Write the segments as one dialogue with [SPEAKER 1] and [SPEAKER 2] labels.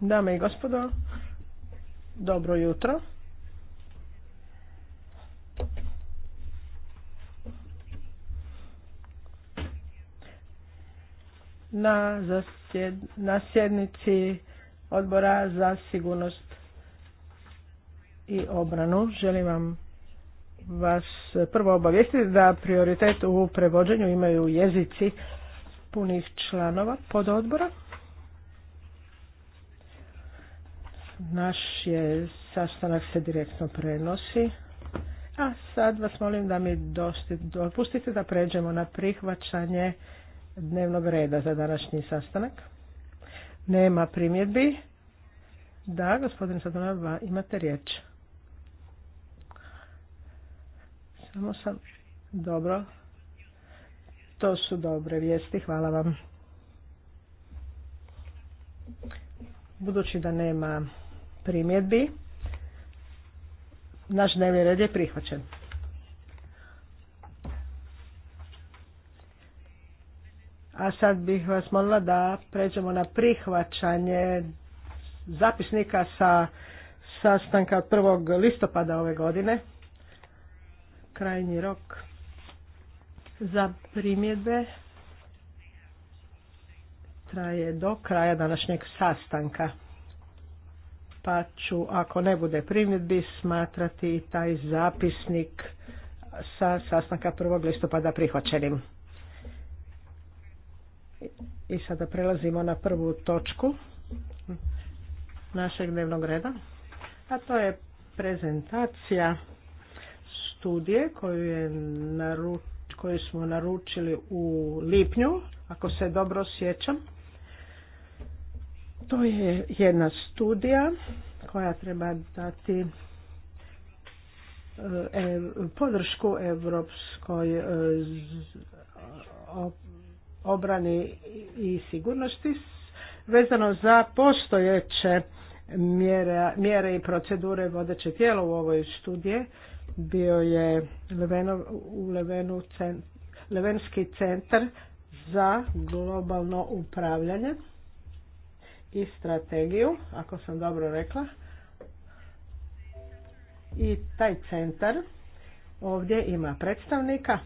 [SPEAKER 1] Dame i gospodo, dobro jutro. Na, na sjednici odbora za sigurnost i obranu želim vam vas prvo obavijestiti da prioritet u prevođenju imaju jezici punih članova pododbora. Naš je sastanak se direktno prenosi. A sad vas molim da mi dopustite da pređemo na prihvaćanje dnevnog reda za današnji sastanak. Nema primjedbi. Da, gospodin Sadonava, imate riječ. Samo sam... Dobro. To su dobre vijesti, hvala vam. Budući da nema primjedbi. Naš dnevni red je prihvaćen. A sad bih vas molila da pređemo na prihvaćanje zapisnika sa sastanka od 1. listopada ove godine. Krajnji rok za primjedbe traje do kraja današnjeg sastanka pa ću, ako ne bude primjedbi, smatrati taj zapisnik sa sastanka 1. listopada prihvaćenim. I sada prelazimo na prvu točku našeg dnevnog reda, a to je prezentacija studije koju, je naru, koju smo naručili u lipnju, ako se dobro sjećam. To je jedna studija koja treba dati e, e, podršku Europskoj e, obrani i sigurnosti vezano za postojeće mjere, mjere i procedure vodeće tijelo u ovoj studije bio je u Levenu cent, Levenski centar za globalno upravljanje i strategiju, ako sam dobro rekla. I taj centar ovdje ima predstavnika,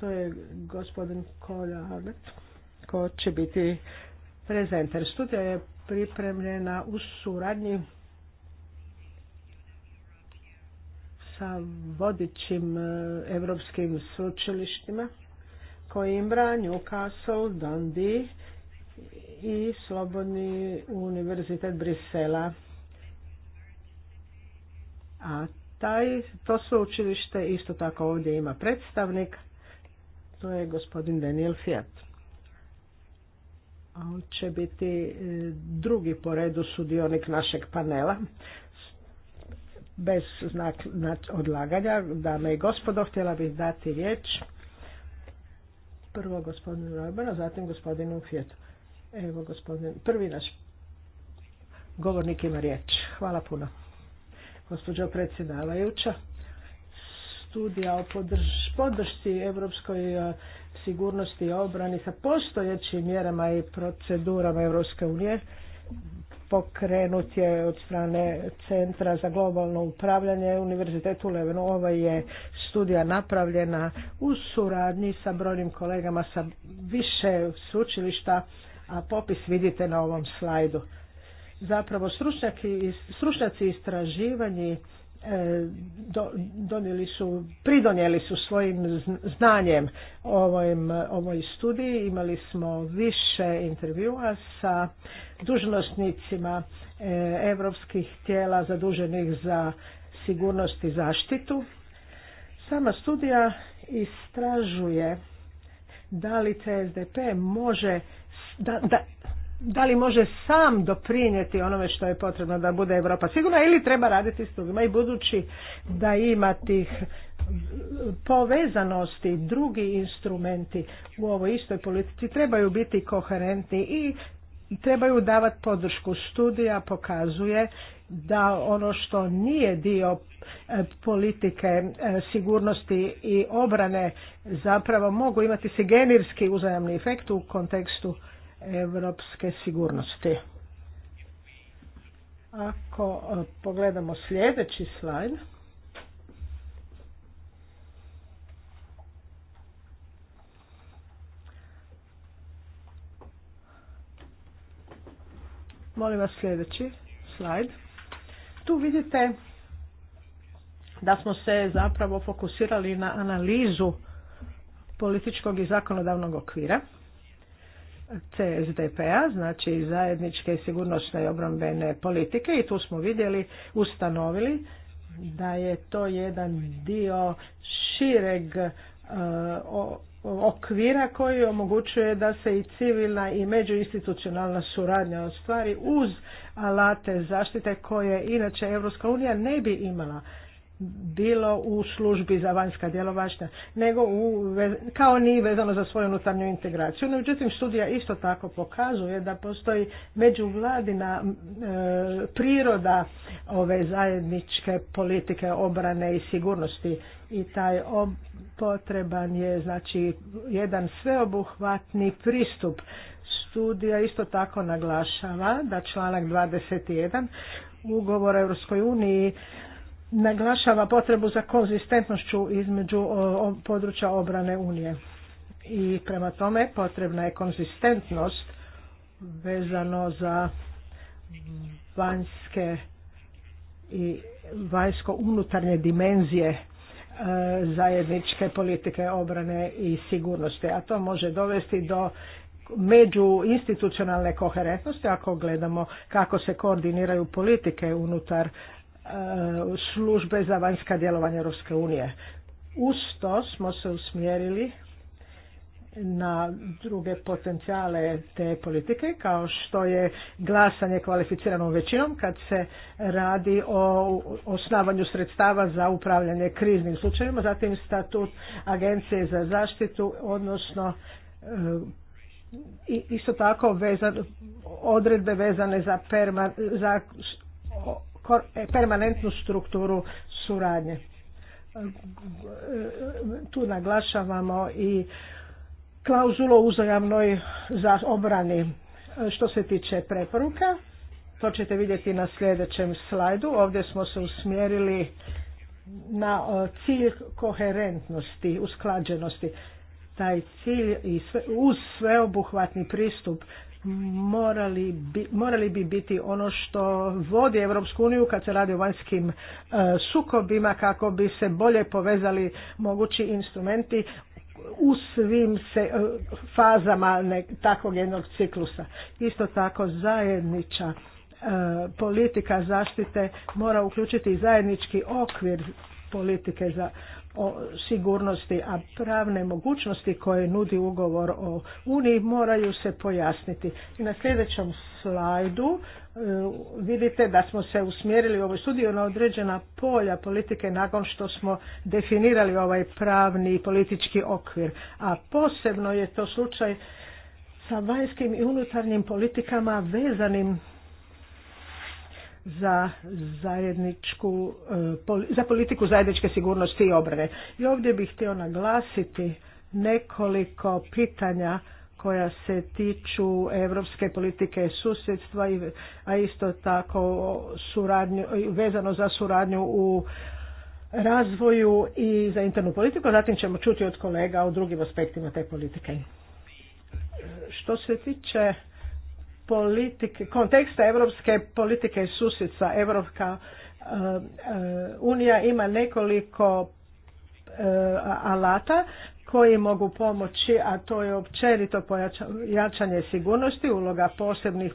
[SPEAKER 1] to je gospodin Kolja Arlet, ko će biti prezenter. Studija je pripremljena u suradnji sa vodećim eh, evropskim sveučilištima koji Newcastle, branju Dundee i Slobodni univerzitet Brisela. A taj, to sveučilište isto tako ovdje ima predstavnik, to je gospodin Daniel Fiat. A on će biti e, drugi po redu sudionik našeg panela. Bez znak odlaganja, dame i gospodo, htjela bih dati riječ prvo gospodinu a zatim gospodinu Fijetu. Evo gospodin, prvi naš govornik ima riječ. Hvala puno. Gospođo predsjedavajuća, studija o podršci Europskoj e, sigurnosti i obrani sa postojećim mjerama i procedurama Europske unije pokrenut je od strane Centra za globalno upravljanje Univerzitetu Levenu. Ova je studija napravljena u suradnji sa brojnim kolegama sa više sučilišta a popis vidite na ovom slajdu. Zapravo stručnjaci istraživanji e, donijeli su, pridonijeli su svojim znanjem ovoj, ovoj studiji. Imali smo više intervjua sa dužnosnicima e, evropskih tijela zaduženih za sigurnost i zaštitu. Sama studija istražuje da li CSDP može da, da, da li može sam doprinijeti onome što je potrebno da bude Europa sigurna ili treba raditi s drugima i budući da ima tih povezanosti drugi instrumenti u ovoj istoj politici trebaju biti koherentni i trebaju davati podršku. Studija pokazuje da ono što nije dio e, politike e, sigurnosti i obrane zapravo mogu imati generski uzajamni efekt u kontekstu europske sigurnosti. Ako e, pogledamo sljedeći slajd, Molim vas sljedeći slajd. Tu vidite da smo se zapravo fokusirali na analizu političkog i zakonodavnog okvira. CSDP-a, znači zajedničke sigurnosne i obrambene politike i tu smo vidjeli, ustanovili da je to jedan dio šireg e, okvira koji omogućuje da se i civilna i međuinstitucionalna suradnja ostvari uz alate zaštite koje inače Europska unija ne bi imala bilo u službi za vanjska djelovašta, nego u, kao ni vezano za svoju unutarnju integraciju. Međutim, studija isto tako pokazuje da postoji međuvladina e, priroda ove zajedničke politike obrane i sigurnosti i taj potreban je znači jedan sveobuhvatni pristup studija isto tako naglašava da članak 21 ugovora Europskoj uniji naglašava potrebu za konzistentnošću između područja obrane Unije. I prema tome potrebna je konzistentnost vezano za vanjske i vanjsko-unutarnje dimenzije e, zajedničke politike obrane i sigurnosti, a to može dovesti do međuinstitucionalne koherentnosti ako gledamo kako se koordiniraju politike unutar službe za vanjska djelovanja Europske unije. Uz to smo se usmjerili na druge potencijale te politike kao što je glasanje kvalificiranom većinom kad se radi o osnavanju sredstava za upravljanje kriznim slučajevima, zatim statut agencije za zaštitu odnosno e, isto tako odredbe vezane za, za E, permanentnu strukturu suradnje. E, tu naglašavamo i klauzulu o za obrani e, što se tiče preporuka. To ćete vidjeti na sljedećem slajdu. Ovdje smo se usmjerili na cilj koherentnosti, usklađenosti. Taj cilj i uz sveobuhvatni pristup morali bi, morali bi biti ono što vodi Europsku uniju kad se radi o vanjskim e, sukobima kako bi se bolje povezali mogući instrumenti u svim se, e, fazama ne, takvog jednog ciklusa. Isto tako zajedniča e, politika zaštite mora uključiti zajednički okvir politike za o sigurnosti, a pravne mogućnosti koje nudi ugovor o Uniji moraju se pojasniti. I na sljedećem slajdu e, vidite da smo se usmjerili u ovoj studiju na određena polja politike nakon što smo definirali ovaj pravni i politički okvir. A posebno je to slučaj sa vanjskim i unutarnjim politikama vezanim za zajedničku, e, za politiku zajedničke sigurnosti i obrane. I ovdje bih htio naglasiti nekoliko pitanja koja se tiču europske politike susjedstva, a isto tako vezano za suradnju u razvoju i za internu politiku, zatim ćemo čuti od kolega o drugim aspektima te politike. E, što se tiče politike, konteksta europske politike susjedstva, Evropska e, e, unija ima nekoliko e, alata koji mogu pomoći, a to je općenito pojačanje sigurnosti, uloga posebnih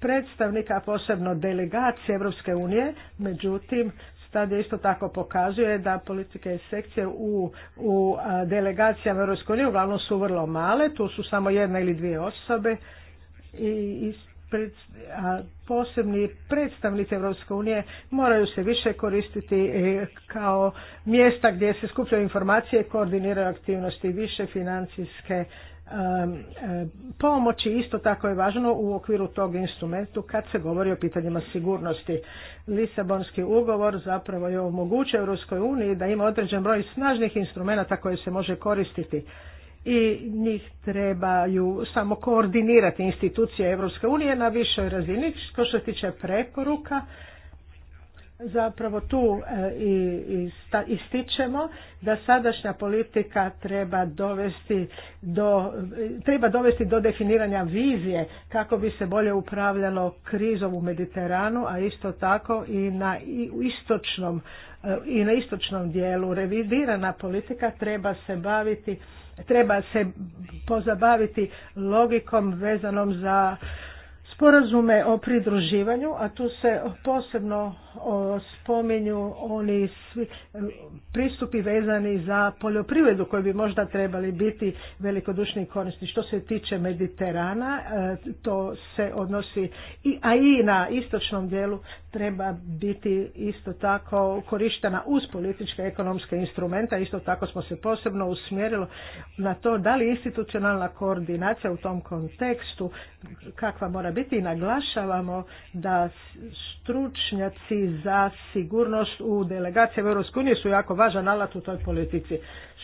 [SPEAKER 1] predstavnika, posebno delegacije Evropske unije, međutim Stadija isto tako pokazuje da politike i sekcije u, u delegacijama Evropske unije uglavnom su vrlo male, tu su samo jedna ili dvije osobe i a posebni predstavnici Europske unije moraju se više koristiti e, kao mjesta gdje se skupljaju informacije, koordiniraju aktivnosti više financijske e, e, pomoći isto tako je važno u okviru tog instrumentu kad se govori o pitanjima sigurnosti. Lisabonski ugovor zapravo je omogućio Europskoj uniji da ima određen broj snažnih instrumenata koje se može koristiti i njih trebaju samo koordinirati institucije Europske unije na višoj razini. Što se tiče preporuka, zapravo tu e, ističemo da sadašnja politika treba dovesti do, treba dovesti do definiranja vizije kako bi se bolje upravljalo krizom u Mediteranu, a isto tako i na istočnom e, i na istočnom dijelu revidirana politika treba se baviti treba se pozabaviti logikom vezanom za sporazume o pridruživanju, a tu se posebno spominju oni svi pristupi vezani za poljoprivredu koji bi možda trebali biti velikodušni korisni. Što se tiče Mediterana, e, to se odnosi, a i na istočnom dijelu treba biti isto tako korištena uz političke ekonomske instrumenta. Isto tako smo se posebno usmjerili na to da li institucionalna koordinacija u tom kontekstu kakva mora biti i naglašavamo da stručnjaci za sigurnost u delegacijama EU su jako važan alat u toj politici.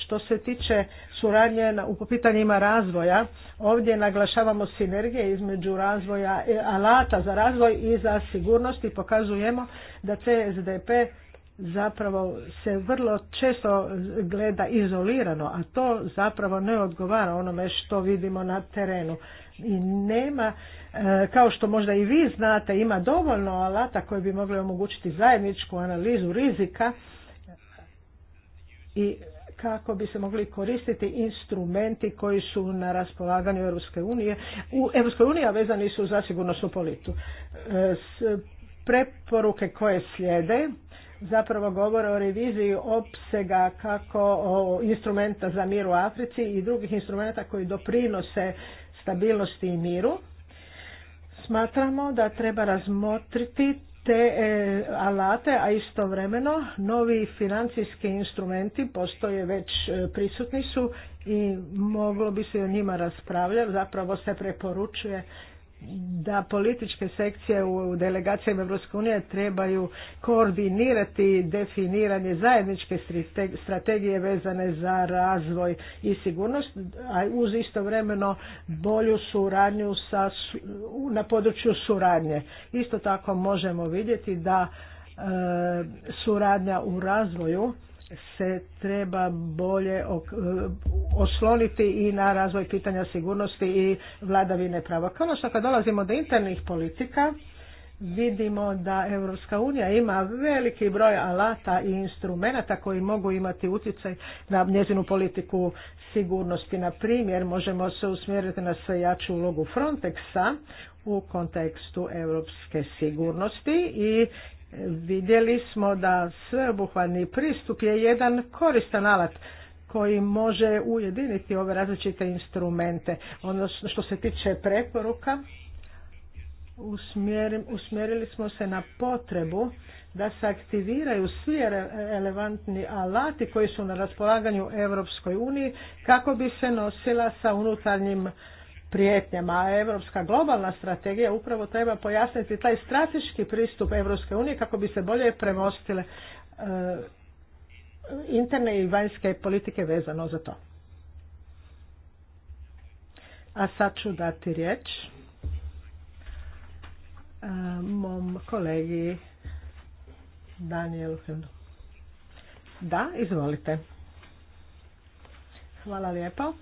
[SPEAKER 1] Što se tiče suradnje u pitanjima razvoja, ovdje naglašavamo sinergije između razvoja e, alata za razvoj i za sigurnost i pokazujemo da CSDP zapravo se vrlo često gleda izolirano, a to zapravo ne odgovara onome što vidimo na terenu. I nema, e, kao što možda i vi znate, ima dovoljno alata koji bi mogli omogućiti zajedničku analizu rizika i kako bi se mogli koristiti instrumenti koji su na raspolaganju Europske unije. U Europskoj uniji vezani su za sigurnosnu politu. E, preporuke koje slijede zapravo govore o reviziji opsega kako o instrumenta za mir u Africi i drugih instrumenta koji doprinose stabilnosti i miru. Smatramo da treba razmotriti te e, alate, a istovremeno novi financijski instrumenti postoje već e, prisutni su i moglo bi se o njima raspravljati, zapravo se preporučuje da političke sekcije u delegacijama EU unije trebaju koordinirati definiranje zajedničke strategije vezane za razvoj i sigurnost, a uz istovremeno bolju suradnju sa, na području suradnje. Isto tako možemo vidjeti da e, suradnja u razvoju se treba bolje osloniti i na razvoj pitanja sigurnosti i vladavine prava. Kao što kad dolazimo do internih politika, vidimo da Europska unija ima veliki broj alata i instrumenata koji mogu imati utjecaj na njezinu politiku sigurnosti. Na primjer, možemo se usmjeriti na sve jaču ulogu Frontexa u kontekstu europske sigurnosti i Vidjeli smo da sveobuhvatni pristup je jedan koristan alat koji može ujediniti ove različite instrumente. Ono što se tiče preporuka, usmjerili smo se na potrebu da se aktiviraju svi relevantni alati koji su na raspolaganju Europskoj uniji kako bi se nosila sa unutarnjim prijetnjama, a Europska globalna strategija upravo treba pojasniti taj strateški pristup Evropske unije kako bi se bolje premostile e, interne i vanjske politike vezano za to. A sad ću dati riječ e, mom kolegi Danielu Da, izvolite. Hvala lijepo.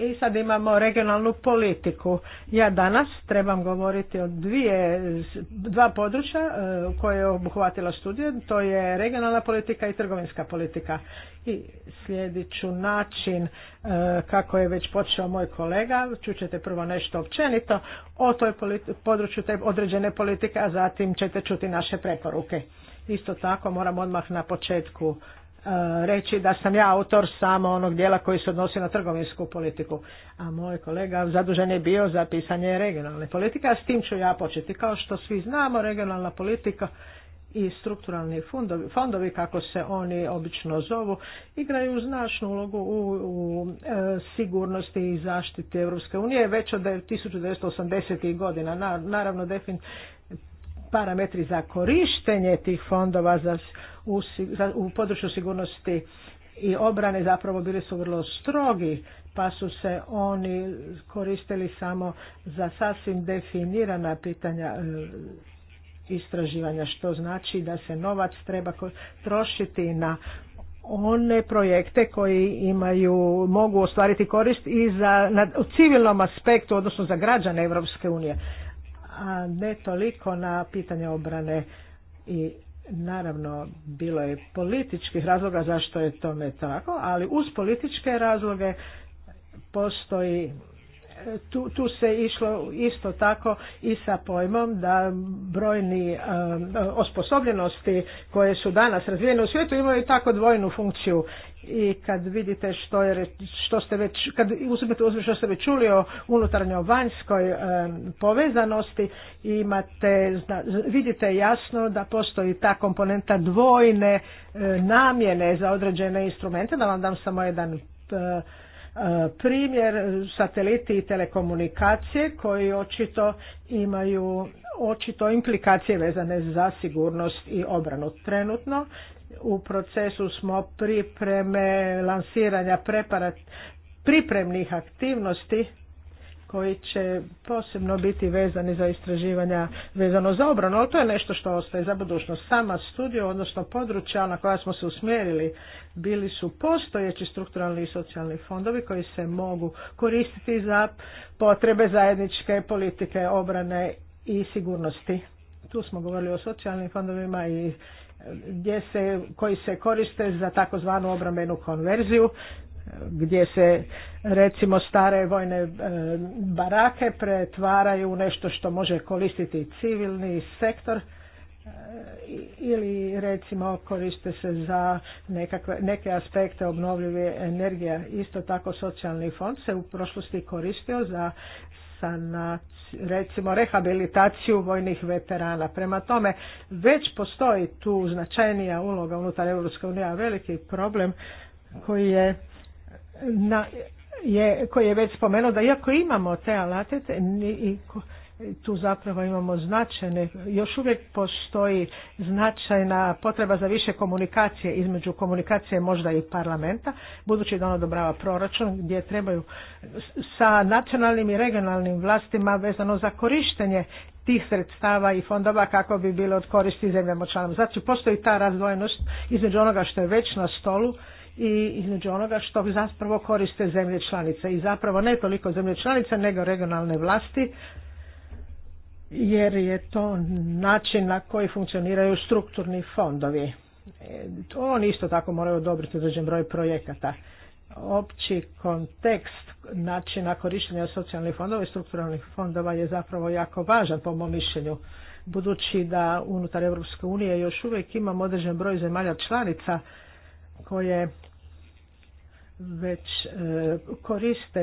[SPEAKER 1] I sad imamo regionalnu politiku. Ja danas trebam govoriti o dvije, dva područja e, koje je obuhvatila studija. To je regionalna politika i trgovinska politika. I slijedit ću način e, kako je već počeo moj kolega. Čućete prvo nešto općenito o toj području te određene politike, a zatim ćete čuti naše preporuke. Isto tako moram odmah na početku Eh, reći da sam ja autor samo onog dijela koji se odnosi na trgovinsku politiku, a moj kolega zadužen je bio za pisanje regionalne politike, a s tim ću ja početi. Kao što svi znamo, regionalna politika i strukturalni fondovi, fondovi kako se oni obično zovu, igraju značnu ulogu u, e, sigurnosti i zaštiti Europske unije već od 1980. godina. naravno, defin, parametri za korištenje tih fondova za u, području sigurnosti i obrane zapravo bili su vrlo strogi pa su se oni koristili samo za sasvim definirana pitanja e, istraživanja što znači da se novac treba trošiti na one projekte koji imaju mogu ostvariti korist i za na civilnom aspektu odnosno za građane Europske unije a ne toliko na pitanje obrane i Naravno, bilo je političkih razloga zašto je tome tako, ali uz političke razloge postoji tu, tu se išlo isto tako i sa pojmom da brojni e, osposobljenosti koje su danas razvijene u svijetu imaju tako dvojnu funkciju i kad vidite što je što ste već kad uzmete uzme što ste već čuli o unutarnjo vanjskoj e, povezanosti imate zna, vidite jasno da postoji ta komponenta dvojne e, namjene za određene instrumente da vam dam samo jedan E, primjer sateliti i telekomunikacije koji očito imaju očito implikacije vezane za sigurnost i obranu. Trenutno u procesu smo pripreme lansiranja preparat, pripremnih aktivnosti koji će posebno biti vezani za istraživanja vezano za obranu, ali to je nešto što ostaje za budućnost. Sama studija, odnosno područja na koja smo se usmjerili, bili su postojeći strukturalni i socijalni fondovi koji se mogu koristiti za potrebe zajedničke politike obrane i sigurnosti. Tu smo govorili o socijalnim fondovima i gdje se, koji se koriste za takozvanu obrambenu konverziju gdje se recimo stare vojne e, barake pretvaraju u nešto što može koristiti civilni sektor e, ili recimo koriste se za nekakve, neke aspekte obnovljive energije. Isto tako socijalni fond se u prošlosti koristio za recimo rehabilitaciju vojnih veterana. Prema tome već postoji tu značajnija uloga unutar EU, a veliki problem koji je na, je, koji je već spomenuo da iako imamo te alate i, tu zapravo imamo značajne, još uvijek postoji značajna potreba za više komunikacije između komunikacije možda i parlamenta, budući da ono odobrava proračun gdje trebaju sa nacionalnim i regionalnim vlastima vezano za korištenje tih sredstava i fondova kako bi bilo od koristi zemljama članom. Znači postoji ta razdvojenost između onoga što je već na stolu i između onoga što zapravo koriste zemlje članice i zapravo ne toliko zemlje članice nego regionalne vlasti jer je to način na koji funkcioniraju strukturni fondovi. E, oni isto tako moraju odobriti određen broj projekata. Opći kontekst načina korištenja socijalnih fondova i strukturalnih fondova je zapravo jako važan po mom mišljenju. Budući da unutar Europske unije još uvijek imamo određen broj zemalja članica koje već e, koriste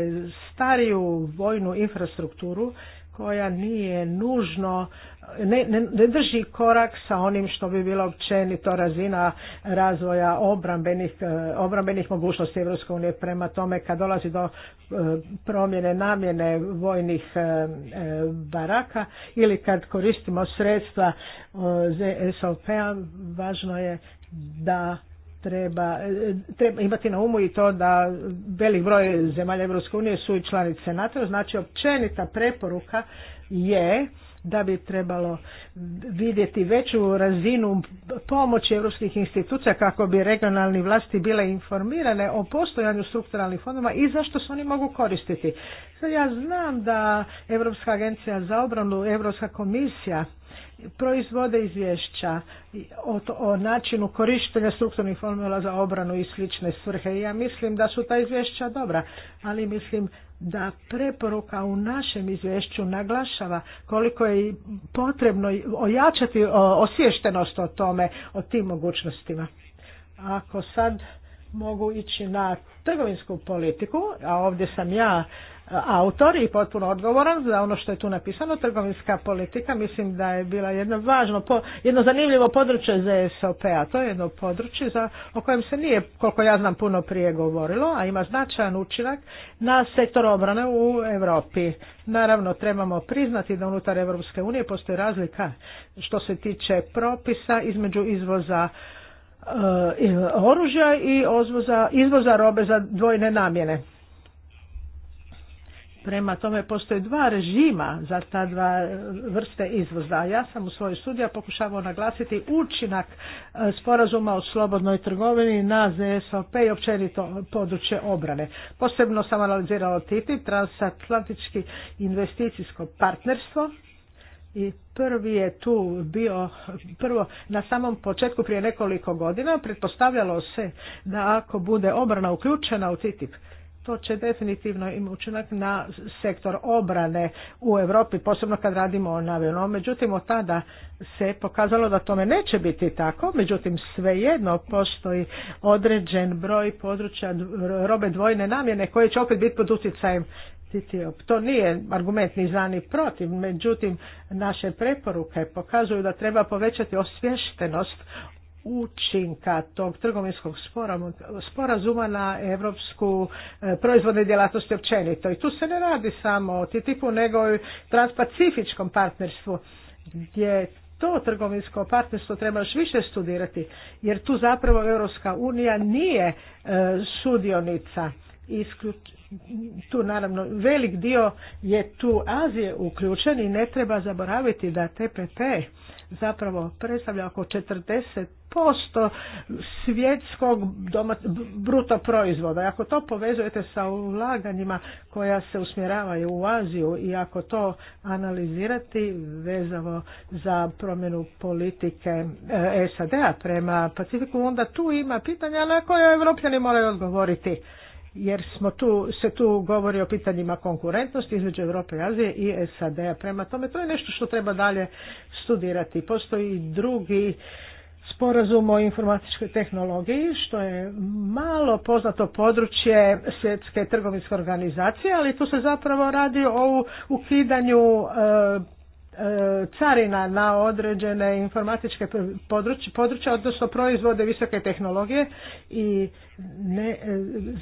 [SPEAKER 1] stariju vojnu infrastrukturu koja nije nužno, ne, ne, drži korak sa onim što bi bilo općenito razina razvoja obrambenih, e, obrambenih mogućnosti Evropske unije. Prema tome kad dolazi do e, promjene namjene vojnih baraka ili kad koristimo sredstva sop a važno je da treba, treba imati na umu i to da velik broj zemalja Europske unije su i članice NATO, znači općenita preporuka je da bi trebalo vidjeti veću razinu pomoći europskih institucija kako bi regionalni vlasti bile informirane o postojanju strukturalnih fondova i zašto se oni mogu koristiti. Sad ja znam da Europska agencija za obranu, Europska komisija proizvode izvješća o, o načinu korištenja strukturnih formula za obranu i slične svrhe. Ja mislim da su ta izvješća dobra, ali mislim da preporuka u našem izvješću naglašava koliko je potrebno ojačati osviještenost o tome, o tim mogućnostima. Ako sad mogu ići na trgovinsku politiku, a ovdje sam ja autor i potpuno odgovoran za ono što je tu napisano, trgovinska politika, mislim da je bila jedno važno, jedno zanimljivo područje ZSOP-a, to je jedno područje za, o kojem se nije, koliko ja znam, puno prije govorilo, a ima značajan učinak na sektor obrane u Europi. Naravno, trebamo priznati da unutar Europske unije postoji razlika što se tiče propisa između izvoza e, oružja i ozvoza, izvoza robe za dvojne namjene. Prema tome postoje dva režima za ta dva vrste izvoza. Ja sam u svojoj studiju pokušavao naglasiti učinak e, sporazuma o slobodnoj trgovini na ZSOP i općenito područje obrane. Posebno sam analizirao TTIP, transatlantički investicijsko partnerstvo, i prvi je tu bio prvo na samom početku prije nekoliko godina pretpostavljalo se da ako bude obrana uključena u TTIP to će definitivno im učinak na sektor obrane u Europi, posebno kad radimo o navijenom. Međutim, od tada se pokazalo da tome neće biti tako, međutim svejedno postoji određen broj područja robe dvojne namjene koje će opet biti pod utjecajem to nije argument ni za ni protiv, međutim naše preporuke pokazuju da treba povećati osvještenost učinka tog trgovinskog sporazuma na evropsku e, proizvodne djelatnosti općenito. I tu se ne radi samo o TTIP-u nego i transpacifičkom partnerstvu gdje to trgovinsko partnerstvo treba još više studirati jer tu zapravo Europska unija nije e, sudionica isključ... tu naravno velik dio je tu Azije uključen i ne treba zaboraviti da TPP zapravo predstavlja oko 40% svjetskog doma... bruto proizvoda. Ako to povezujete sa ulaganjima koja se usmjeravaju u Aziju i ako to analizirati vezavo za promjenu politike eh, SAD-a prema Pacifiku, onda tu ima pitanja na koje Evropljani moraju odgovoriti jer smo tu, se tu govori o pitanjima konkurentnosti između Europe i Azije i SAD-a. Prema tome, to je nešto što treba dalje studirati. Postoji drugi sporazum o informatičkoj tehnologiji, što je malo poznato područje svjetske trgovinske organizacije, ali tu se zapravo radi o ukidanju e, e, carina na određene informatičke područje, područja, odnosno proizvode visoke tehnologije i ne, e,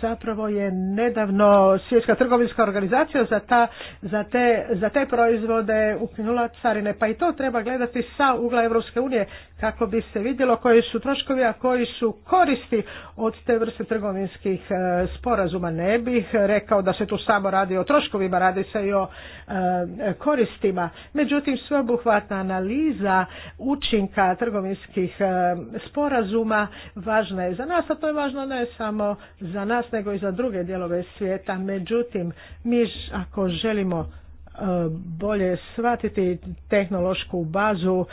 [SPEAKER 1] zapravo je nedavno Svjetska trgovinska organizacija za, ta, za, te, za te proizvode ukinula carine, pa i to treba gledati sa ugla Europske unije kako bi se vidjelo koji su troškovi, a koji su koristi od te vrste trgovinskih e, sporazuma. Ne bih rekao da se tu samo radi o troškovima, radi se i o e, koristima. Međutim, sveobuhvatna analiza učinka trgovinskih sporazuma važna je za nas, a to je važno ne samo za nas nego i za druge dijelove svijeta. Međutim, mi ako želimo e, bolje shvatiti tehnološku bazu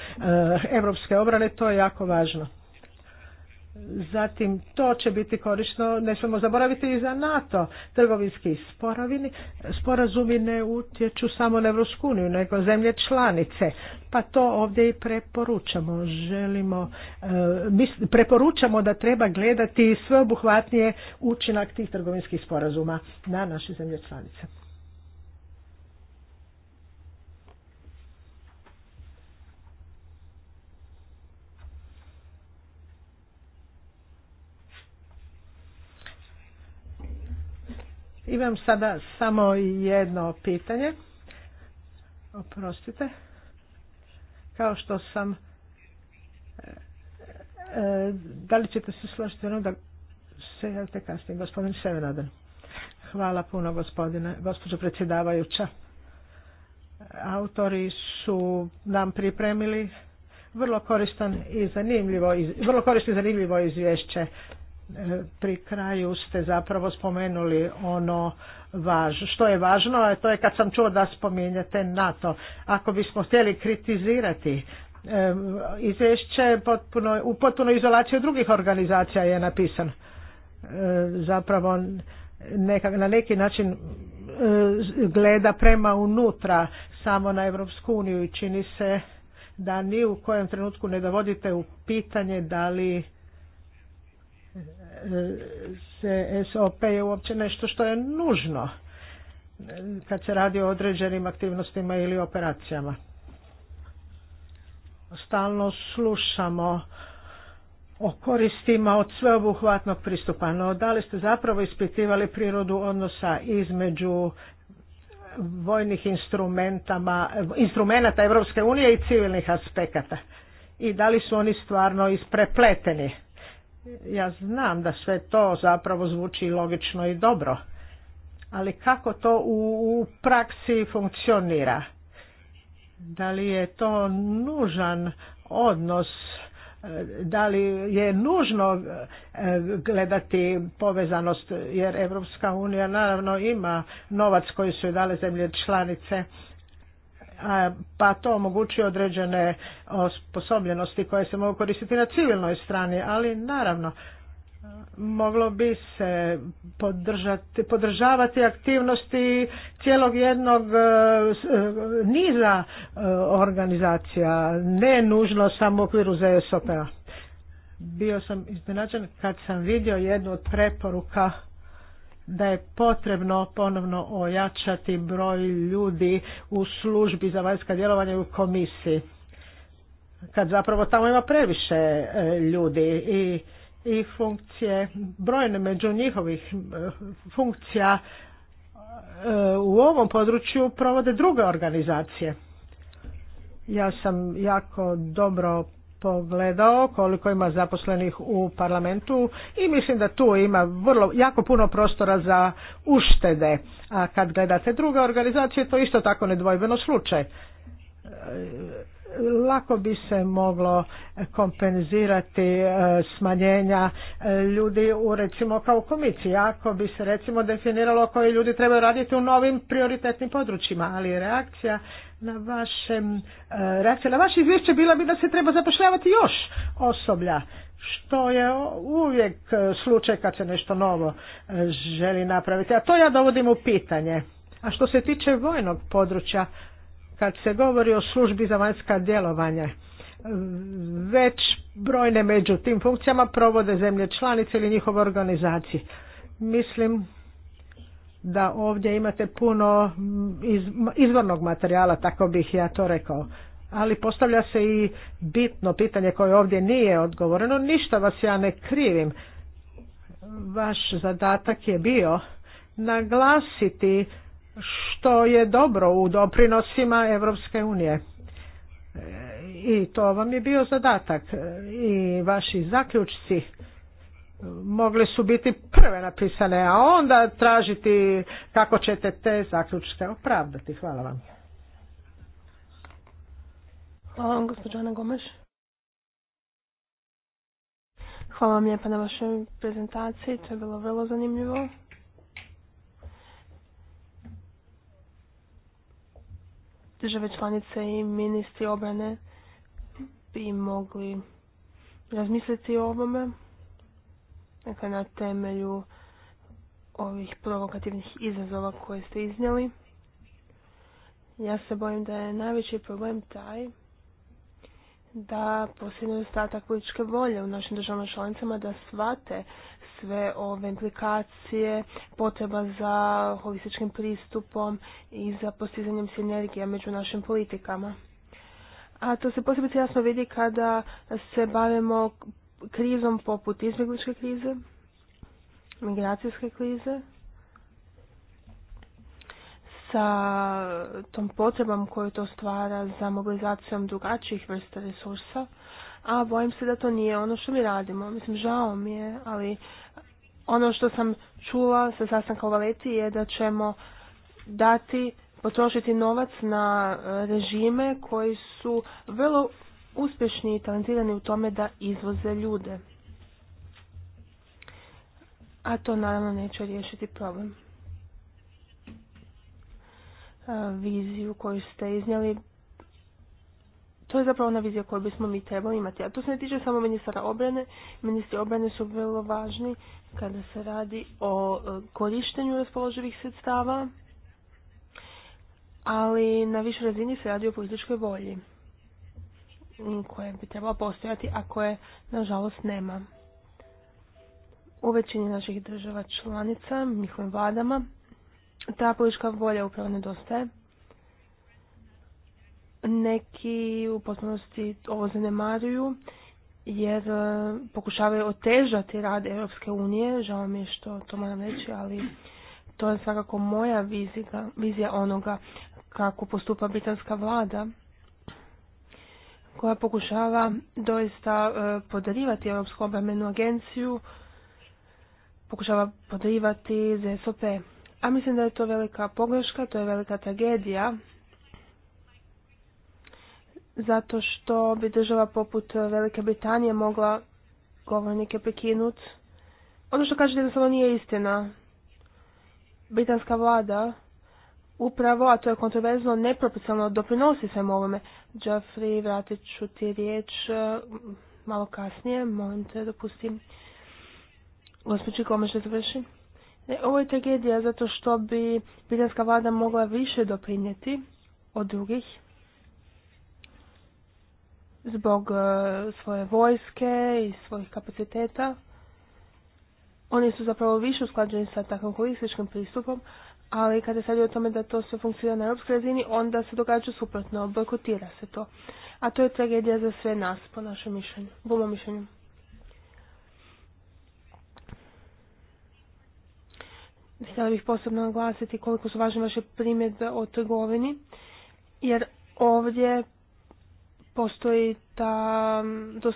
[SPEAKER 1] europske obrane, to je jako važno. Zatim to će biti korisno, ne smemo zaboraviti i za NATO. Trgovinski sporovini sporazumi ne utječu samo na Evropsku uniju, nego zemlje članice. Pa to ovdje i preporučamo. Želimo, e, preporučamo da treba gledati sveobuhvatnije učinak tih trgovinskih sporazuma na naše zemlje članice. Imam sada samo jedno pitanje. Oprostite. Kao što sam e, e, da li ćete se složiti ono da se javite kasnije, gospodin Severadan. Hvala puno gospodine, gospođo predsjedavajuća. Autori su nam pripremili vrlo koristan i zanimljivo, vrlo koristan i zanimljivo izvješće pri kraju ste zapravo spomenuli ono važno, što je važno, a to je kad sam čuo da spominjate NATO. Ako bismo htjeli kritizirati izvješće potpuno, u potpuno izolaciji drugih organizacija je napisan. E, zapravo neka, na neki način e, gleda prema unutra samo na Europsku uniju i čini se da ni u kojem trenutku ne dovodite u pitanje da li se SOP je uopće nešto što je nužno kad se radi o određenim aktivnostima ili operacijama. Stalno slušamo o koristima od sveobuhvatnog pristupa, no da li ste zapravo ispitivali prirodu odnosa između vojnih instrumentama, instrumenta Evropske unije i civilnih aspekata i da li su oni stvarno isprepleteni ja znam da sve to zapravo zvuči logično i dobro, ali kako to u praksi funkcionira? Da li je to nužan odnos e, da li je nužno e, gledati povezanost jer Evropska unija naravno ima novac koji su dale zemlje članice pa to omogućuje određene osposobljenosti koje se mogu koristiti na civilnoj strani, ali naravno moglo bi se podržati, podržavati aktivnosti cijelog jednog e, e, niza e, organizacija, ne nužno samo u okviru ZSOP-a. Bio sam iznenađen kad sam vidio jednu od preporuka da je potrebno ponovno ojačati broj ljudi u službi za vanjska djelovanja u komisiji. Kad zapravo tamo ima previše e, ljudi i, i funkcije, brojne među njihovih e, funkcija e, u ovom području provode druge organizacije. Ja sam jako dobro pogledao koliko ima zaposlenih u parlamentu i mislim da tu ima vrlo jako puno prostora za uštede. A kad gledate druge organizacije to isto tako nedvojbeno slučaj. E, lako bi se moglo kompenzirati e, smanjenja e, ljudi u recimo kao komisiji, ako bi se recimo definiralo koji ljudi trebaju raditi u novim prioritetnim područjima, ali reakcija na vašem, e, reakciju, na vaše izvješće bila bi da se treba zapošljavati još osoblja, što je uvijek e, slučaj kad se nešto novo e, želi napraviti, a to ja dovodim u pitanje. A što se tiče vojnog područja, kad se govori o službi za vanjska djelovanja, već brojne među tim funkcijama provode zemlje članice ili njihove organizacije. Mislim da ovdje imate puno mm, izvornog materijala, tako bih ja to rekao. Ali postavlja se i bitno pitanje koje ovdje nije odgovoreno, ništa vas ja ne krivim. Vaš zadatak je bio naglasiti što je dobro u doprinosima Europske unije. E, I to vam je bio zadatak e, i vaši zaključci mogle su biti prve napisane, a onda tražiti kako ćete te zaključke opravdati. Hvala vam. Hvala vam, gospođo Ana
[SPEAKER 2] Hvala vam lijepa na vašoj prezentaciji, to je bilo vrlo zanimljivo. Države članice i ministri obrane bi mogli razmisliti o ovome. Dakle, na temelju ovih provokativnih izazova koje ste iznijeli. Ja se bojim da je najveći problem taj da postoji nedostatak političke volje u našim državama članicama da shvate sve ove implikacije, potreba za holističkim pristupom i za postizanjem sinergija među našim politikama. A to se posebno jasno vidi kada se bavimo krizom poput izbjegličke krize, migracijske krize, sa tom potrebom koju to stvara za mobilizacijom drugačijih vrsta resursa, a bojim se da to nije ono što mi radimo. Mislim, žao mi je, ali ono što sam čula sa sastanka u Valeti je da ćemo dati, potrošiti novac na režime koji su vrlo uspješni i talentirani u tome da izvoze ljude. A to naravno neće riješiti problem. Viziju koju ste iznijeli, to je zapravo ona vizija koju bismo mi trebali imati. A to se ne tiče samo ministara obrane. Ministri obrane su vrlo važni kada se radi o e, korištenju raspoloživih sredstava, ali na višoj razini se radi o političkoj volji koje bi trebalo postojati, a koje nažalost nema. U većini naših država članica, njihovim vladama, ta politička volja upravo nedostaje. Neki u potpunosti ovo zanemaruju jer e, pokušavaju otežati rad Europske unije, žao mi je što to moram reći, ali to je svakako moja vizija, vizija onoga kako postupa britanska vlada koja pokušava doista e, podarivati Europsku obrambenu agenciju, pokušava podarivati ZSOP. A mislim da je to velika pogreška, to je velika tragedija, zato što bi država poput Velike Britanije mogla govornike prekinut. Ono što kažete samo nije istina. Britanska vlada upravo, a to je kontroverzno, nepropisano, doprinosi svemu ovome. Jeffrey, vratit ću ti riječ e, malo kasnije, molim te dopustim. Gospođi kome što završi. E, ovo je tragedija zato što bi biljanska vlada mogla više doprinijeti od drugih zbog e, svoje vojske i svojih kapaciteta. Oni su zapravo više usklađeni sa takvim holističkim pristupom, ali kada se radi o tome da to sve funkcionira na europskoj razini, onda se događa suprotno, bojkotira se to. A to je tragedija za sve nas, po našem mišljenju, po mišljenju. Htjela bih posebno naglasiti koliko su važne vaše primjedbe o trgovini, jer ovdje postoji ta, to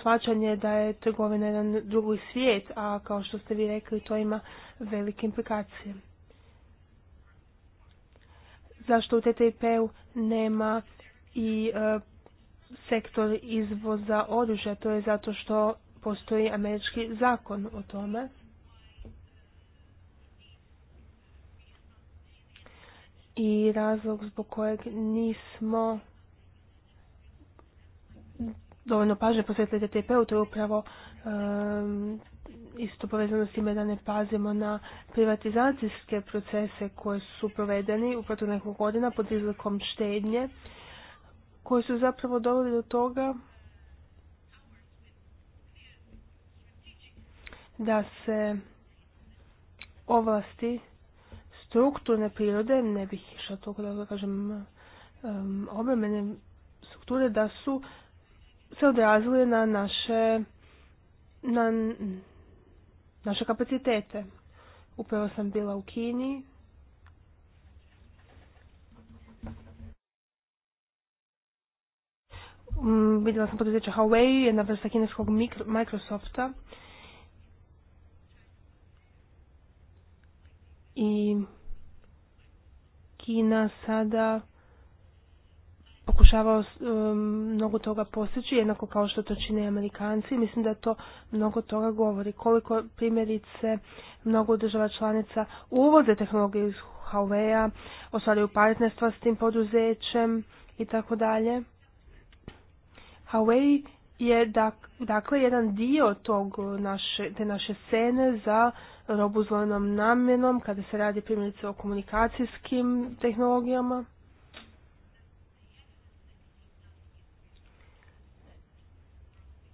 [SPEAKER 2] da je trgovina jedan drugi svijet, a kao što ste vi rekli, to ima velike implikacije zašto u TTIP-u nema i e, sektor izvoza oružja. To je zato što postoji američki zakon o tome. I razlog zbog kojeg nismo dovoljno pažnje posvetili ttip u to je upravo e, isto povezano s time da ne pazimo na privatizacijske procese koje su provedeni u protiv nekog godina pod izlikom štednje, koji su zapravo doveli do toga da se ovlasti strukturne prirode, ne bih išla toliko da kažem obremene strukture, da su se odrazile na naše na naše kapacitete. Upravo sam bila u Kini. Mm, vidjela sam poduzeća Huawei, jedna vrsta kineskog Microsofta. I Kina sada pokušavao um, mnogo toga postići, jednako kao što to čine Amerikanci. Mislim da to mnogo toga govori. Koliko primjerice mnogo država članica uvoze tehnologiju iz Huawei-a, ostvaruju partnerstva s tim poduzećem i tako dalje. Huawei je dakle jedan dio tog naše, te naše scene za robu namjenom kada se radi primjerice o komunikacijskim tehnologijama.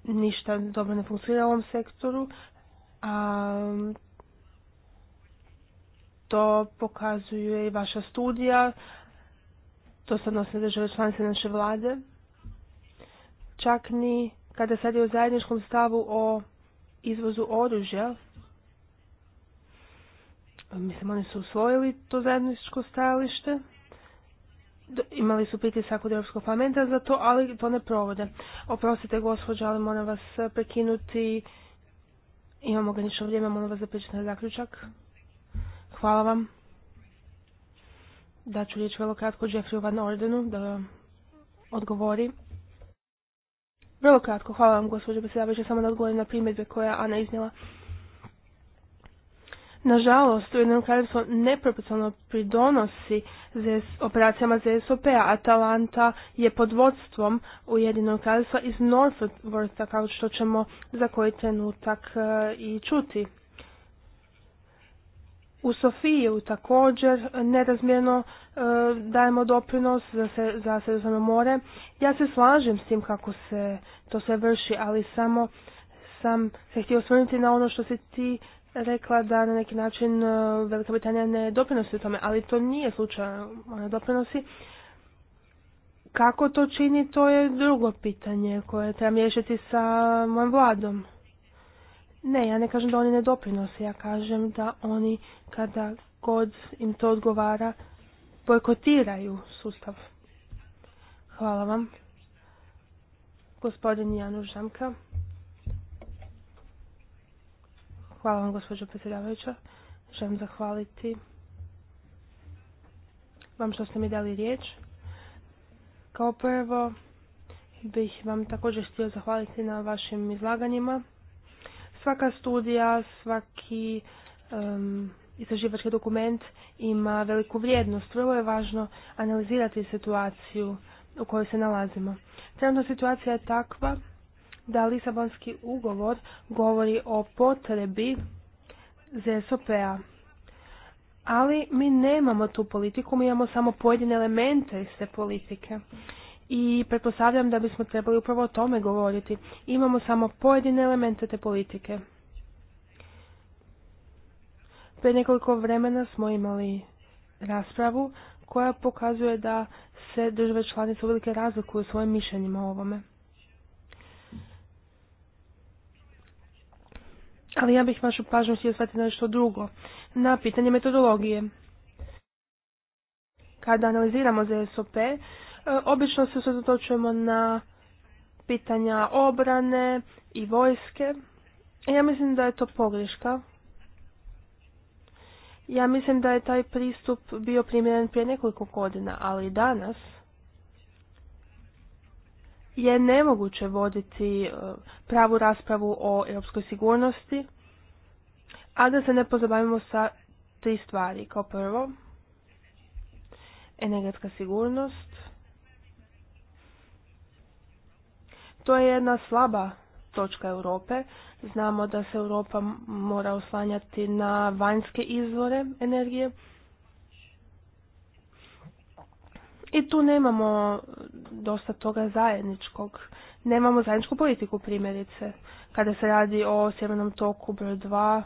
[SPEAKER 2] ništa dobro ne funkcionira u ovom sektoru, a to pokazuje i vaša studija, to se odnosne države članice naše vlade. Čak ni kada sad je o zajedničkom stavu o izvozu oružja, mislim oni su usvojili to zajedničko stajalište, imali su pritisak od Europskog parlamenta za to, ali to ne provode. Oprostite gospođa, ali moram vas e, prekinuti. Imamo ništa vrijeme, molim vas da na zaključak. Hvala vam. ću riječ vrlo kratko Jeffrey Van Ordenu da odgovori. Vrlo kratko, hvala vam gospođo predsjedavajuća, samo da odgovorim na primjedbe koje je Ana iznijela. Nažalost, Ujedinjeno kraljevstvo neproporcionalno pridonosi operacijama ZSOP-a. Atalanta je pod vodstvom Ujedinjenog kraljevstva iz Northworth-a, kao što ćemo za koji trenutak e, i čuti. U Sofiju također nerazmjerno e, dajemo doprinos za, se, more. Ja se slažem s tim kako se to sve vrši, ali samo sam se htio osvrnuti na ono što si ti rekla da na neki način e, Velika Britanija ne doprinosi tome, ali to nije slučaj, ona doprinosi. Kako to čini, to je drugo pitanje koje treba riješiti sa mojom vladom. Ne, ja ne kažem da oni ne doprinose, ja kažem da oni kada god im to odgovara, bojkotiraju sustav. Hvala vam. Gospodin Januš Žamka. Hvala vam gospođo predsjedavajuća. Želim zahvaliti vam što ste mi dali riječ. Kao prvo bih vam također htio zahvaliti na vašim izlaganjima. Svaka studija, svaki um, istraživački dokument ima veliku vrijednost. Vrlo je važno analizirati situaciju u kojoj se nalazimo. Trenutno situacija je takva da Lisabonski ugovor govori o potrebi ZSOP-a. Ali mi nemamo tu politiku, mi imamo samo pojedine elemente iz te politike. I pretpostavljam da bismo trebali upravo o tome govoriti. Imamo samo pojedine elemente te politike. Pre nekoliko vremena smo imali raspravu koja pokazuje da se države članice uvelike razlikuju u svojim mišljenjima o ovome. Ali ja bih vašu pažnju htio shvatiti na nešto drugo. Na pitanje metodologije. Kada analiziramo ZSOP, e, obično se usredotočujemo na pitanja obrane i vojske. E, ja mislim da je to pogreška. Ja mislim da je taj pristup bio primjeren prije nekoliko godina, ali danas je nemoguće voditi e, pravu raspravu o europskoj sigurnosti, a da se ne pozabavimo sa tri stvari. Kao prvo, energetska sigurnost. To je jedna slaba točka Europe. Znamo da se Europa mora oslanjati na vanjske izvore energije I tu nemamo dosta toga zajedničkog. Nemamo zajedničku politiku primjerice. Kada se radi o sjevernom toku broj 2.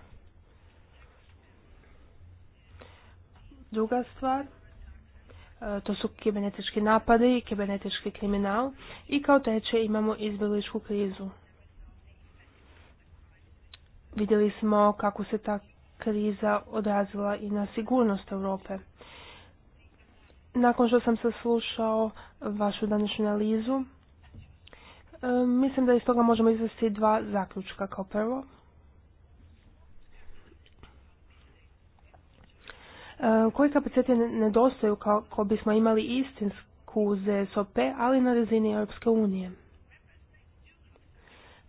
[SPEAKER 2] Druga stvar, e, to su kibernetički napadi i kibernetički kriminal. I kao treće imamo izbjegličku krizu. Vidjeli smo kako se ta kriza odrazila i na sigurnost Europe. Nakon što sam saslušao vašu današnju analizu, e, mislim da iz toga možemo izvesti dva zaključka. Kao prvo, e, koji kapaciteti nedostaju kako bismo imali istinsku ZSOP, ali na razini Europske unije.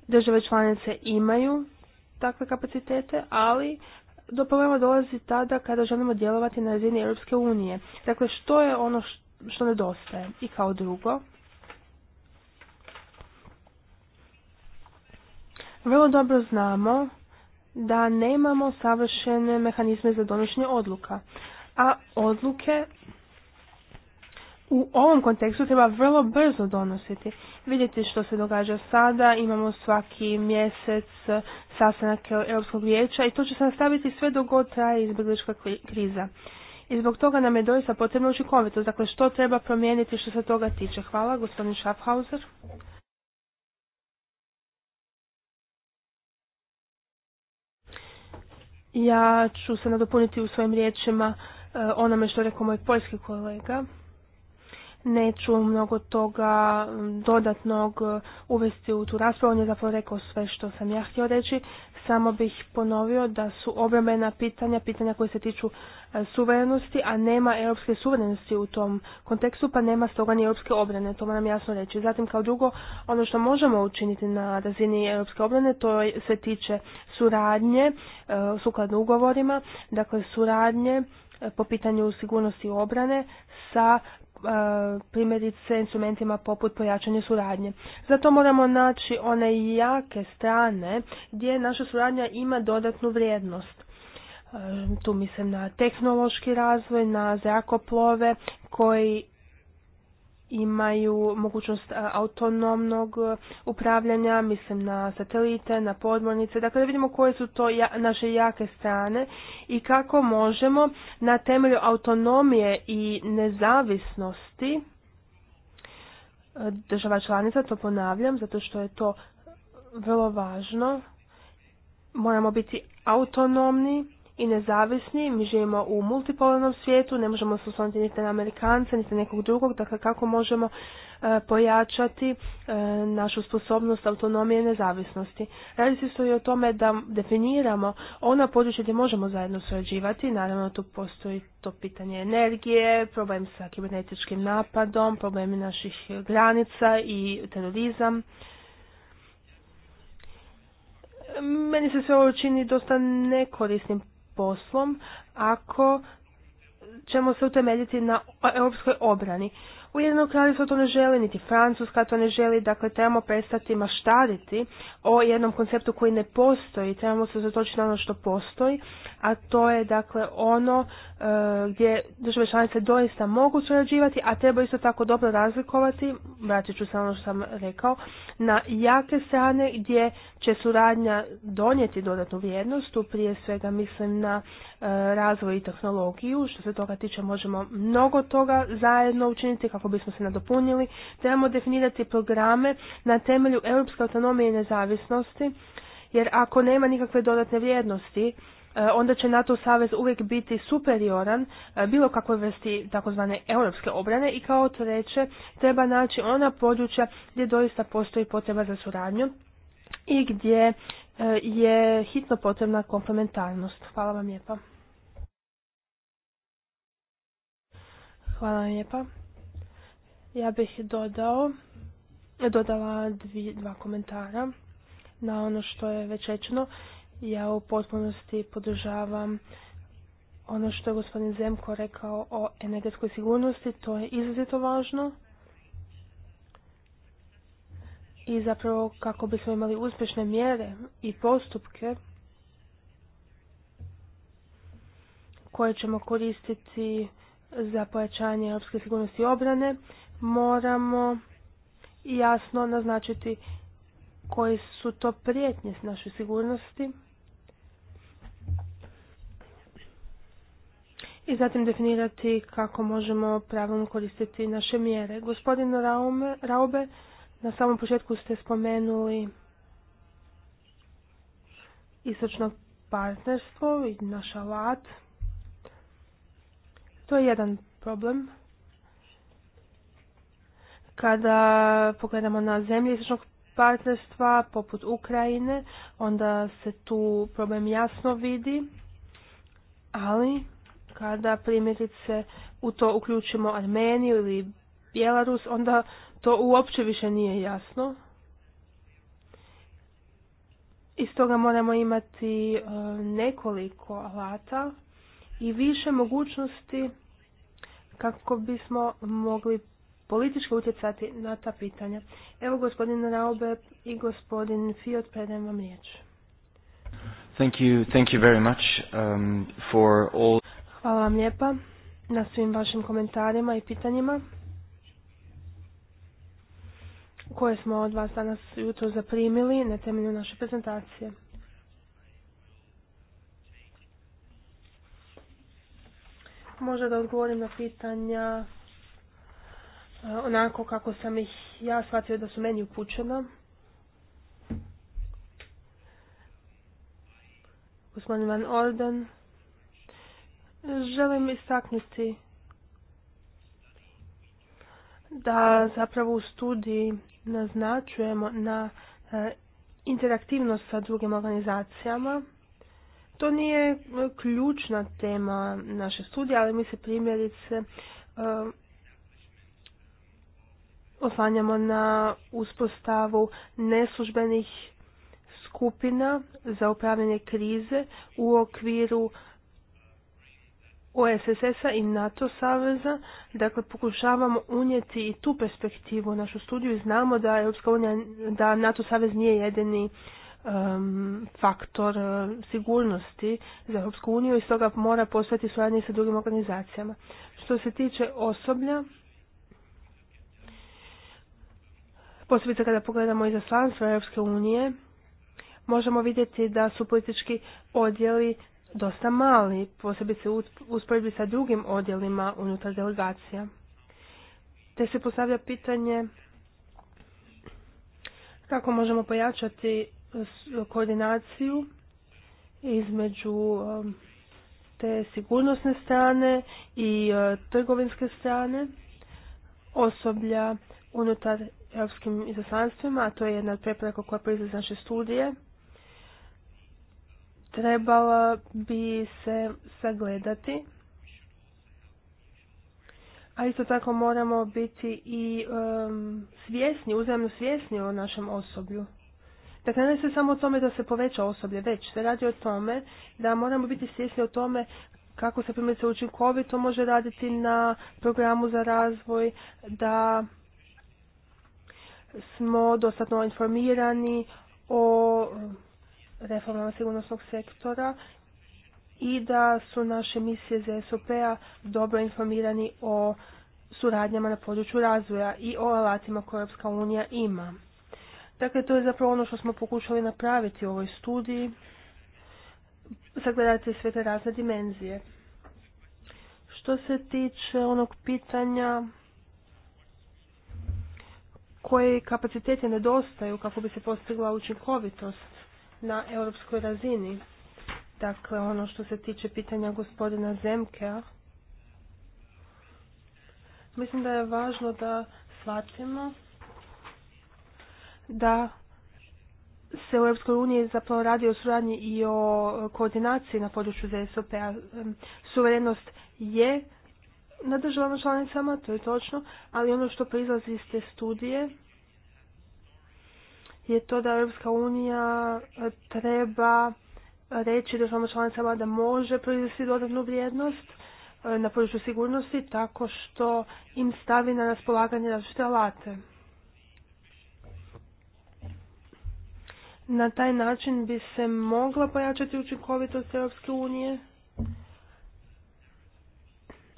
[SPEAKER 2] Države članice imaju takve kapacitete, ali do problema dolazi tada kada želimo djelovati na razini Europske unije. Dakle, što je ono što nedostaje? I kao drugo, vrlo dobro znamo da nemamo savršene mehanizme za donošenje odluka, a odluke u ovom kontekstu treba vrlo brzo donositi. Vidjeti što se događa sada, imamo svaki mjesec sastanak Europskog vijeća i to će se nastaviti sve dok god traje izbjeglička kriza. I zbog toga nam je doista potrebno učinkovitost. Dakle, što treba promijeniti što se toga tiče? Hvala, gospodin Schaffhauser. Ja ću se nadopuniti u svojim riječima eh, onome što je rekao moj poljski kolega neću mnogo toga dodatnog e, uvesti u tu raspravu, on je zapravo rekao sve što sam ja htio reći, samo bih ponovio da su obrambena pitanja, pitanja koje se tiču e, suverenosti, a nema europske suverenosti u tom kontekstu, pa nema stoga ni europske obrane, to moram jasno reći. Zatim kao drugo, ono što možemo učiniti na razini europske obrane, to se tiče suradnje, e, sukladno ugovorima, dakle suradnje po pitanju sigurnosti obrane sa primjerice instrumentima poput pojačanja suradnje. Zato moramo naći one jake strane gdje naša suradnja ima dodatnu vrijednost. E, tu mislim na tehnološki razvoj, na zrakoplove koji imaju mogućnost autonomnog e, upravljanja, mislim na satelite, na podmornice, dakle da vidimo koje su to naše jake strane i kako možemo na temelju autonomije i nezavisnosti e, država članica, to ponavljam, zato što je to vrlo važno, moramo biti autonomni i nezavisni, mi živimo u multipolarnom svijetu, ne možemo se osloniti niti na Amerikanca, niti na nekog drugog, dakle kako možemo e, pojačati e, našu sposobnost autonomije i nezavisnosti. Radi se i o tome da definiramo ona područja gdje možemo zajedno surađivati, naravno tu postoji to pitanje energije, problem sa kibernetičkim napadom, problemi naših granica i terorizam. Meni se sve ovo čini dosta nekorisnim poslom ako ćemo se utemeljiti na europskoj obrani. u Ujedno kraljevstvo to ne želi, niti Francuska to ne želi, dakle trebamo prestati maštariti o jednom konceptu koji ne postoji, trebamo se zatočiti na ono što postoji, a to je dakle ono Eh, gdje države članice doista mogu surađivati, a treba isto tako dobro razlikovati, vratit ću se ono što sam rekao, na jake strane gdje će suradnja donijeti dodatnu vrijednost, tu prije svega mislim na eh, razvoj i tehnologiju, što se toga tiče možemo mnogo toga zajedno učiniti kako bismo se nadopunili, trebamo definirati programe na temelju europske autonomije i nezavisnosti, jer ako nema nikakve dodatne vrijednosti, E, onda će NATO savez uvijek biti superioran e, bilo kakvoj vrsti takozvane europske obrane i kao treće treba naći ona područja gdje doista postoji potreba za suradnju i gdje e, je hitno potrebna komplementarnost. Hvala vam lijepa. Hvala vam lijepa. Ja bih dodao, dodala dvi, dva komentara na ono što je već rečeno. Ja u potpunosti podržavam ono što je gospodin Zemko rekao o energetskoj sigurnosti. To je izuzetno važno. I zapravo kako bismo imali uspješne mjere i postupke koje ćemo koristiti za pojačanje europske sigurnosti i obrane, moramo jasno naznačiti koji su to prijetnje s našoj sigurnosti i zatim definirati kako možemo pravilno koristiti naše mjere. Gospodin Raube, na samom početku ste spomenuli istočno partnerstvo i naš alat. To je jedan problem. Kada pogledamo na zemlje istočnog partnerstva, poput Ukrajine, onda se tu problem jasno vidi, ali kada primjerice u to uključimo Armeniju ili Bjelarus, onda to uopće više nije jasno. I toga moramo imati e, nekoliko alata i više mogućnosti kako bismo mogli politički utjecati na ta pitanja. Evo gospodin Raube i gospodin Fiot, predajem vam riječ.
[SPEAKER 3] Thank you, thank you very much um, for all...
[SPEAKER 2] Hvala vam lijepa na svim vašim komentarima i pitanjima koje smo od vas danas jutro zaprimili na temelju naše prezentacije. Možda da odgovorim na pitanja e, onako kako sam ih ja shvatio da su meni upućena. Gospodin Van Orden Želim istaknuti da zapravo u studiji naznačujemo na e, interaktivnost sa drugim organizacijama. To nije e, ključna tema naše studije, ali mi se primjerice e, oslanjamo na uspostavu neslužbenih skupina za upravljanje krize u okviru OSSS-a i NATO saveza, dakle pokušavamo unijeti i tu perspektivu u našu studiju i znamo da Europska unija, da NATO savez nije jedini um, faktor uh, sigurnosti za Europsku uniju i stoga mora postati suradnje sa drugim organizacijama. Što se tiče osoblja, posebice kada pogledamo izaslanstvo Europske unije, možemo vidjeti da su politički odjeli dosta mali, posebice usporedbi sa drugim odjelima unutar delegacija. Te se postavlja pitanje kako možemo pojačati koordinaciju između um, te sigurnosne strane i uh, trgovinske strane osoblja unutar europskim izaslanstvima, a to je jedna od prepreka koja proizlazi naše studije trebala bi se sagledati. A isto tako moramo biti i um, svjesni, uzajemno svjesni o našem osoblju. Dakle, ne se samo o tome da se poveća osoblje, već se radi o tome da moramo biti svjesni o tome kako se primjerice učinkovito može raditi na programu za razvoj, da smo dostatno informirani o reformama sigurnosnog sektora i da su naše misije za SOP-a dobro informirani o suradnjama na području razvoja i o alatima koje Europska unija ima. Dakle, to je zapravo ono što smo pokušali napraviti u ovoj studiji, sagledati sve te razne dimenzije. Što se tiče onog pitanja koje kapacitete nedostaju kako bi se postigla učinkovitost, na europskoj razini. Dakle, ono što se tiče pitanja gospodina Zemkea, mislim da je važno da shvatimo da se u Europskoj uniji zapravo radi o suradnji i o koordinaciji na području ZSOP-a. Suverenost je na državama članicama, to je točno, ali ono što proizlazi iz te studije je to da Europska unija treba reći državama članicama da može proizvesti dodatnu vrijednost e, na području sigurnosti tako što im stavi na raspolaganje različite alate. Na taj način bi se mogla pojačati učinkovitost Europske unije,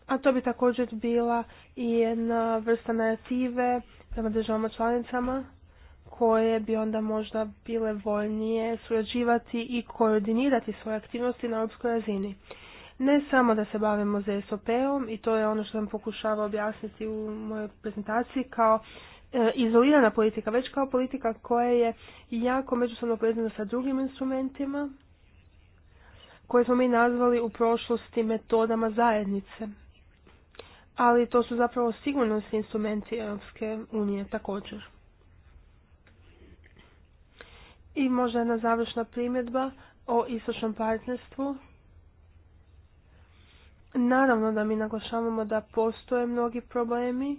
[SPEAKER 2] a to bi također bila i jedna vrsta narative prema državama članicama koje bi onda možda bile voljnije surađivati i koordinirati svoje aktivnosti na europskoj razini. Ne samo da se bavimo ZSOP-om i to je ono što sam pokušava objasniti u mojoj prezentaciji kao e, izolirana politika, već kao politika koja je jako međusobno povezana sa drugim instrumentima koje smo mi nazvali u prošlosti metodama zajednice. Ali to su zapravo sigurnosni instrumenti Europske unije također. I možda jedna završna primjedba o istočnom partnerstvu. Naravno da mi naglašavamo da postoje mnogi problemi e,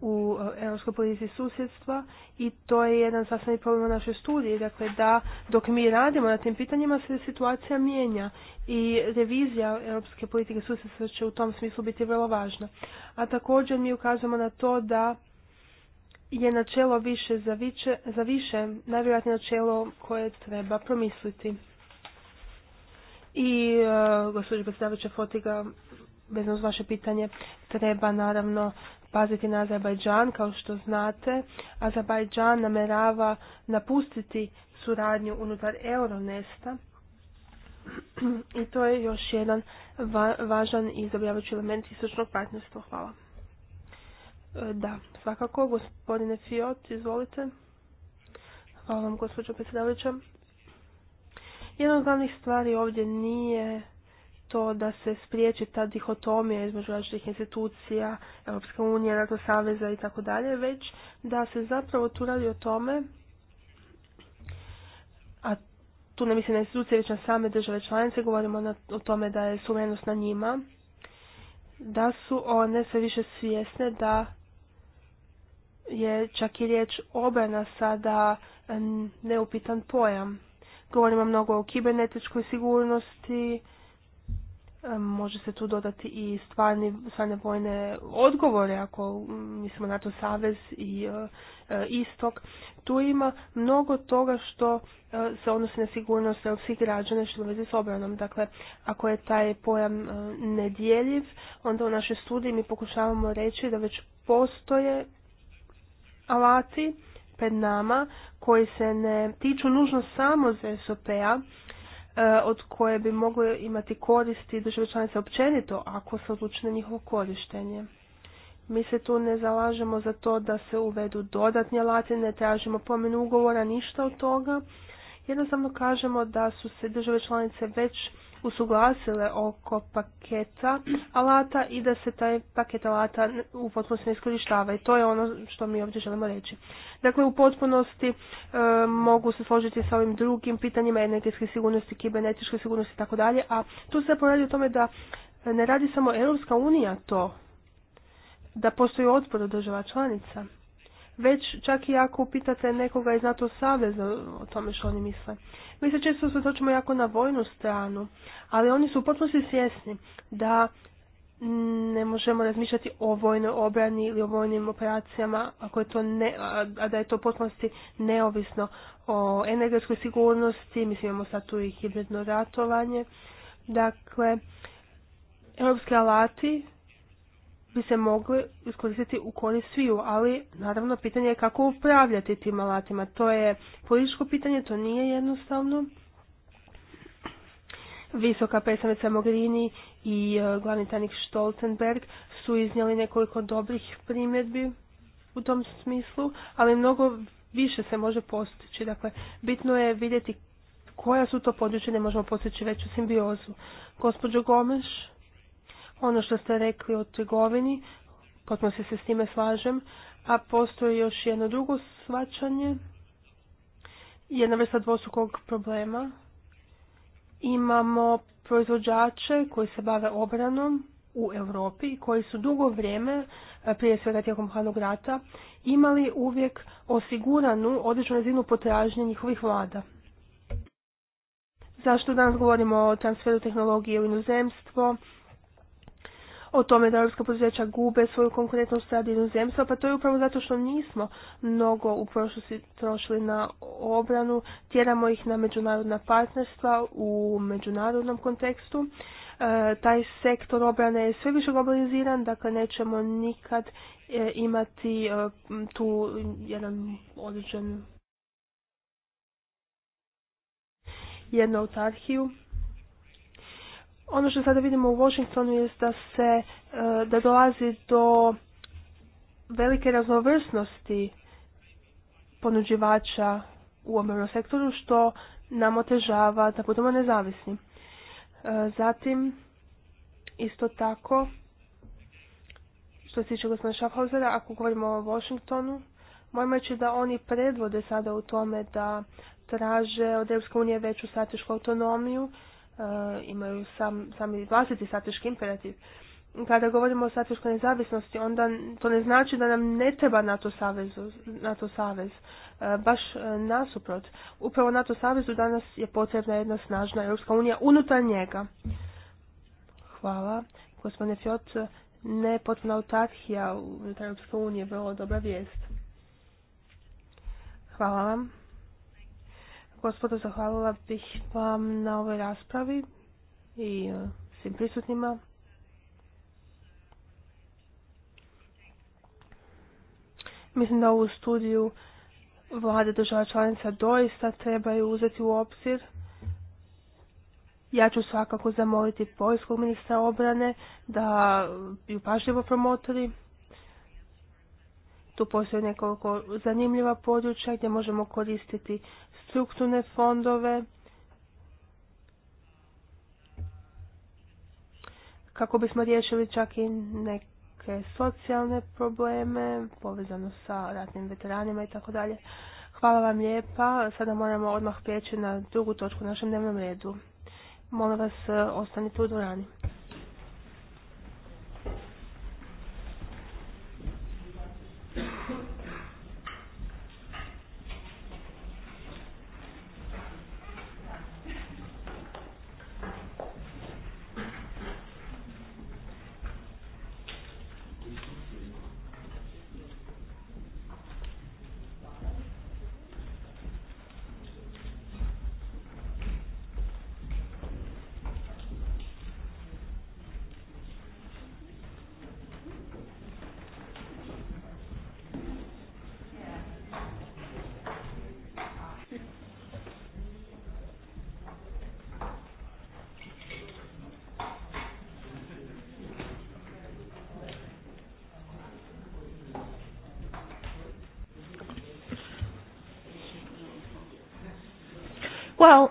[SPEAKER 2] u e, europskoj politici susjedstva i to je jedan sastavni problem u našoj studiji. Dakle, da dok mi radimo na tim pitanjima se situacija mijenja i revizija europske politike susjedstva će u tom smislu biti vrlo važna. A također mi ukazujemo na to da je načelo više za, za više najvjerojatnije načelo koje treba promisliti. I e, gospođo Fotiga, vezano uz vaše pitanje, treba naravno paziti na Azerbajdžan, kao što znate. Azerbajdžan namerava napustiti suradnju unutar Euronesta i to je još jedan važan i izobjavajući element istočnog partnerstva. Hvala. E, da, svakako. Gospodine Fiot, izvolite. Hvala vam, gospođo predsjedavajuća. Jedna od glavnih stvari ovdje nije to da se spriječi ta dihotomija između različitih institucija, Europska unija, NATO saveza i tako dalje, već da se zapravo tu radi o tome, a tu ne mislim na institucije, već na same države članice, govorimo o tome da je suverenost na njima, da su one sve više svjesne da je čak i riječ obrana sada neupitan pojam. Govorimo mnogo o kibernetičkoj sigurnosti, može se tu dodati i stvarni, stvarne vojne odgovore, ako mislimo NATO Savez i e, e, Istok. Tu ima mnogo toga što e, se odnosi na sigurnost svih građana što u vezi s obranom. Dakle, ako je taj pojam nedjeljiv, onda u našoj studiji mi pokušavamo reći da već postoje alati pred nama koji se ne tiču nužno samo za p-a, a e, od koje bi mogle imati koristi države članice općenito ako se odluči njihovo korištenje. Mi se tu ne zalažemo za to da se uvedu dodatni alati, ne tražimo pomenu ugovora, ništa od toga. Jednostavno kažemo da su se države članice već usuglasile oko paketa alata i da se taj paket alata u potpunosti ne iskorištava i to je ono što mi ovdje želimo reći. Dakle, u potpunosti e, mogu se složiti sa ovim drugim pitanjima energetske sigurnosti, kibernetičke sigurnosti i tako dalje, a tu se poradi o tome da ne radi samo Europska unija to, da postoji otpor od država članica već čak i ako pitate nekoga iz NATO saveza o tome što oni misle. Mi se često osvrtočimo jako na vojnu stranu, ali oni su potpuno svjesni da ne možemo razmišljati o vojnoj obrani ili o vojnim operacijama ako je to ne, a da je to u potpunosti neovisno o energetskoj sigurnosti, mislim imamo sad tu i hibridno ratovanje. Dakle, europski alati bi se mogli iskoristiti u korist sviju, ali naravno pitanje je kako upravljati tim alatima. To je političko pitanje, to nije jednostavno. Visoka predstavnica Mogherini i e, glavni tajnik Stoltenberg su iznijeli nekoliko dobrih primjedbi u tom smislu, ali mnogo više se može postići. Dakle, bitno je vidjeti koja su to područje ne možemo postići veću simbiozu. Gospođo Gomeš, ono što ste rekli o trgovini, potpuno se s time slažem, a postoji još jedno drugo svačanje, jedna vrsta dvosukog problema. Imamo proizvođače koji se bave obranom u Europi koji su dugo vrijeme, prije svega tijekom hladnog rata, imali uvijek osiguranu određenu razinu potražnje njihovih vlada. Zašto danas govorimo o transferu tehnologije u inozemstvo, o tome da europska poduzeća gube svoju konkurentnost radi inozemstva, pa to je upravo zato što nismo mnogo u prošlosti trošili na obranu, tjeramo ih na međunarodna partnerstva u međunarodnom kontekstu. E, taj sektor obrane je sve više globaliziran, dakle nećemo nikad e, imati e, tu jedan određen jednu autarhiju. Ono što sada vidimo u Washingtonu je da se, e, da dolazi do velike raznovrsnosti ponuđivača u obrambenom sektoru što nam otežava da budemo nezavisni. E, zatim, isto tako, što se tiče gospodina Schaffhausera, ako govorimo o Washingtonu, mojmo reći da oni predvode sada u tome da traže od Europske unije veću stratešku autonomiju E, imaju sam, sami vlastiti strateški imperativ. Kada govorimo o strateškoj nezavisnosti, onda to ne znači da nam ne treba NATO, savezu, NATO savez. E, baš e, nasuprot. Upravo NATO savezu danas je potrebna jedna snažna Europska unija unutar njega. Hvala. Gospodine Fjot, ne potpuna autarhija unutar Europske unije, vrlo dobra vijest. Hvala vam. Gospodo, zahvalila bih vam na ovoj raspravi i e, svim prisutnima. Mislim da ovu studiju vlade država članica doista trebaju uzeti u obzir. Ja ću svakako zamoliti poljskog ministra obrane da ju pažljivo promotori. Tu postoje nekoliko zanimljiva područja gdje možemo koristiti strukturne fondove kako bismo riješili čak i neke socijalne probleme povezano sa ratnim veteranima i tako dalje. Hvala vam lijepa. Sada moramo odmah prijeći na drugu točku u našem dnevnom redu. Molim vas, ostanite u dvorani.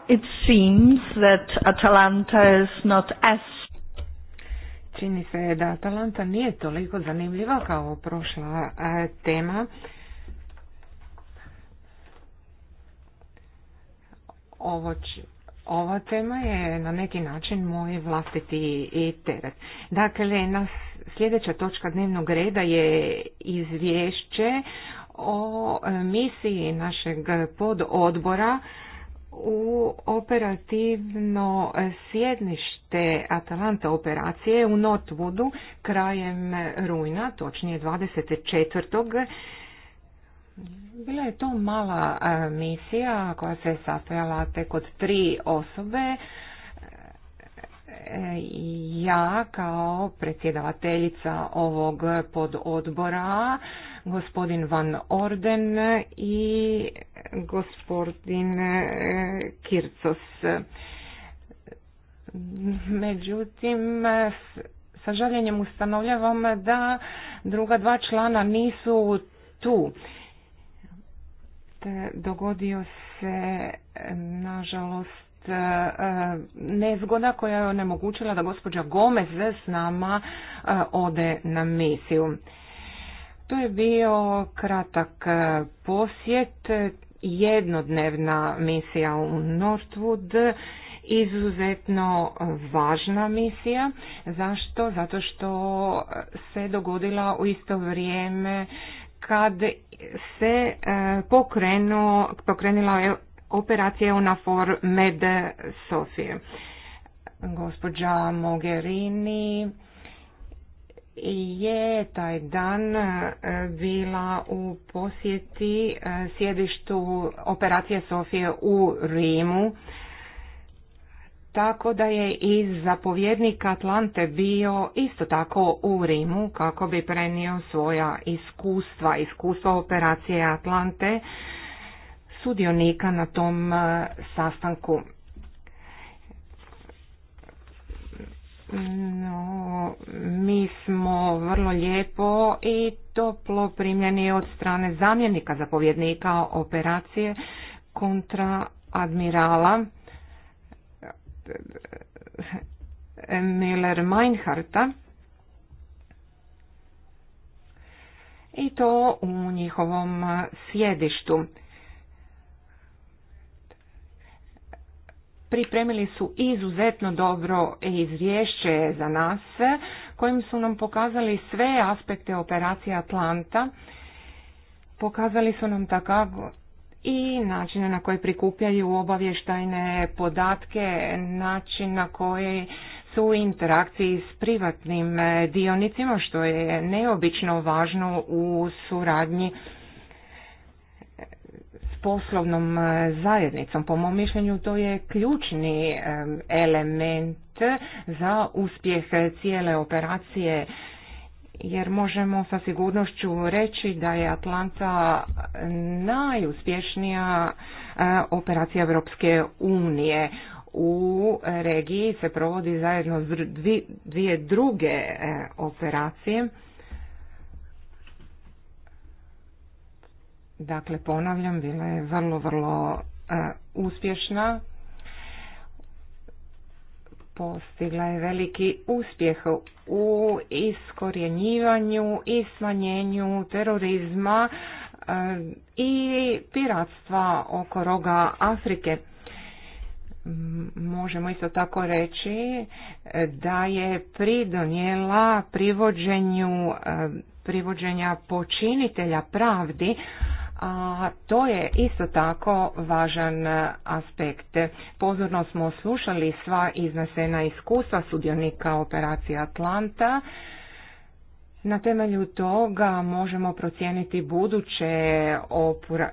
[SPEAKER 4] it seems that Atalanta is not as Čini se da Atalanta nije toliko zanimljiva kao prošla tema. Ovo ova tema je na neki način moj vlastiti i teret. Dakle, sljedeća točka dnevnog reda je izvješće o e, misiji našeg pododbora u operativno sjednište Atalanta operacije u Northwoodu krajem rujna, točnije 24. Bila je to mala eh, misija koja se sastojala tek od tri osobe ja kao predsjedavateljica ovog pododbora, gospodin Van Orden i gospodin e, Kircos. Međutim, sa žaljenjem ustanovljavam da druga dva člana nisu tu. Dogodio se, nažalost, E, nezgoda koja je onemogućila da gospođa Gomez s nama e, ode na misiju. To je bio kratak e, posjet, jednodnevna misija u Northwood, izuzetno važna misija. Zašto? Zato što se dogodila u isto vrijeme kad se pokrenuo, pokrenila operacije UNAFOR Med Sofije. Gospođa Mogherini je taj dan e, bila u posjeti e, sjedištu operacije Sofije u Rimu tako da je i zapovjednik Atlante bio isto tako u Rimu kako bi prenio svoja iskustva, iskustva operacije Atlante sudionika na tom e, sastanku. No, mi smo vrlo lijepo i toplo primljeni od strane zamjenika zapovjednika operacije kontra admirala Miller Meinharta i to u njihovom e, sjedištu. pripremili su izuzetno dobro izvješće za nas kojim su nam pokazali sve aspekte operacije Atlanta. Pokazali su nam takav i načine na koji prikupljaju obavještajne podatke, način na koji su u interakciji s privatnim dionicima, što je neobično važno u suradnji poslovnom e, zajednicom. Po mom mišljenju to je ključni e, element za uspjeh cijele operacije jer možemo sa sigurnošću reći da je Atlanta najuspješnija e, operacija Europske unije. U regiji se provodi zajedno dvije druge operacije Dakle, ponavljam, bila je vrlo, vrlo e, uspješna. Postigla je veliki uspjeh u iskorjenjivanju i smanjenju terorizma e, i piratstva oko roga Afrike. Možemo isto tako reći e, da je pridonijela privođenju privođenja počinitelja pravdi, a to je isto tako važan aspekt. Pozorno smo slušali sva iznesena iskustva sudionika operacije Atlanta. Na temelju toga možemo procijeniti buduće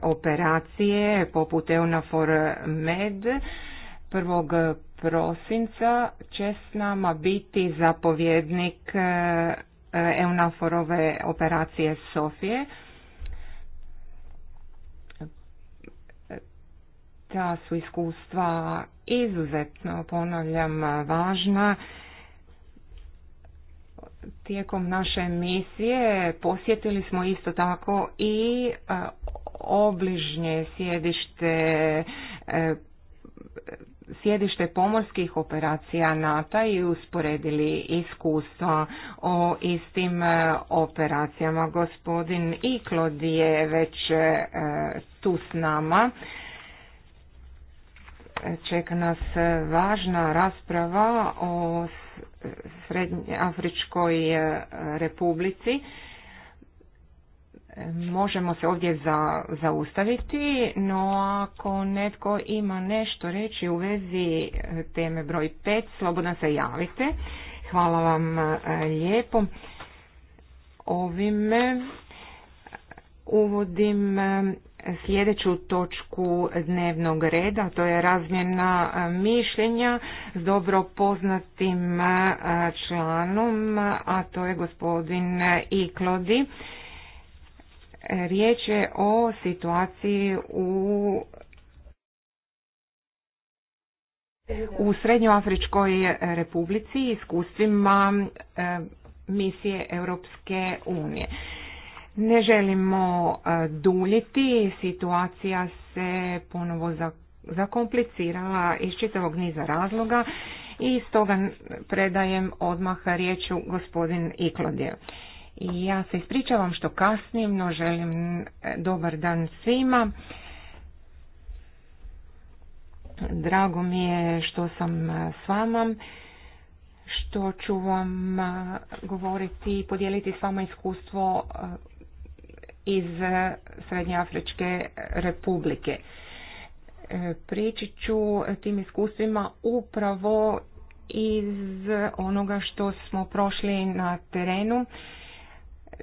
[SPEAKER 4] operacije poput EUNAFOR MED prvog prosinca će s nama biti zapovjednik e, EUNAFOR-ove operacije Sofije ta su iskustva izuzetno, ponavljam, važna. Tijekom naše misije posjetili smo isto tako i e, obližnje sjedište e, sjedište pomorskih operacija NATO i usporedili iskustva o istim e, operacijama. Gospodin Iklod je već tu s nama čeka nas e, važna rasprava o Afričkoj e, republici. Možemo se ovdje za, zaustaviti, no ako netko ima nešto reći u vezi e, teme broj 5, slobodno se javite. Hvala vam lijepo. Ovime uvodim sljedeću točku dnevnog reda, to je razmjena e, mišljenja s dobro poznatim e, članom, a to je gospodin Iklodi. Riječ je o situaciji u u Srednjoafričkoj republici iskustvima e, misije Europske unije. Ne želimo e, duljiti, situacija se ponovo zakomplicirala iz čitavog niza razloga i stoga predajem odmah riječu gospodin Iklodje. Ja se ispričavam što kasnim, no želim e, dobar dan svima. Drago mi je što sam e, s vama, što ću vam govoriti i podijeliti s vama iskustvo iz eh, Afričke republike. Eh, Priči ću tim iskustvima upravo iz onoga što smo prošli na terenu.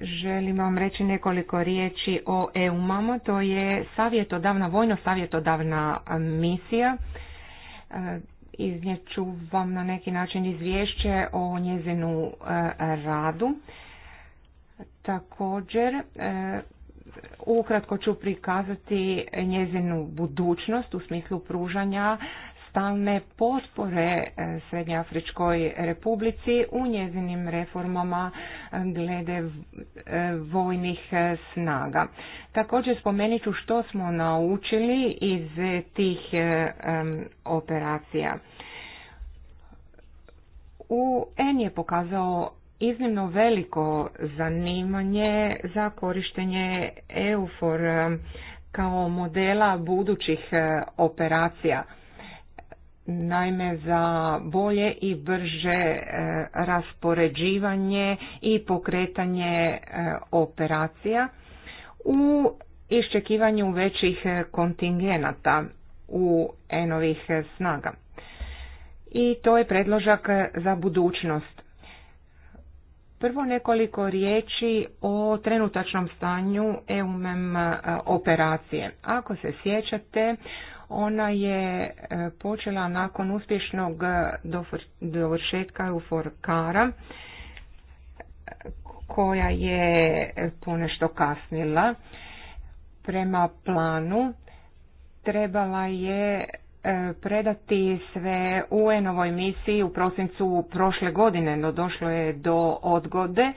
[SPEAKER 4] Želim vam reći nekoliko riječi o EUMAMO. To je savjetodavna, vojno-savjetodavna misija. Eh, iznijet ću vam na neki način izvješće o njezinu radu. Također, e, ukratko ću prikazati njezinu budućnost u smislu pružanja stalne potpore e, Srednjeafričkoj republici u njezinim reformama e, glede vojnih snaga. Također spomenut ću što smo naučili iz tih operacija. UN je pokazao iznimno veliko zanimanje za korištenje EUFOR um, kao modela budućih uh, operacija. Naime, za bolje i brže uh, raspoređivanje i pokretanje uh, operacija u iščekivanju većih kontingenata u enovih snaga. I to je predložak za budućnost Prvo nekoliko riječi o trenutačnom stanju EUMEM e e, operacije. Ako se sjećate, ona je e, počela nakon uspješnog dovršetka Forkara, koja je ponešto kasnila. Prema planu trebala je E, predati sve UN-ovoj misiji u prosincu prošle godine, no došlo je do odgode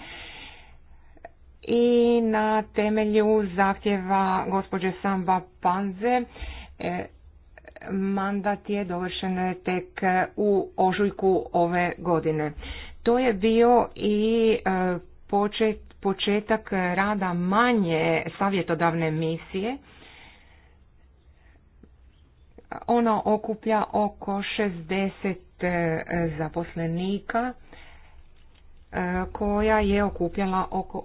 [SPEAKER 4] i na temelju zahtjeva gospođe Samba Panze e, mandat je dovršen tek u ožujku ove godine. To je bio i e, početak rada manje savjetodavne misije ona okuplja oko 60 e, zaposlenika e, koja je okupljala oko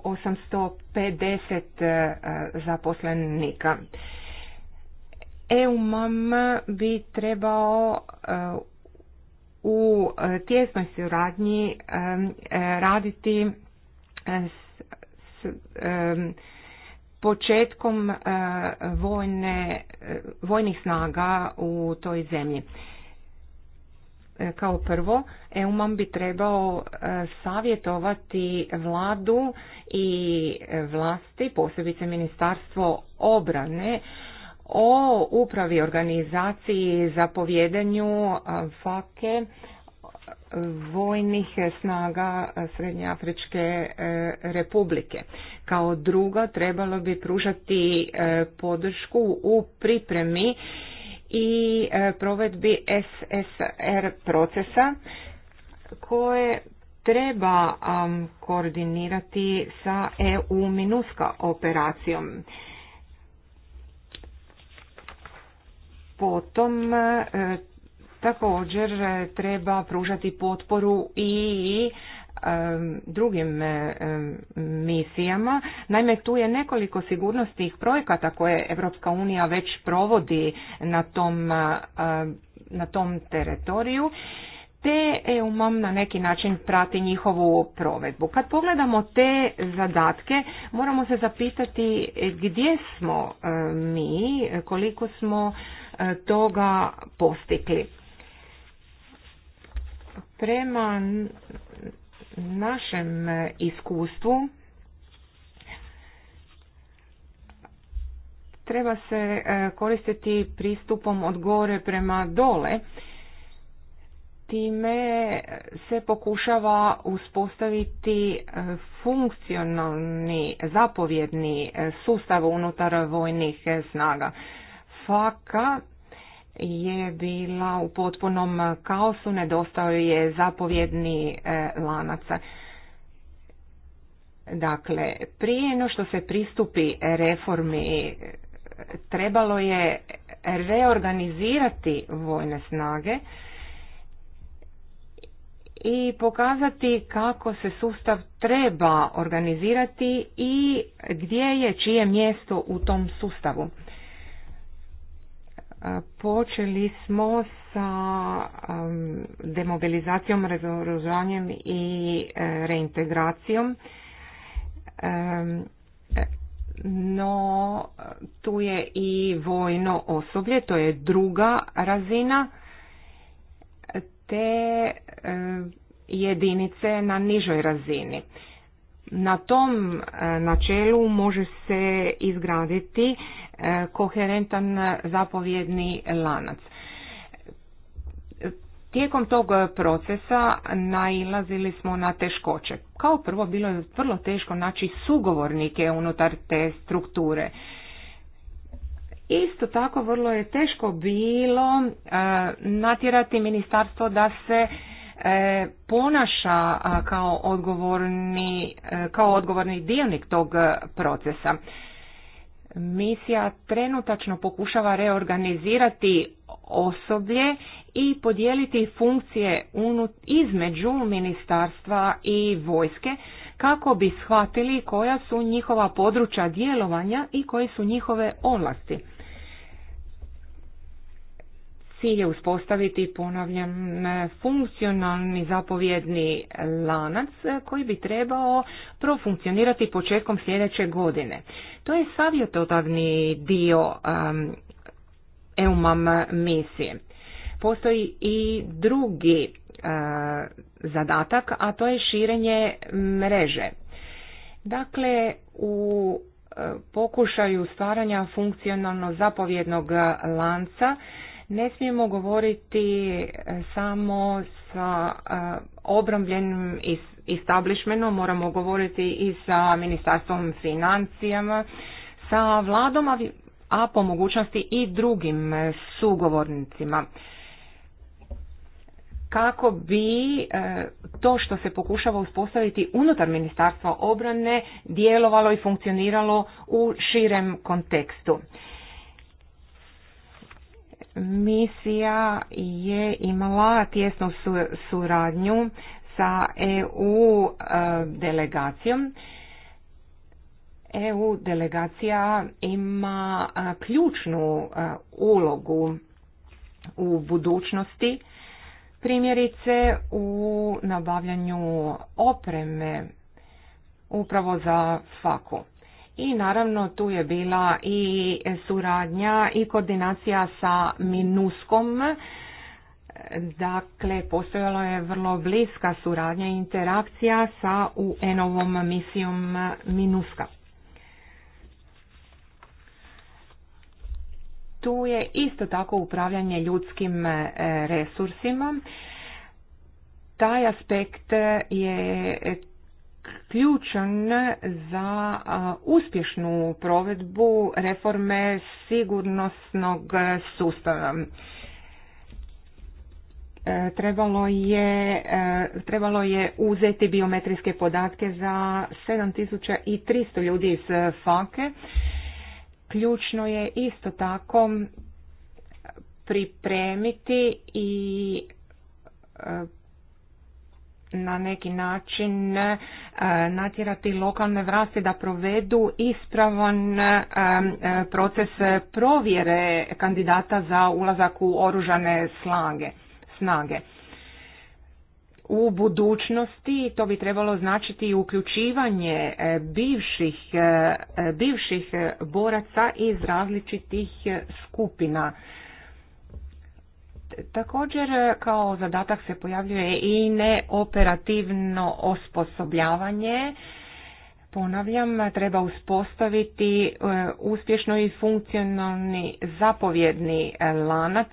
[SPEAKER 4] 850 e, zaposlenika. EUMAM bi trebao u tjesnoj suradnji raditi početkom e, vojne, e, vojnih snaga u toj zemlji. E, kao prvo, EUMAM bi trebao savjetovati vladu i vlasti, posebice ministarstvo obrane, o upravi organizaciji za zapovjedanju fake vojnih snaga Srednjeafričke e, republike. Kao druga trebalo bi pružati e, podršku u pripremi i e, provedbi SSR procesa koje treba koordinirati sa EU minuska operacijom. Potom Također e, treba pružati potporu i e, drugim e, misijama. Naime, tu je nekoliko sigurnostnih projekata koje Evropska unija već provodi na tom, na tom teritoriju te EUMAM na neki način prati njihovu provedbu. Kad pogledamo te zadatke, moramo se zapitati gdje smo mi, koliko smo toga postikli. Prema našem iskustvu treba se e, koristiti pristupom od gore prema dole. Time se pokušava uspostaviti e, funkcionalni zapovjedni e, sustav unutar vojnih snaga. Faka je bila u potpunom kaosu, nedostao je zapovjedni e, lanac. Dakle, prije no što se pristupi reformi, e, trebalo je reorganizirati vojne snage i pokazati kako se sustav treba organizirati i gdje je čije mjesto u tom sustavu počeli smo sa um, demobilizacijom, razoružanjem i e, reintegracijom. Um, no, tu je i vojno osoblje, to je druga razina, te e, jedinice na nižoj razini. Na tom e, načelu može se izgraditi koherentan zapovjedni lanac. Tijekom tog procesa nailazili smo na teškoće. Kao prvo bilo je vrlo teško naći sugovornike unutar te strukture. Isto tako vrlo je teško bilo e, natjerati ministarstvo da se e, ponaša kao odgovorni, e, kao odgovorni dionik tog procesa misija trenutačno pokušava reorganizirati osoblje i podijeliti funkcije unut, između ministarstva i vojske kako bi shvatili koja su njihova područja djelovanja i koje su njihove ovlasti. Cilj je uspostaviti, ponavljam, funkcionalni zapovjedni lanac e, koji bi trebao profunkcionirati početkom sljedeće godine. To je savjetodavni dio um, EUMAM misije. Postoji i drugi e, zadatak, a to je širenje mreže. Dakle, u e, pokušaju stvaranja funkcionalno zapovjednog lanca ne smijemo govoriti e, samo sa e, obrambljenim establishmentom, moramo govoriti i sa ministarstvom financijama, sa vladom, a po mogućnosti i drugim e, sugovornicima kako bi to što se pokušava uspostaviti unutar Ministarstva obrane djelovalo i funkcioniralo u širem kontekstu misija je imala tjesnu suradnju sa EU e, delegacijom. EU delegacija ima e, ključnu e, ulogu u budućnosti, primjerice u nabavljanju opreme upravo za faku. I naravno tu je bila i suradnja i koordinacija sa Minuskom. Dakle, postojala je vrlo bliska suradnja i interakcija sa UN-ovom misijom Minuska. Tu je isto tako upravljanje ljudskim e, resursima. Taj aspekt je ključan za uspješnu provedbu reforme sigurnosnog sustava. E, trebalo je, e, trebalo je uzeti biometrijske podatke za 7300 ljudi iz FAKE. Ključno je isto tako pripremiti i e, na neki način e, natjerati lokalne vlasti da provedu ispravan e, e, proces provjere kandidata za ulazak u oružane snage. U budućnosti to bi trebalo značiti uključivanje bivših, bivših boraca iz različitih skupina Također e, kao zadatak se pojavljuje i neoperativno osposobljavanje. Ponavljam, treba uspostaviti e, uspješno i funkcionalni zapovjedni lanac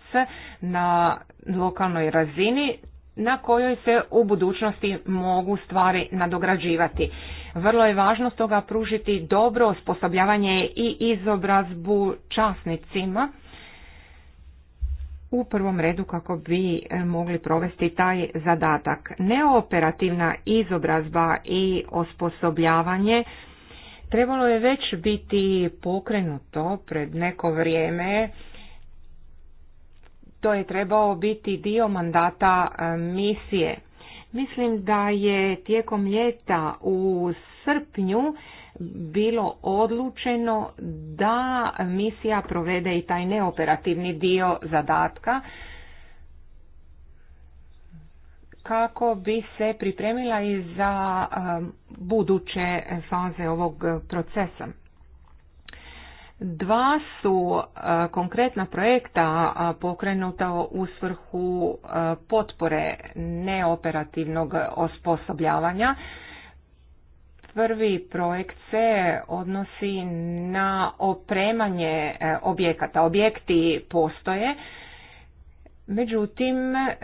[SPEAKER 4] na lokalnoj razini na kojoj se u budućnosti mogu stvari nadograđivati. Vrlo je važno stoga pružiti dobro osposobljavanje i izobrazbu časnicima u prvom redu kako bi e, mogli provesti taj zadatak. Neoperativna izobrazba i osposobljavanje trebalo je već biti pokrenuto pred neko vrijeme. To je trebao biti dio mandata e, misije. Mislim da je tijekom ljeta u srpnju bilo odlučeno da misija provede i taj neoperativni dio zadatka kako bi se pripremila i za buduće faze ovog procesa. Dva su konkretna projekta pokrenuta u svrhu potpore neoperativnog osposobljavanja. Prvi projekt se odnosi na opremanje e, objekata. Objekti postoje, međutim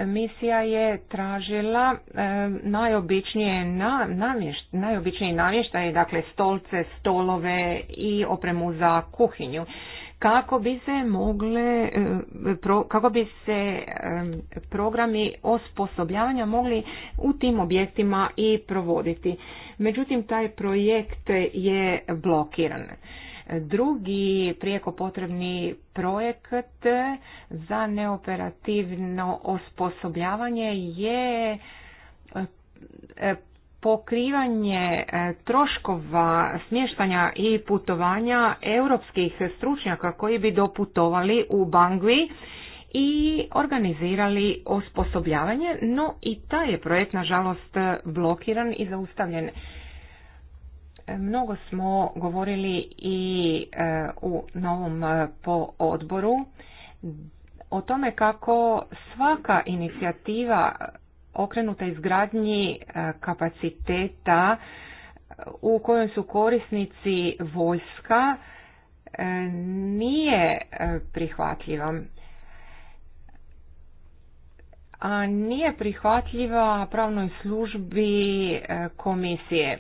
[SPEAKER 4] misija je tražila e, najobičnije na, najobičniji namještaj, dakle stolce, stolove i opremu za kuhinju kako bi se mogle e, kako bi se programi osposobljavanja mogli u tim objektima i provoditi međutim taj projekt je blokiran. Drugi prijeko potrebni projekt za neoperativno osposobljavanje je e, pokrivanje e, troškova smještanja i putovanja europskih stručnjaka koji bi doputovali u Bangli i organizirali osposobljavanje, no i taj je projekt nažalost blokiran i zaustavljen. E, mnogo smo govorili i e, u novom e, po odboru o tome kako svaka inicijativa okrenuta izgradnji kapaciteta u kojoj su korisnici vojska nije prihvatljiva a nije prihvatljiva pravnoj službi e, komisije.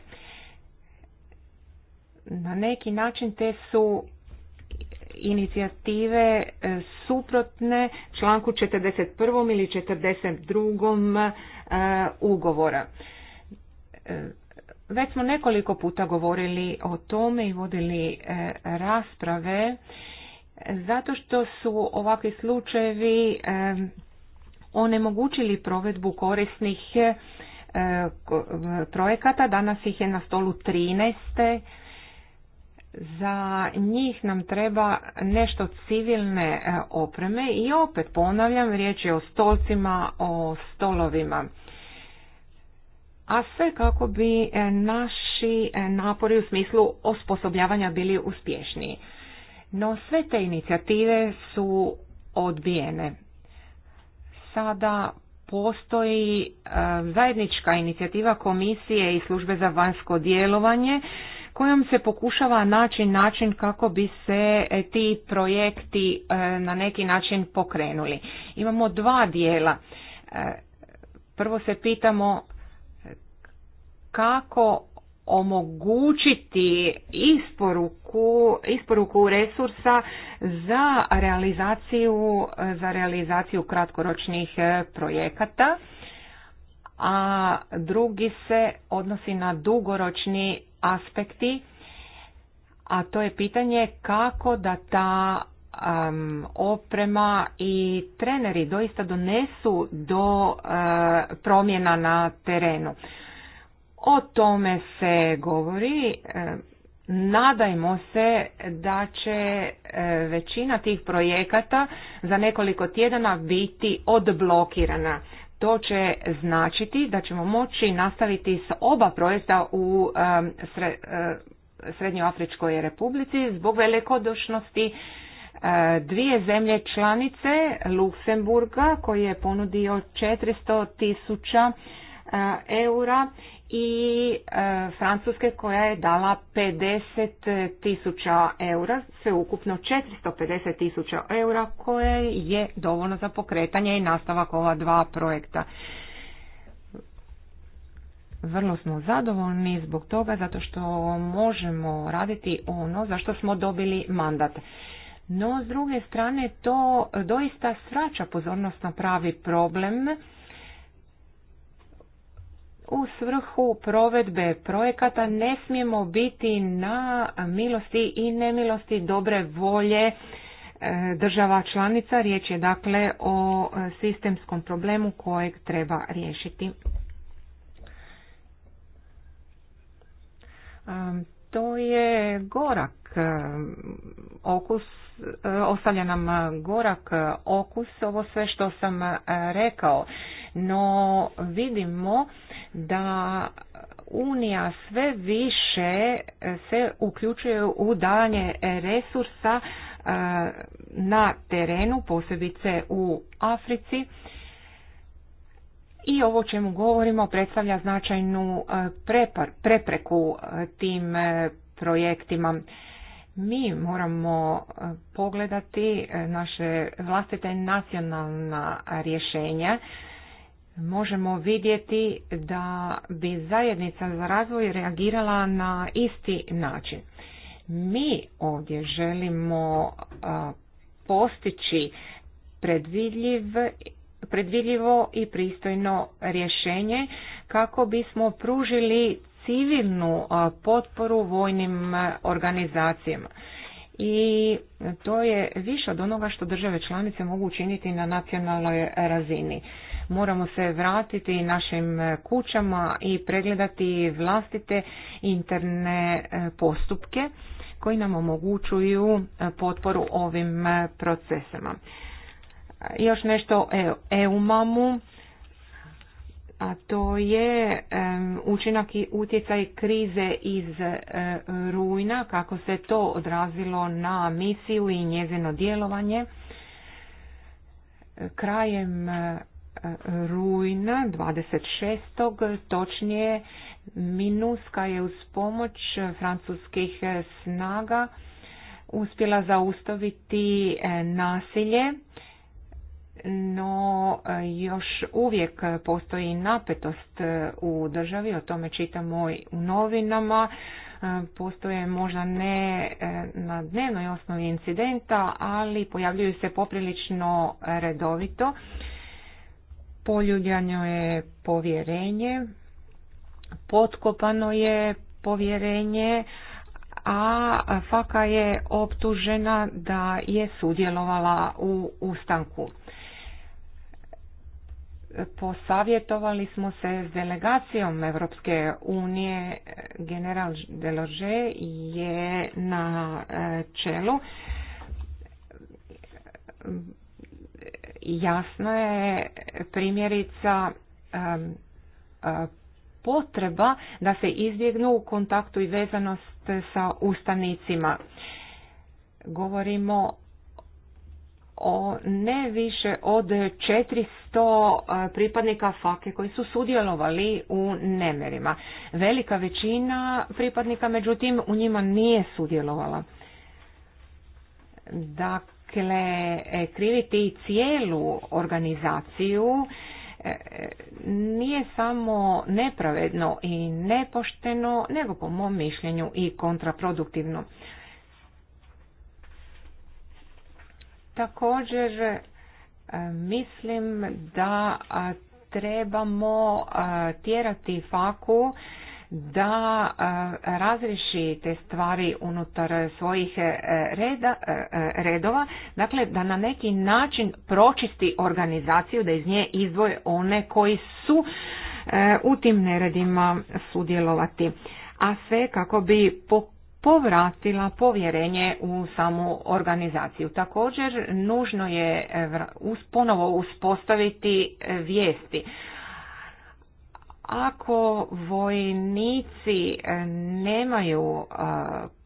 [SPEAKER 4] Na neki način te su inicijative e, suprotne članku 41. ili 42. E, ugovora. Već smo nekoliko puta govorili o tome i vodili rasprave zato što su ovakvi slučajevi onemogućili provedbu korisnih e, projekata. Danas ih je na stolu 13. Za njih nam treba nešto civilne e, opreme i opet ponavljam, riječ je o stolcima, o stolovima. A sve kako bi e, naši napori u smislu osposobljavanja bili uspješniji. No sve te inicijative su odbijene sada postoji e, zajednička inicijativa komisije i službe za vanjsko djelovanje kojom se pokušava naći način kako bi se e, ti projekti e, na neki način pokrenuli. Imamo dva dijela. Prvo se pitamo kako omogućiti isporuku, isporuku resursa za realizaciju, za realizaciju kratkoročnih e, projekata, a drugi se odnosi na dugoročni aspekti, a to je pitanje kako da ta oprema i treneri doista donesu do e, promjena na terenu. O tome se govori. E, nadajmo se da će e, većina tih projekata za nekoliko tjedana biti odblokirana. To će značiti da ćemo moći nastaviti s oba projekta u e, Srednjoafričkoj republici zbog velikodušnosti dvije zemlje članice Luksemburga koji je ponudio 400 tisuća eura i e, Francuske koja je dala 50 tisuća eura, sve ukupno 450 tisuća eura koje je dovoljno za pokretanje i nastavak ova dva projekta. Vrlo smo zadovoljni zbog toga zato što možemo raditi ono za što smo dobili mandat. No, s druge strane, to doista svraća pozornost na pravi problem u svrhu provedbe projekata ne smijemo biti na milosti i nemilosti dobre volje e, država članica. Riječ je dakle o sistemskom problemu kojeg treba riješiti. To je gorak e, okus, e, ostavlja nam gorak okus ovo sve što sam rekao no vidimo da Unija sve više se uključuje u danje resursa e, na terenu, posebice u Africi. I ovo čemu govorimo predstavlja značajnu e, prepreku e, tim projektima. Mi moramo pogledati naše vlastite nacionalna rješenja možemo vidjeti da bi zajednica za razvoj reagirala na isti način. Mi ovdje želimo postići predvidljivo i pristojno rješenje kako bismo pružili civilnu potporu vojnim organizacijama. I to je više od onoga što države članice mogu učiniti na nacionalnoj razini. Moramo se vratiti našim e, kućama i pregledati vlastite interne e, postupke koji nam omogućuju e, potporu ovim procesama. Još nešto o EUMAMu, a to je učinak i utjecaj krize iz rujna, kako se to odrazilo na misiju i njezino djelovanje. Krajem rujna 26. točnije Minuska je uz pomoć francuskih snaga uspjela zaustaviti e, nasilje, no e, još uvijek postoji napetost e, u državi, o tome čitamo i u novinama, postoje možda ne na dnevnoj osnovi incidenta, ali pojavljuju se poprilično redovito poljuljano je povjerenje, potkopano je povjerenje, a Faka je optužena da je sudjelovala u ustanku. Posavjetovali smo se s delegacijom Europske unije, general Delože je na e, čelu jasno je primjerica e, potreba da se izbjegnu u kontaktu i vezanost sa ustanicima. Govorimo o ne više od 400 e, pripadnika fake koji su sudjelovali u nemerima. Velika većina pripadnika međutim u njima nije sudjelovala. Dakle, dakle kriviti cijelu organizaciju e, nije samo nepravedno i nepošteno, nego po mom mišljenju i kontraproduktivno. Također e, mislim da trebamo tjerati faku da razriši te stvari unutar svojih e, reda, e, e, redova, dakle da na neki način pročisti organizaciju, da iz nje izdvoje one koji su u tim neredima sudjelovati, a sve kako bi povratila povjerenje u samu organizaciju. Također nužno je ponovo uspostaviti vijesti ako vojnici e, nemaju e,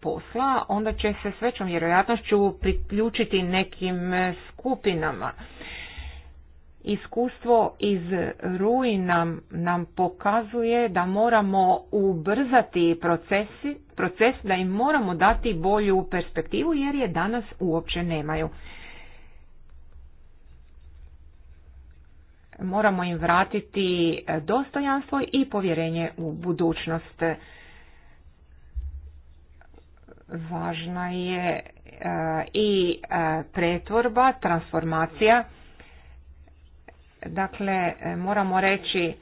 [SPEAKER 4] posla, onda će se s većom vjerojatnošću priključiti nekim e, skupinama. Iskustvo iz rujna nam pokazuje da moramo ubrzati procesi, proces, da im moramo dati bolju perspektivu jer je danas uopće nemaju. moramo im vratiti e, dostojanstvo i povjerenje u budućnost. Važna je e, i e, pretvorba, transformacija. Dakle, moramo reći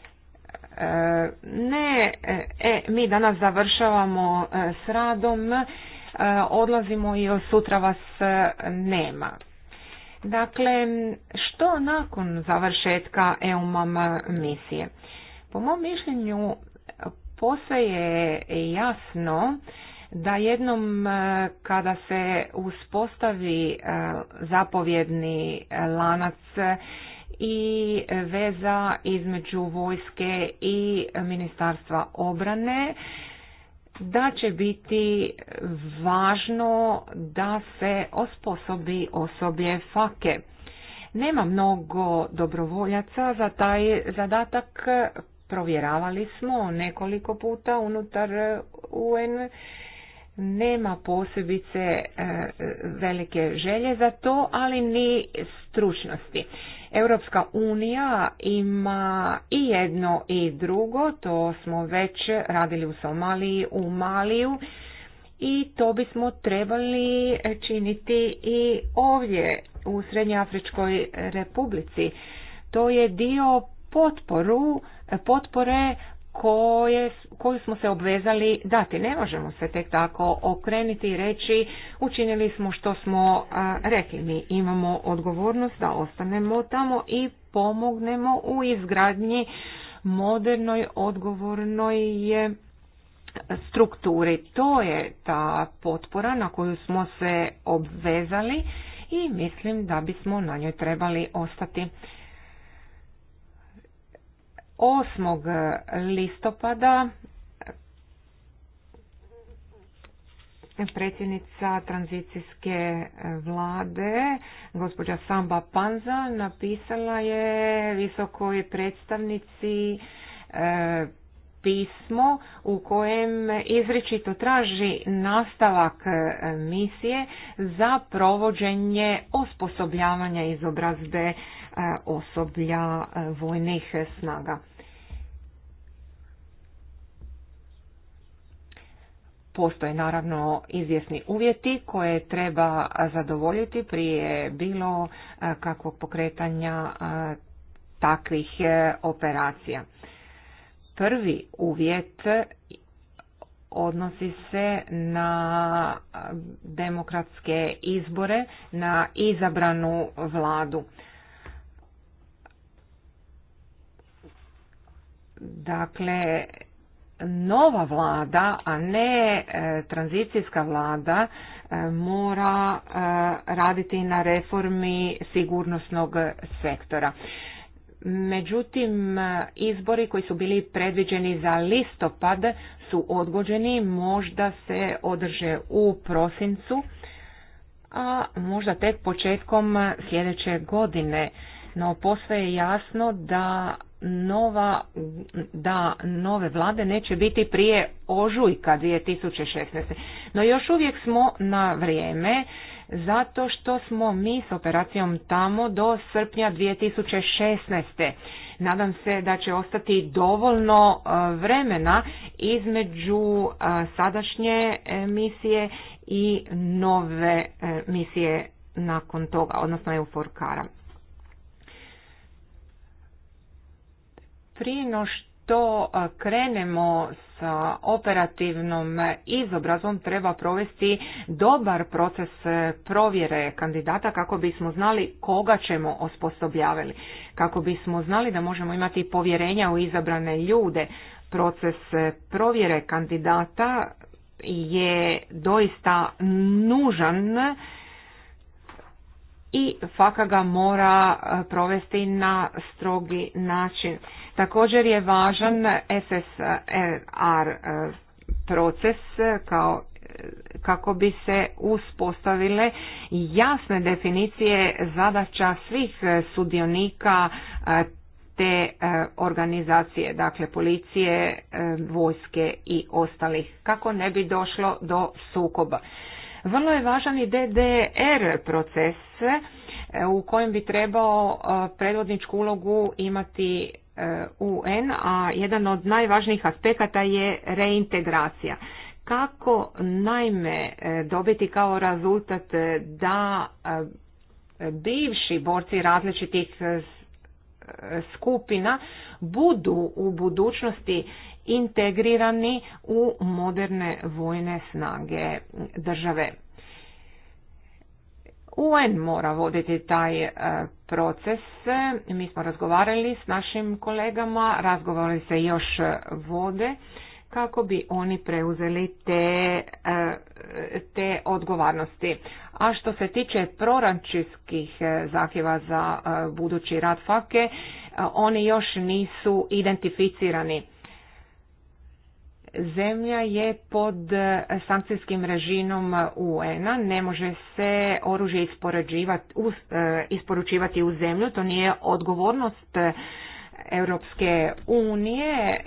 [SPEAKER 4] ne, e, mi danas završavamo s radom, odlazimo i od sutra vas nema. Dakle, što nakon završetka EUMAM misije? Po mom mišljenju posve je jasno da jednom eh, kada se uspostavi eh, zapovjedni lanac eh, i veza između vojske i ministarstva obrane, da će biti važno da se osposobi osoblje fake. Nema mnogo dobrovoljaca za taj zadatak, provjeravali smo nekoliko puta unutar UN, nema posebice e, velike želje za to, ali ni stručnosti. Europska unija ima i jedno i drugo, to smo već radili u Somaliji, u Maliju i to bismo trebali činiti i ovdje u Srednjoafričkoj republici. To je dio potporu, potpore koje, koju smo se obvezali dati. Ne možemo se tek tako okrenuti i reći učinili smo što smo rekli. Mi imamo odgovornost da ostanemo tamo i pomognemo u izgradnji modernoj, odgovornoj je strukturi. To je ta potpora na koju smo se obvezali i mislim da bismo na njoj trebali ostati. 8. listopada predsjednica tranzicijske vlade, gospođa Samba Panza, napisala je visokoj predstavnici eh, pismo u kojem izričito traži nastavak e, misije za provođenje osposobljavanja izobrazbe e, osoblja e, vojnih snaga. Postoje naravno izvjesni uvjeti koje treba zadovoljiti prije bilo kakvog pokretanja takvih operacija. Prvi uvjet odnosi se na demokratske izbore, na izabranu vladu. Dakle, nova vlada, a ne e, tranzicijska vlada, e, mora e, raditi na reformi sigurnosnog sektora. Međutim, izbori koji su bili predviđeni za listopad su odgođeni, možda se održe u prosincu, a možda tek početkom sljedeće godine. No posve je jasno da nova, da nove vlade neće biti prije ožujka 2016. No još uvijek smo na vrijeme zato što smo mi s operacijom tamo do srpnja 2016. Nadam se da će ostati dovoljno e, vremena između e, sadašnje e, misije i nove misije nakon toga, odnosno euforkara. Prije no što to krenemo sa operativnom izobrazom treba provesti dobar proces e, provjere kandidata kako bismo znali koga ćemo osposobljavali, kako bismo znali da možemo imati povjerenja u izabrane ljude. Proces e, provjere kandidata je doista nužan i faka ga mora e, provesti na strogi način. Također je važan SSR e, proces e, kao e, kako bi se uspostavile jasne definicije zadaća svih sudionika te organizacije, dakle policije, vojske i ostalih, kako ne bi došlo do sukoba. Vrlo je važan i DDR proces u kojem bi trebao predvodničku ulogu imati UN, a jedan od najvažnijih aspekata je reintegracija. Kako najme e, dobiti kao rezultat e, da e, bivši borci različitih skupina budu u budućnosti integrirani u moderne vojne snage države UN mora voditi taj e, proces. Mi smo razgovarali s našim kolegama, razgovarali se još vode kako bi oni preuzeli te, e, te odgovornosti. A što se tiče proračunskih e, zahtjeva za budući rad FAKE, oni još nisu identificirani zemlja je pod eh, sankcijskim režimom UN-a, ne može se oružje eh, isporučivati u zemlju, to nije odgovornost eh, Europske unije,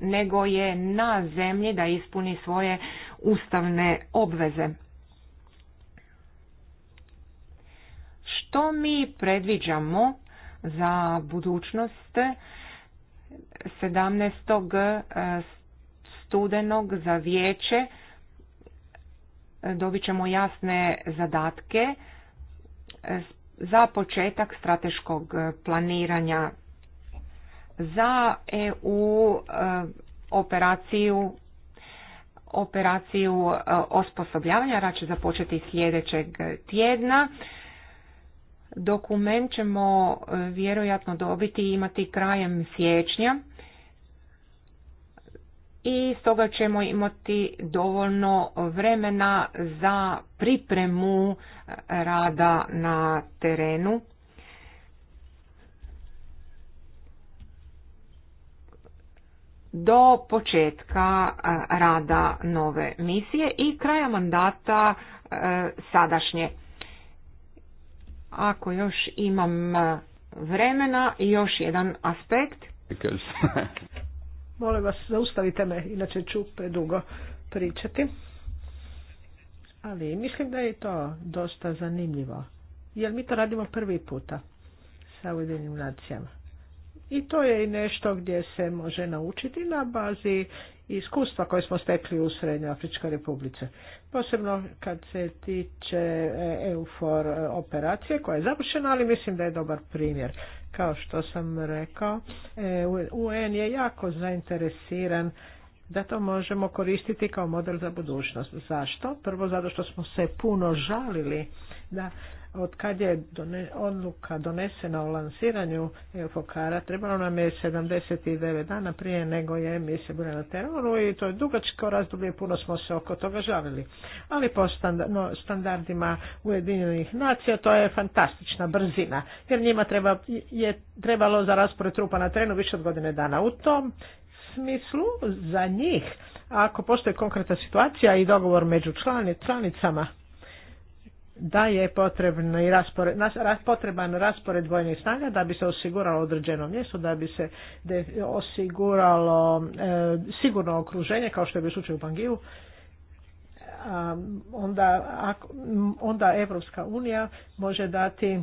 [SPEAKER 4] nego je na zemlji da ispuni svoje ustavne obveze. Što mi predviđamo za budućnost 17 studenog za vijeće dobit ćemo jasne zadatke za početak strateškog planiranja za EU eh, operaciju operaciju eh, osposobljavanja rad će započeti sljedećeg tjedna. Dokument ćemo eh, vjerojatno dobiti i imati krajem siječnja i stoga ćemo imati dovoljno vremena za pripremu e, rada na terenu. do početka e, rada nove misije i kraja mandata e, sadašnje. Ako još imam vremena, još jedan aspekt. Molim vas, zaustavite me, inače ću predugo
[SPEAKER 1] pričati. Ali mislim da je to dosta zanimljivo. Jer mi to radimo prvi puta sa Ujedinim nacijama. I to je i nešto gdje se može naučiti na bazi iskustva koje smo stekli u Srednjoafričkoj republice. Posebno kad se tiče e, EUFOR operacije koja je završena, ali mislim da je dobar primjer. Kao što sam rekao, e, UN je jako zainteresiran da to možemo koristiti kao model za budućnost. Zašto? Prvo zato što smo se puno žalili da od kad je odluka donesena o lansiranju Eufokara, trebalo nam je 79 dana prije nego je emisija bila na teroru i to je dugačko razdoblje, puno smo se oko toga žalili. Ali po standardima Ujedinjenih nacija to je fantastična brzina, jer njima treba, je trebalo za raspored trupa na trenu više od godine dana. U tom smislu za njih, ako postoji konkretna situacija i dogovor među članicama, da je potrebno potreban raspored vojnih snaga da bi se osiguralo određeno mjesto, da bi se osiguralo e, sigurno okruženje kao što je bio slučaj u Bangiju, a, onda, ako, onda Evropska unija može dati e,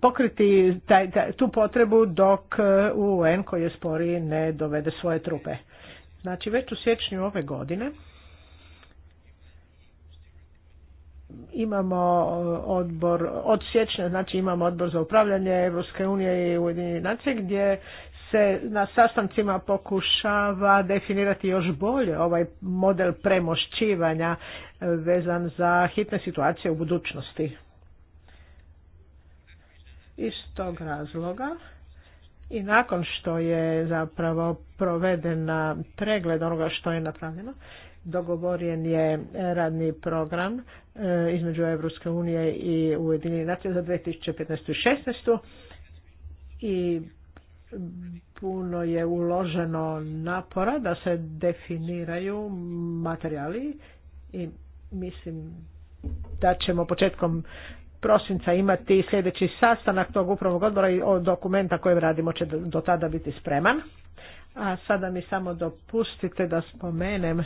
[SPEAKER 1] pokriti taj, tu potrebu dok e, UN koji je ne dovede svoje trupe. Znači već u siječnju ove godine imamo e, odbor, od siječnja znači imamo odbor za upravljanje Evropske unije i Ujedinjenih nacije gdje se na sastancima pokušava definirati još bolje ovaj model premošćivanja e, vezan za hitne situacije u budućnosti. Iz tog razloga i nakon što je zapravo proveden pregled onoga što je napravljeno, dogovoren je e, radni program e, između Evropske unije i Ujedinjenih nacija za 2015. i 16. i puno je uloženo napora da se definiraju materijali i mislim da ćemo početkom prosinca imati sljedeći sastanak tog upravnog odbora i od dokumenta kojeg radimo će do tada biti spreman. A sada mi samo dopustite da spomenem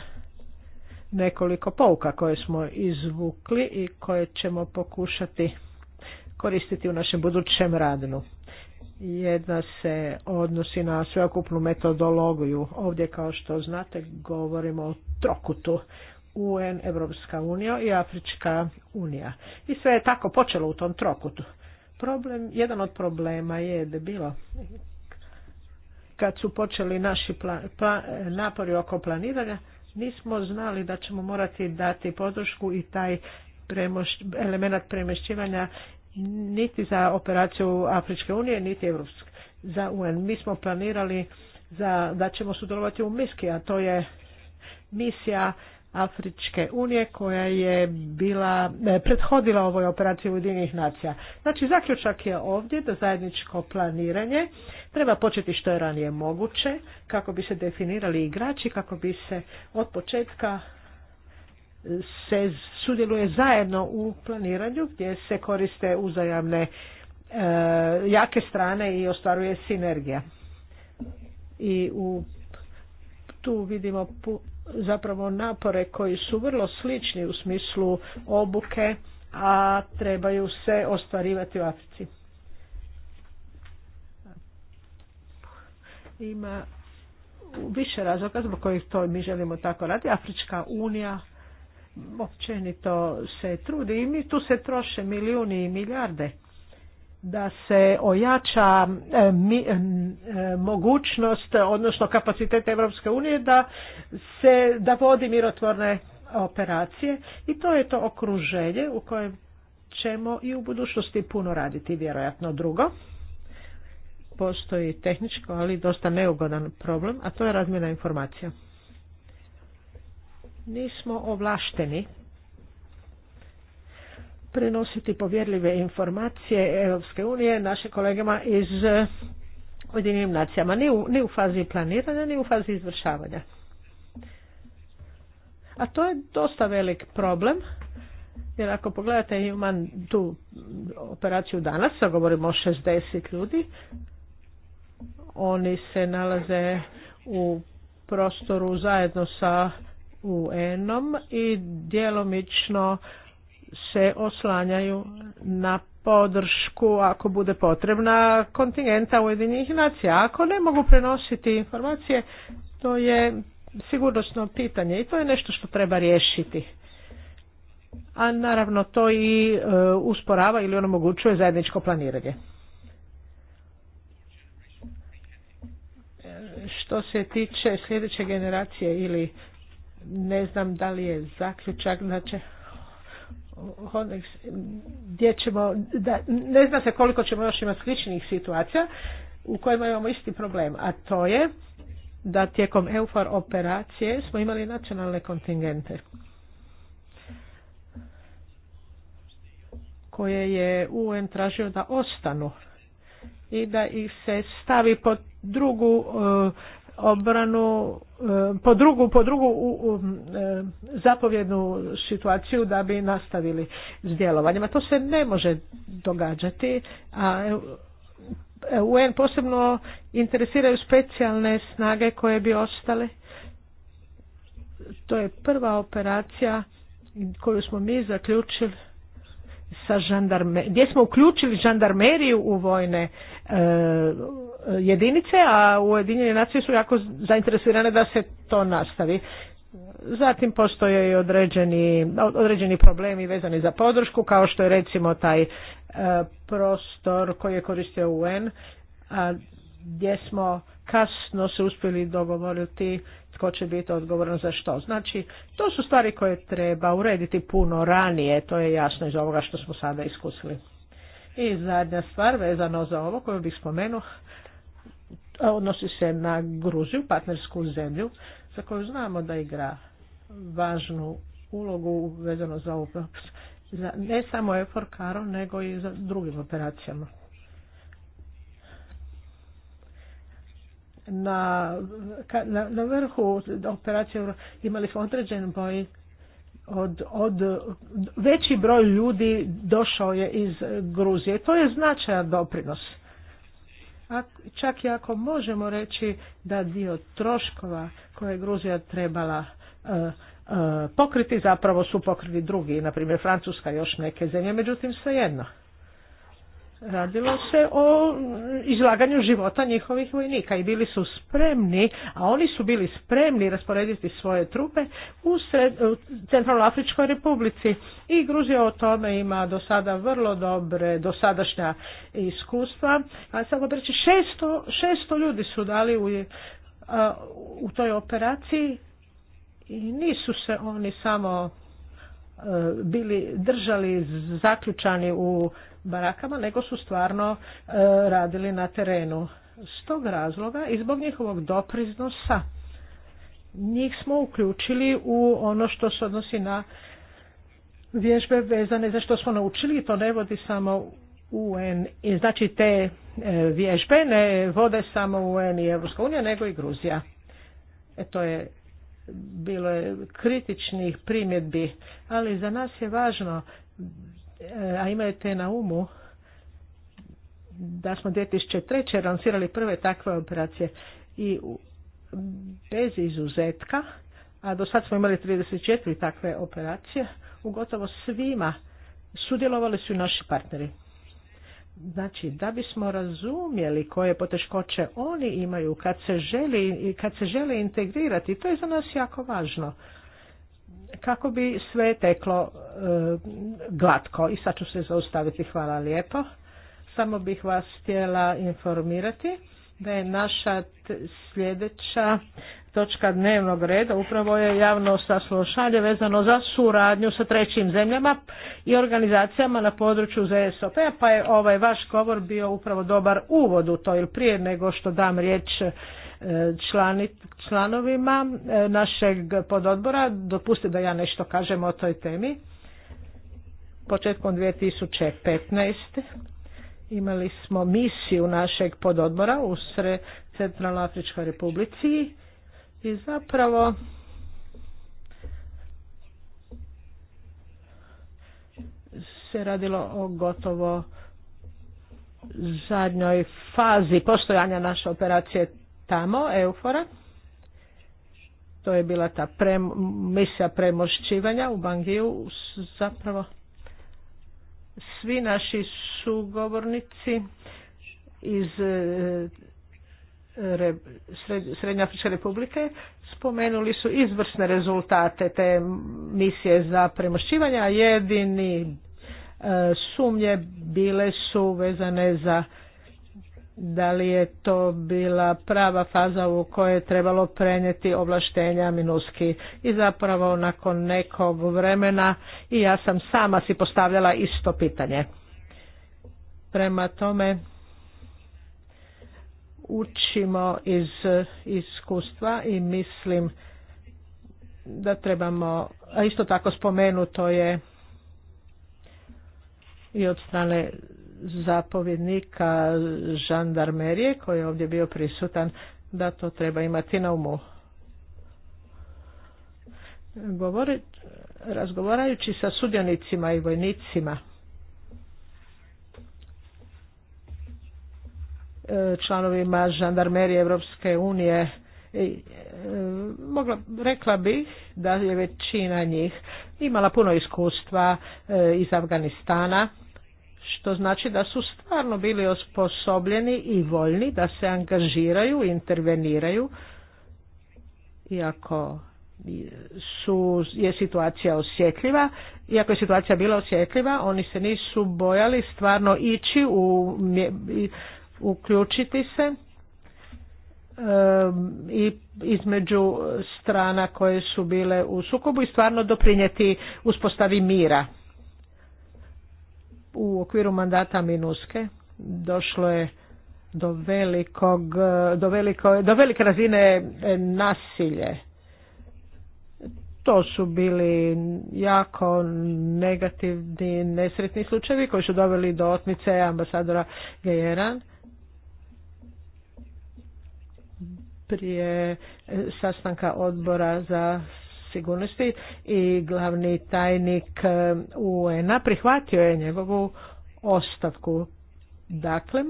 [SPEAKER 1] nekoliko pouka koje smo izvukli i koje ćemo pokušati koristiti u našem budućem radu. Jedna se odnosi na sveokupnu metodologiju. Ovdje, kao što znate, govorimo o trokutu UN, Evropska unija i Afrička unija. I sve je tako počelo u tom trokutu. Problem, jedan od problema je da bilo kad su počeli naši plan, napori oko planiranja, Nismo znali da ćemo morati dati podršku i taj premoš, element premješćivanja niti za operaciju Afričke unije, niti Evropske za UN. Mi smo planirali za, da ćemo sudjelovati u MISKI, a to je misija Afričke unije koja je bila ne, prethodila ovoj operaciji Ujedinjenih nacija. Znači zaključak je ovdje da zajedničko planiranje treba početi što je ranije moguće kako bi se definirali igrači, kako bi se od početka e, se sudjeluje zajedno u planiranju gdje se koriste uzajamne e, jake strane i ostvaruje sinergija. I u, tu vidimo zapravo napore koji su vrlo slični u smislu obuke, a trebaju se ostvarivati u Africi. Ima više razloga zbog kojih to mi želimo tako raditi. Afrička unija općenito se trudi i mi tu se troše milijuni i milijarde da se ojača e, mi, e, e, mogućnost, odnosno kapacitet Europske unije da se da vodi mirotvorne operacije i to je to okruženje u kojem ćemo i u budućnosti puno raditi vjerojatno drugo. Postoji tehničko, ali dosta neugodan problem, a to je razmjena informacija. Nismo ovlašteni prenositi povjerljive informacije Europske unije našim kolegama iz Ujedinim nacijama, ni u, ni u fazi planiranja, ni u fazi izvršavanja. A to je dosta velik problem, jer ako pogledate imam tu operaciju danas, govorimo o 60 ljudi, oni se nalaze u prostoru zajedno sa UN-om i djelomično se oslanjaju na podršku ako bude potrebna kontingenta Ujedinjenih nacija. Ako ne mogu prenositi informacije, to je sigurnosno pitanje i to je nešto što treba riješiti. A naravno to i e, usporava ili onemogućuje zajedničko planiranje. Što se tiče sljedeće generacije ili ne znam da li je zaključak da gdje ćemo, da, ne zna se koliko ćemo još imati sličnih situacija u kojima imamo isti problem, a to je da tijekom EUFAR operacije smo imali nacionalne kontingente koje je UN tražio da ostanu i da ih se stavi pod drugu eh, obranu e, po drugu, po drugu u, e, zapovjednu situaciju da bi nastavili s djelovanjima. To se ne može događati, a e UN posebno interesiraju specijalne snage koje bi ostale. To je prva operacija koju smo mi zaključili sa žandarme, gdje smo uključili žandarmeriju u vojne e, jedinice, a Ujedinjene nacije su jako zainteresirane da se to nastavi. Zatim postoje i određeni, određeni problemi vezani za podršku, kao što je recimo taj e, prostor koji je koristio UN, a gdje smo kasno se uspjeli dogovoriti tko će biti odgovoran za što. Znači, to su stvari koje treba urediti puno ranije, to je jasno iz ovoga što smo sada iskusili. I zadnja stvar vezano za ovo koju bih spomenuo, odnosi se na Gruziju, partnersku zemlju, za koju znamo da igra važnu ulogu vezano za ovu, ne samo EFOR Karo, nego i za drugim operacijama. na, na, na vrhu operacije imali smo određen broj od, od veći broj ljudi došao je iz Gruzije. To je značajan doprinos. A čak i ako možemo reći da dio troškova koje je Gruzija trebala e, e, pokriti, zapravo su pokriti drugi, na primjer Francuska još neke zemlje, međutim svejedno. jedno radilo se o mm, izlaganju života njihovih vojnika i bili su spremni, a oni su bili spremni rasporediti svoje trupe u, sred, u Centralnoafričkoj republici i Gruzija o tome ima do sada vrlo dobre dosadašnja iskustva. A sad 600, 600 ljudi su dali u, eh, u toj operaciji i nisu se oni samo eh, bili držali zaključani u barakama, nego su stvarno e, radili na terenu. S tog razloga i zbog njihovog dopriznosa njih smo uključili u ono što se odnosi na vježbe vezane za što smo naučili i to ne vodi samo UN. I znači te e, vježbe ne vode samo UN i EU nego i Gruzija. E to je bilo je kritičnih primjedbi, ali za nas je važno a imajte na umu da smo 2003. lansirali prve takve operacije i bez izuzetka, a do sad smo imali 34 takve operacije, u gotovo svima sudjelovali su i naši partneri. Znači, da bismo razumjeli koje poteškoće oni imaju kad se želi, kad se žele integrirati, to je za nas jako važno kako bi sve teklo e, glatko. I sad ću se zaustaviti. Hvala lijepo. Samo bih vas htjela informirati da je naša sljedeća točka dnevnog reda upravo je javno saslušanje vezano za suradnju sa trećim zemljama i organizacijama na području ZSOP, p-a, pa je ovaj vaš govor bio upravo dobar uvod u to, ili prije nego što dam riječ člani, članovima e, našeg pododbora. Dopustite da ja nešto kažem o toj temi. Početkom 2015. imali smo misiju našeg pododbora u Centralnoafričkoj republici i zapravo se radilo o gotovo zadnjoj fazi postojanja naše operacije tamo, Eufora. To je bila ta misija premošćivanja u Bangiju. Zapravo svi naši sugovornici iz e, Srednje Afričke republike spomenuli su izvrsne rezultate te misije za premošćivanje, a jedini e, sumnje bile su vezane za da li je to bila prava faza u kojoj je trebalo prenijeti ovlaštenja Minuski. I zapravo nakon nekog vremena i ja sam sama si postavljala isto pitanje. Prema tome učimo iz iskustva i mislim da trebamo, a isto tako spomenuto je i od strane zapovjednika žandarmerije koji je ovdje bio prisutan da to treba imati na umu. Govori, razgovarajući sa sudionicima i vojnicima e, članovima žandarmerije Europske unije e, e, mogla, rekla bih da je većina njih imala puno iskustva iz Afganistana što znači da su stvarno bili osposobljeni i voljni da se angažiraju, interveniraju, iako su, je situacija osjetljiva, iako je situacija bila osjetljiva, oni se nisu bojali stvarno ići, u, uključiti se i između strana koje su bile u sukobu i stvarno doprinijeti uspostavi mira u okviru mandata Minuske došlo je do velikog, do, veliko, do velike razine e, nasilje. To su bili jako negativni, nesretni slučajevi koji su doveli do otmice ambasadora Gejeran. Prije e, sastanka odbora za sigurnosti i glavni tajnik eh, UN-a prihvatio je njegovu ostavku. Dakle,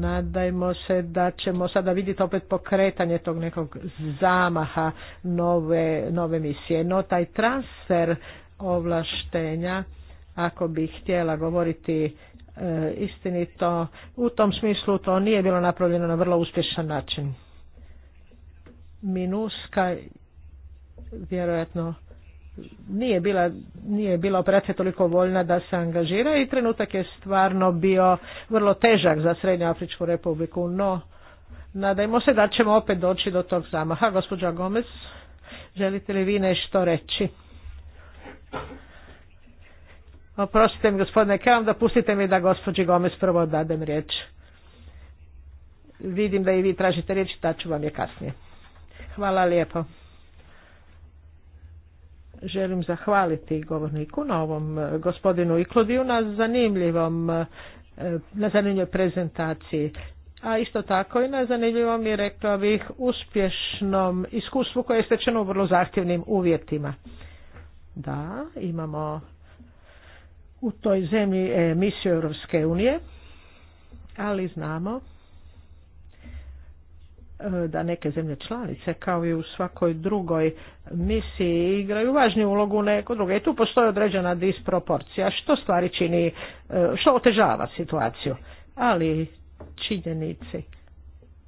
[SPEAKER 1] nadajmo se da ćemo sada vidjeti opet pokretanje tog nekog zamaha nove, nove misije. No taj transfer ovlaštenja, ako bi htjela govoriti eh, istinito, u tom smislu to nije bilo napravljeno na vrlo uspješan način. Minuska vjerojatno nije bila, nije bila operacija toliko voljna da se angažira i trenutak je stvarno bio vrlo težak za Afričku republiku, no nadajmo se da ćemo opet doći do tog zamaha. Gospođa Gomez, želite li vi nešto reći? Oprostite mi gospodine Kelam, da pustite mi da gospođi Gomez prvo dadem riječ. Vidim da i vi tražite riječ, ću vam je kasnije. Hvala lijepo. Želim zahvaliti govorniku na ovom e, gospodinu Iklodiju na zanimljivom e, na zanimljivoj prezentaciji a isto tako i na zanimljivom je rekla bih uspješnom iskustvu koje je stečeno u vrlo zahtjevnim uvjetima. Da, imamo u toj zemlji misiju Europske unije, ali znamo E, da neke zemlje članice kao i u svakoj drugoj misiji igraju važniju ulogu neko druge i tu postoji određena disproporcija što stvari čini, e, što otežava situaciju, ali činjenici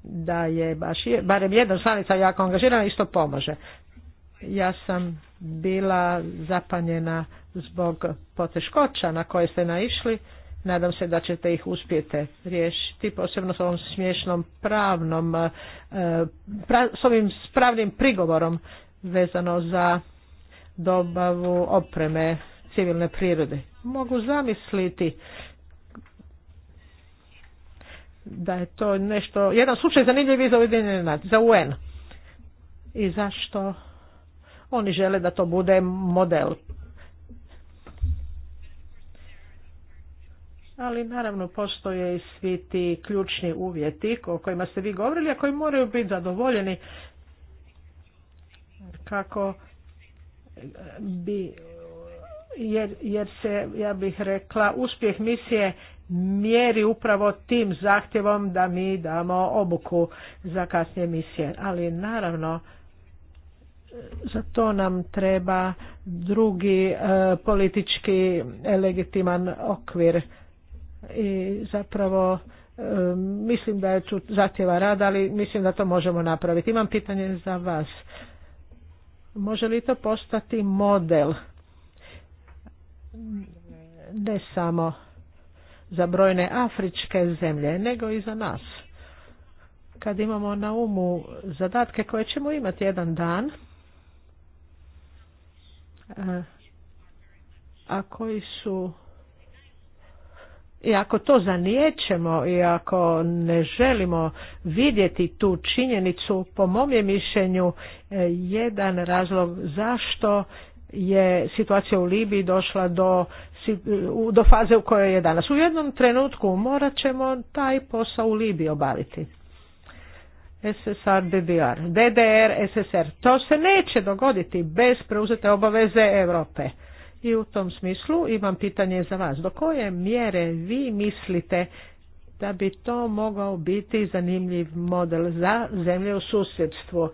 [SPEAKER 1] da je baš, barem jedna članica jako angažirana isto pomaže. Ja sam bila zapanjena zbog poteškoća na koje ste naišli Nadam se da ćete ih uspjeti riješiti, posebno s ovom smiješnom pravnom, eh, s ovim pravnim prigovorom vezano za dobavu opreme civilne prirode. Mogu zamisliti da je to nešto, jedan slučaj zanimljiv vi za Ujedinjene za UN. I zašto oni žele da to bude model ali naravno postoje i svi ti ključni uvjeti o kojima ste vi govorili, a koji moraju biti zadovoljeni kako bi jer, jer se, ja bih rekla, uspjeh misije mjeri upravo tim zahtjevom da mi damo obuku za kasnije misije. Ali naravno, za to nam treba drugi e, politički legitiman okvir i zapravo mislim da je tu zahtjeva rad, ali mislim da to možemo napraviti. Imam pitanje za vas. Može li to postati model ne samo za brojne afričke zemlje, nego i za nas? Kad imamo na umu zadatke koje ćemo imati jedan dan, a koji su i ako to zaniječemo i ako ne želimo vidjeti tu činjenicu, po mom je mišljenju e, jedan razlog zašto je situacija u Libiji došla do, e, do faze u kojoj je danas. U jednom trenutku morat ćemo taj posao u Libiji obaviti. SSR, DDR, DDR, SSR. To se neće dogoditi bez preuzete obaveze Europe. I u tom smislu imam pitanje za vas. Do koje mjere vi mislite da bi to mogao biti zanimljiv model za zemlje u susjedstvu?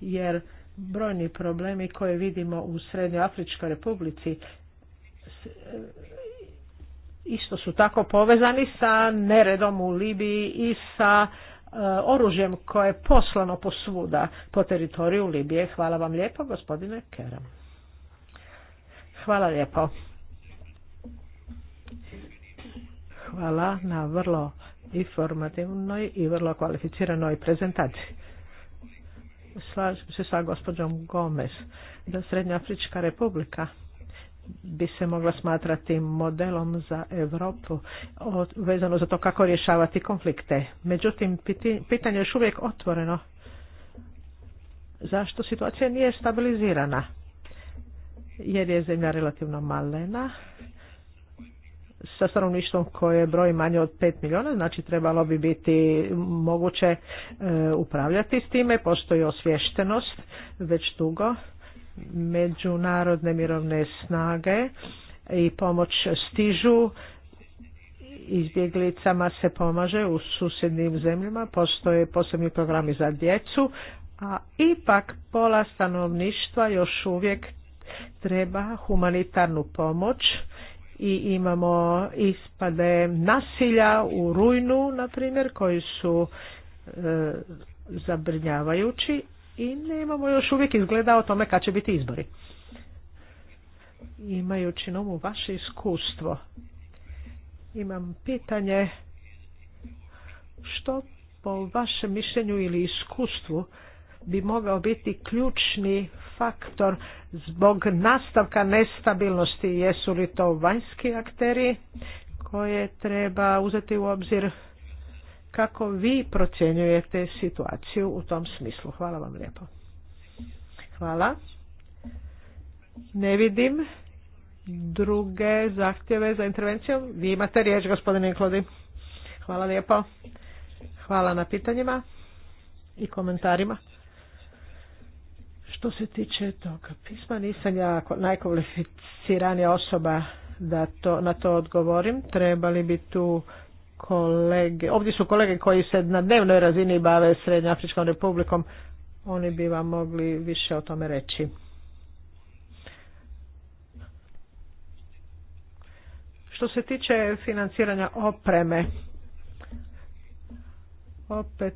[SPEAKER 1] Jer brojni problemi koje vidimo u Afričkoj republici e, isto su tako povezani sa neredom u Libiji i sa e, oružjem koje je poslano svuda po teritoriju Libije. Hvala vam lijepo, gospodine Keram. Hvala lijepo. Hvala na vrlo informativnoj i vrlo kvalificiranoj prezentaciji. Slažem se sa gospođom Gomez da Srednja Afrička republika bi se mogla smatrati modelom za Europu vezano za to kako rješavati konflikte. Međutim, pitanje je još uvijek otvoreno. Zašto situacija nije stabilizirana? jer je zemlja relativno malena sa stanovništvom koje broji manje od 5 milijuna, znači trebalo bi biti moguće e, upravljati s time, postoji osvještenost već dugo međunarodne mirovne snage i pomoć stižu izbjeglicama se pomaže u susjednim zemljama, postoje posebni programi za djecu, a ipak pola stanovništva još uvijek treba humanitarnu pomoć i imamo ispade nasilja u rujnu na primjer koji su e, zabrinjavajući i nemamo još uvijek izgleda o tome kad će biti izbori imajući na vaše iskustvo imam pitanje što po vašem mišljenju ili iskustvu bi mogao biti ključni faktor zbog nastavka nestabilnosti. Jesu li to vanjski akteri koje treba uzeti u obzir kako vi procjenjujete situaciju u tom smislu. Hvala vam lijepo. Hvala. Ne vidim druge zahtjeve za intervencijom. Vi imate riječ, gospodine Klodi. Hvala lijepo. Hvala na pitanjima i komentarima. Što se tiče tog pisma, nisam ja najkvalificiranija osoba da to, na to odgovorim. Trebali bi tu kolege, ovdje su kolege koji se na dnevnoj razini bave Srednjoafričkom republikom, oni bi vam mogli više o tome reći. Što se tiče financiranja opreme, opet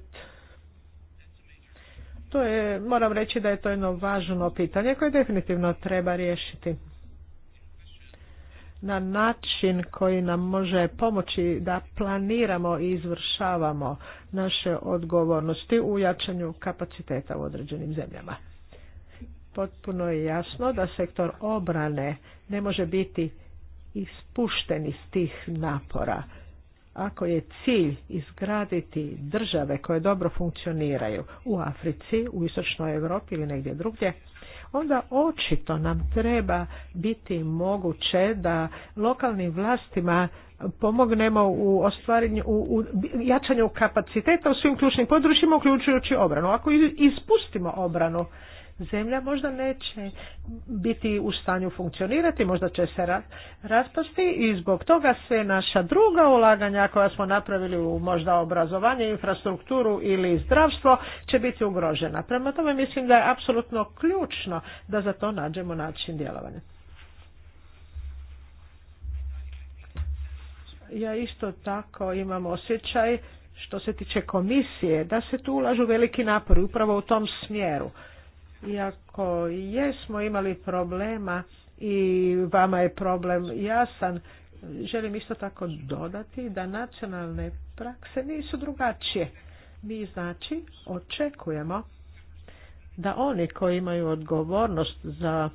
[SPEAKER 1] to je, moram reći da je to jedno važno pitanje koje definitivno treba riješiti na način koji nam može pomoći da planiramo i izvršavamo naše odgovornosti u jačanju kapaciteta u određenim zemljama. Potpuno je jasno da sektor obrane ne može biti ispušten iz tih napora ako je cilj izgraditi države koje dobro funkcioniraju u Africi, u Istočnoj Europi ili negdje drugdje, onda očito nam treba biti moguće da lokalnim vlastima pomognemo u ostvarenju u, u jačanju kapaciteta u svim ključnim područjima uključujući obranu. Ako ispustimo obranu zemlja možda neće biti u stanju funkcionirati, možda će se raspasti i zbog toga se naša druga ulaganja koja smo napravili u možda obrazovanje, infrastrukturu ili zdravstvo će biti ugrožena. Prema tome mislim da je apsolutno ključno da za to nađemo način djelovanja. Ja isto tako imam osjećaj što se tiče komisije, da se tu ulažu veliki napori upravo u tom smjeru. Iako jesmo imali problema i vama je problem jasan, želim isto tako dodati da nacionalne prakse nisu drugačije. Mi znači očekujemo da oni koji imaju odgovornost za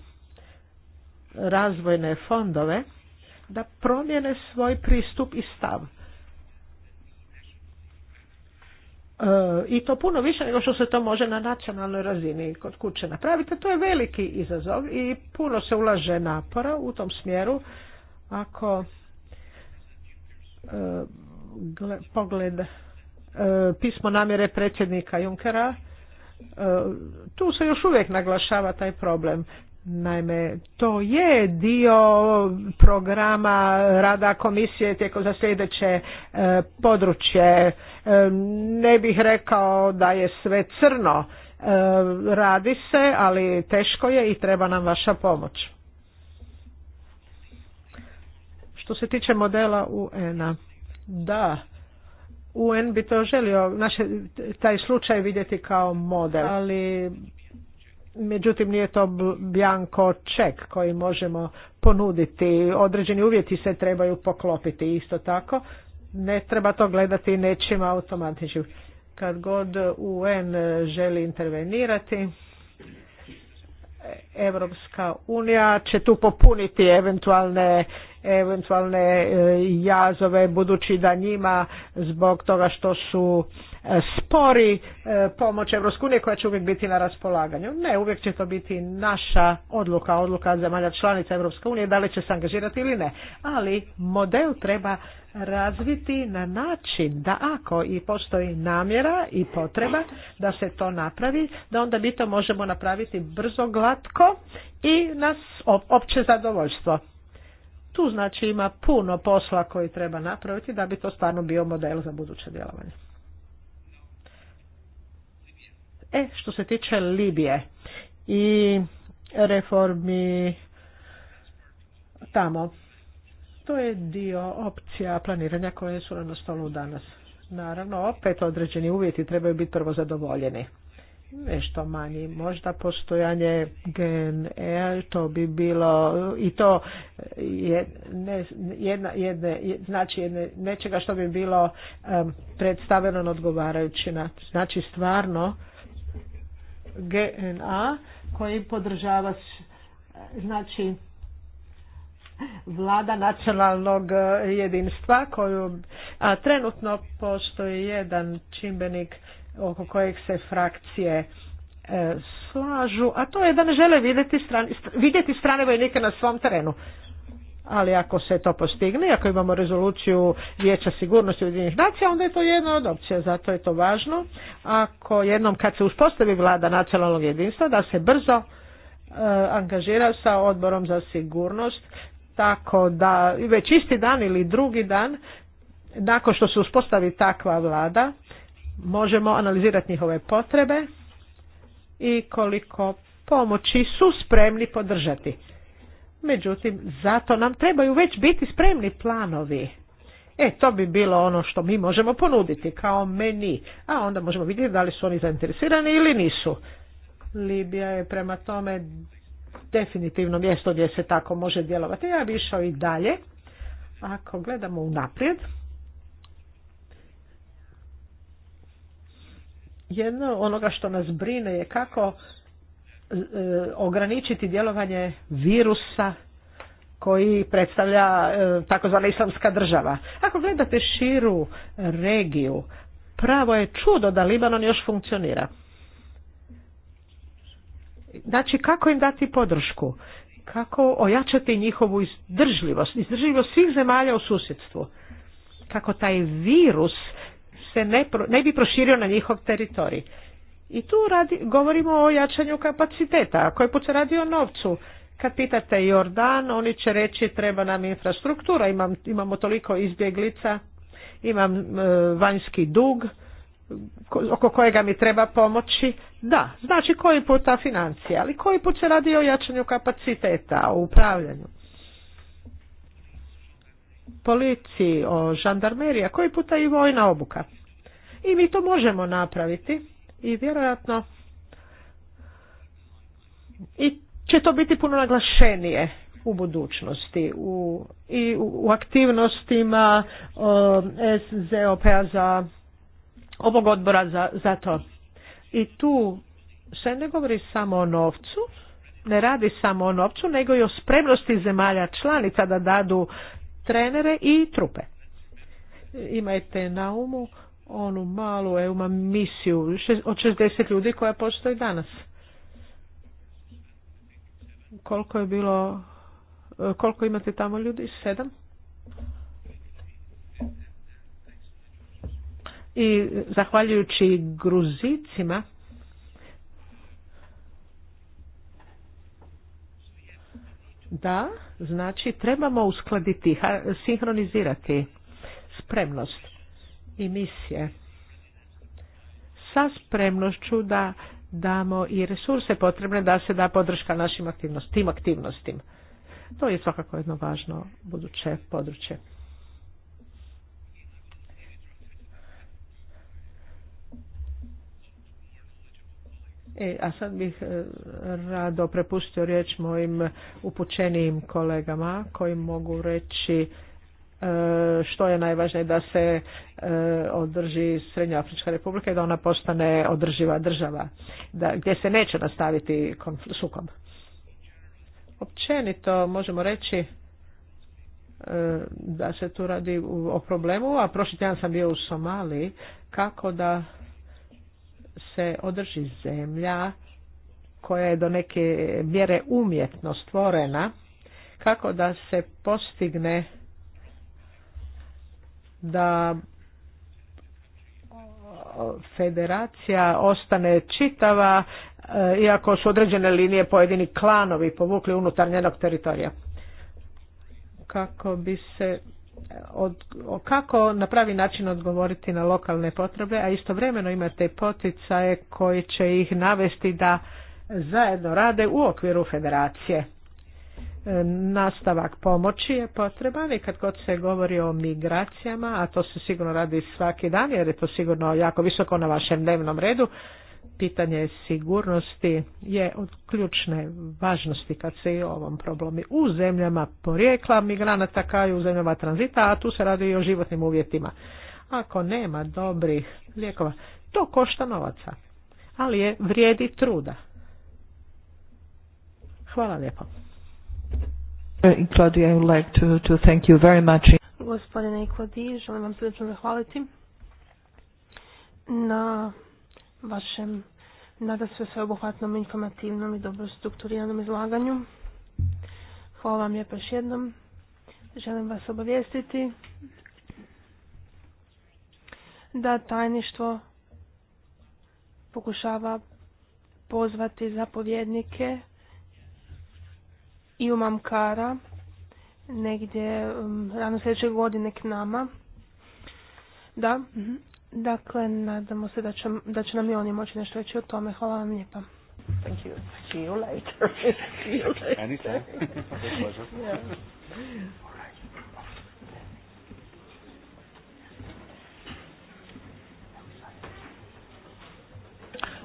[SPEAKER 1] razvojne fondove da promijene svoj pristup i stav. E, i to puno više nego što se to može na nacionalnoj razini kod kuće napraviti. To je veliki izazov i puno se ulaže napora u tom smjeru. Ako e, pogled e, pismo namjere predsjednika Junkera, tu se još uvijek naglašava taj problem. Naime, to je dio programa rada komisije tijekom za sljedeće e, područje. E, ne bih rekao da je sve crno, e, radi se, ali teško je i treba nam vaša pomoć. Što se tiče modela UN-a, da, UN bi to želio, naše, taj slučaj vidjeti kao model, ali međutim nije to bjanko ček koji možemo ponuditi. Određeni uvjeti se trebaju poklopiti isto tako. Ne treba to gledati nečim automatičnim. Kad god UN želi intervenirati, Evropska unija će tu popuniti eventualne eventualne e, jazove budući da njima zbog toga što su e, spori e, pomoć Evropske unije koja će uvijek biti na raspolaganju. Ne, uvijek će to biti naša odluka, odluka zemalja članica Evropske unije da li će se angažirati ili ne. Ali model treba razviti na način da ako i postoji namjera i potreba da se to napravi, da onda mi to možemo napraviti brzo, glatko i nas opće zadovoljstvo. Tu znači ima puno posla koji treba napraviti da bi to stvarno bio model za buduće djelovanje. E, što se tiče Libije i reformi tamo. To je dio opcija planiranja koje su na stolu danas. Naravno, opet određeni uvjeti trebaju biti prvo zadovoljeni. Nešto manji, možda postojanje GNE, to bi bilo i to je, jedna, znači nečega što bi bilo um, predstavljeno na odgovarajući Znači stvarno GNA koji podržava znači vlada nacionalnog e, jedinstva koju a trenutno postoji jedan čimbenik oko kojeg se frakcije e, slažu, a to je da ne žele vidjeti strane, vidjeti strane vojnike na svom terenu. Ali ako se to postigne, ako imamo rezoluciju Vijeća sigurnosti Ujedinjenih nacija, onda je to jedna od opcija, zato je to važno. Ako jednom kad se uspostavi vlada nacionalnog jedinstva, da se brzo e, angažira sa odborom za sigurnost tako da već isti dan ili drugi dan nakon što se uspostavi takva vlada možemo analizirati njihove potrebe i koliko pomoći su spremni podržati. Međutim, zato nam trebaju već biti spremni planovi. E, to bi bilo ono što mi možemo ponuditi kao meni, a onda možemo vidjeti da li su oni zainteresirani ili nisu. Libija je prema tome definitivno mjesto gdje se tako može djelovati. Ja bi išao i dalje. Ako gledamo unaprijed, jedno onoga što nas brine je kako e, ograničiti djelovanje virusa koji predstavlja e, takozvana islamska država. Ako gledate širu regiju, pravo je čudo da Libanon još funkcionira. Znači, kako im dati podršku? Kako ojačati njihovu izdržljivost, izdržljivost svih zemalja u susjedstvu? Kako taj virus se ne, ne bi proširio na njihov teritorij? I tu radi, govorimo o jačanju kapaciteta. Ako je put se radi o novcu, kad pitate Jordan, oni će reći treba nam infrastruktura, Imam, imamo toliko izbjeglica, imam e, vanjski dug, oko kojega mi treba pomoći, da, znači koji puta ta financija, ali koji put se radi o jačanju kapaciteta, o upravljanju. Policiji, o žandarmerija, koji puta i vojna obuka. I mi to možemo napraviti i vjerojatno i će to biti puno naglašenije u budućnosti u, i u, u aktivnostima SZOP-a za ovog odbora za, za to. I tu se ne govori samo o novcu, ne radi samo o novcu, nego i o spremnosti zemalja članica da dadu trenere i trupe. Imajte na umu onu malu EUMA misiju od 60 ljudi koja postoji danas. Koliko je bilo, koliko imate tamo ljudi? Sedam? i zahvaljujući Gruzicima Da, znači trebamo uskladiti, sinhronizirati spremnost i misije sa spremnošću da damo i resurse potrebne da se da podrška našim aktivnostima, tim aktivnostima. To je svakako jedno važno buduće područje. E, a sad bih e, rado prepustio riječ mojim upućenijim kolegama koji mogu reći e, što je najvažnije da se e, održi Srednja Afrička republika i da ona postane održiva država, da, gdje se neće nastaviti sukob. Općenito možemo reći da se tu radi o problemu, a prošli tjedan sam bio u Somaliji, kako da se održi zemlja koja je do neke mjere umjetno stvorena kako da se postigne da federacija ostane čitava e, iako su određene linije pojedini klanovi povukli unutar njenog teritorija kako bi se od, kako na pravi način odgovoriti na lokalne potrebe, a istovremeno imate poticaje koji će ih navesti da zajedno rade u okviru federacije. E, nastavak pomoći je potreban i kad god se govori o migracijama, a to se sigurno radi svaki dan jer je to sigurno jako visoko na vašem dnevnom redu, pitanje sigurnosti je od ključne važnosti kad se i o ovom problemi u zemljama porijekla migranata kao i u zemljama tranzita, a tu se radi i o životnim uvjetima. Ako nema dobrih lijekova, to košta novaca, ali je vrijedi truda. Hvala lijepo. Claudia, I like to, to thank you very much.
[SPEAKER 2] Gospodine želim vam zahvaliti na vašem nada sve sveobuhvatnom, informativnom i dobro strukturiranom izlaganju. Hvala vam lijepo još jednom. Želim vas obavijestiti da tajništvo pokušava pozvati zapovjednike i u negdje um, rano sljedeće godine k nama. Da, Dakle, nadamo se da će, da će nam i oni moći nešto reći o tome. Hvala vam lijepa. Thank you. See you later. See you later. Anytime.
[SPEAKER 3] All right.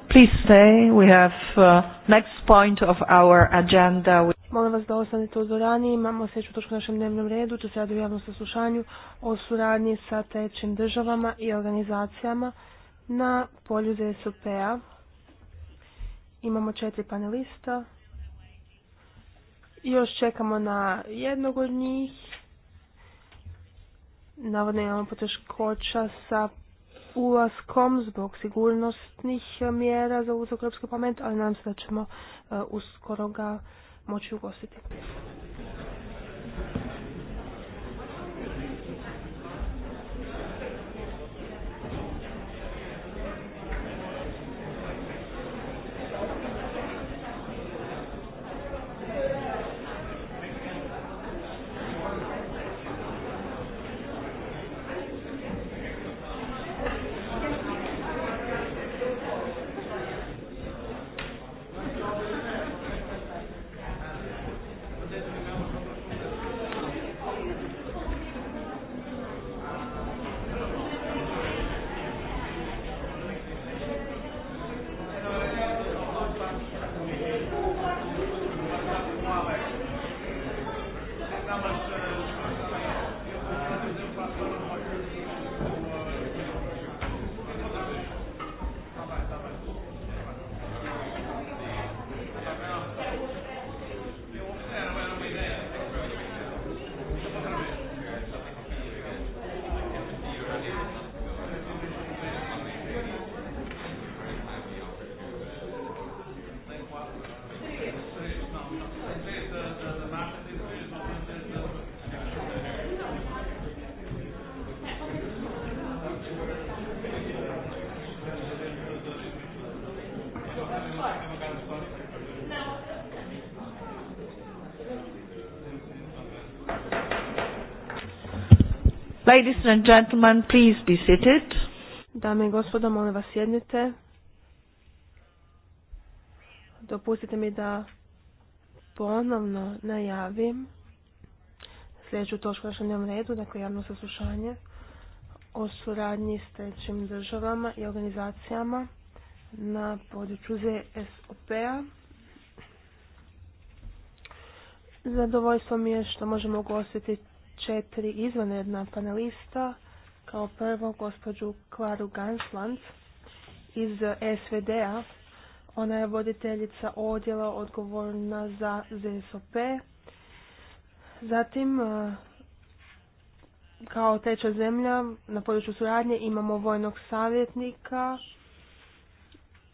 [SPEAKER 4] Please stay. We have uh, next point of our agenda.
[SPEAKER 2] Molim vas da ostanete u dvorani, imamo sljedeću točku na našem dnevnom redu, to se radi o javnom saslušanju o suradnji sa trećim državama i organizacijama na polju ZSOP-a. Imamo četiri panelista. Još čekamo na jednog od njih. Navodno imamo poteškoća sa ulaskom zbog sigurnosnih mjera za ulazak parlament, ali nadam se da ćemo e, uskoro ga moći ugostiti. Ladies and gentlemen, please be seated. Dame i gospodo, molim vas sjednite. Dopustite mi da ponovno najavim sljedeću točku na redu, dakle javno saslušanje o suradnji s trećim državama i organizacijama na području ZSOP-a. Zadovoljstvo mi je što možemo ugostiti četiri izvanredna panelista, kao prvo gospođu Klaru Gansland iz SVD-a. Ona je voditeljica odjela odgovorna za ZSOP. Zatim, e, kao treća zemlja na području suradnje imamo vojnog savjetnika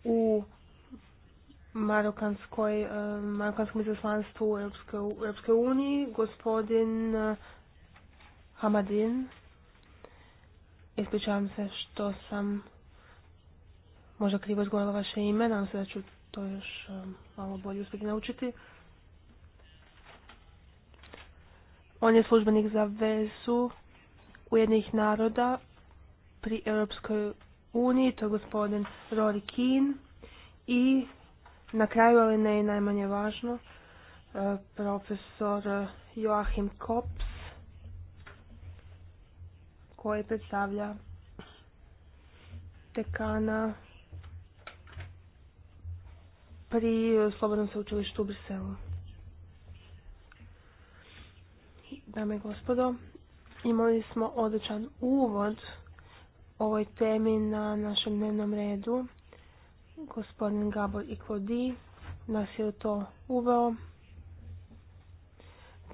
[SPEAKER 2] u Marokanskoj, e, Marokanskom izaslanstvu u Europskoj uniji, gospodin Hamadin. Ispričavam se što sam možda krivo izgovorila vaše ime, nadam se da ću to još um, malo bolje uspjeti naučiti. On je službenik za vezu Ujednih naroda pri Europskoj uniji, to je gospodin Rory Keane. I na kraju, ali ne i najmanje važno, uh, profesor uh, Joachim Kops koje predstavlja dekana pri Slobodnom sveučilištu u Briselu. Dame i gospodo, imali smo odličan uvod ovoj temi na našem dnevnom redu. Gospodin Gabor Kodi, nas je to uveo.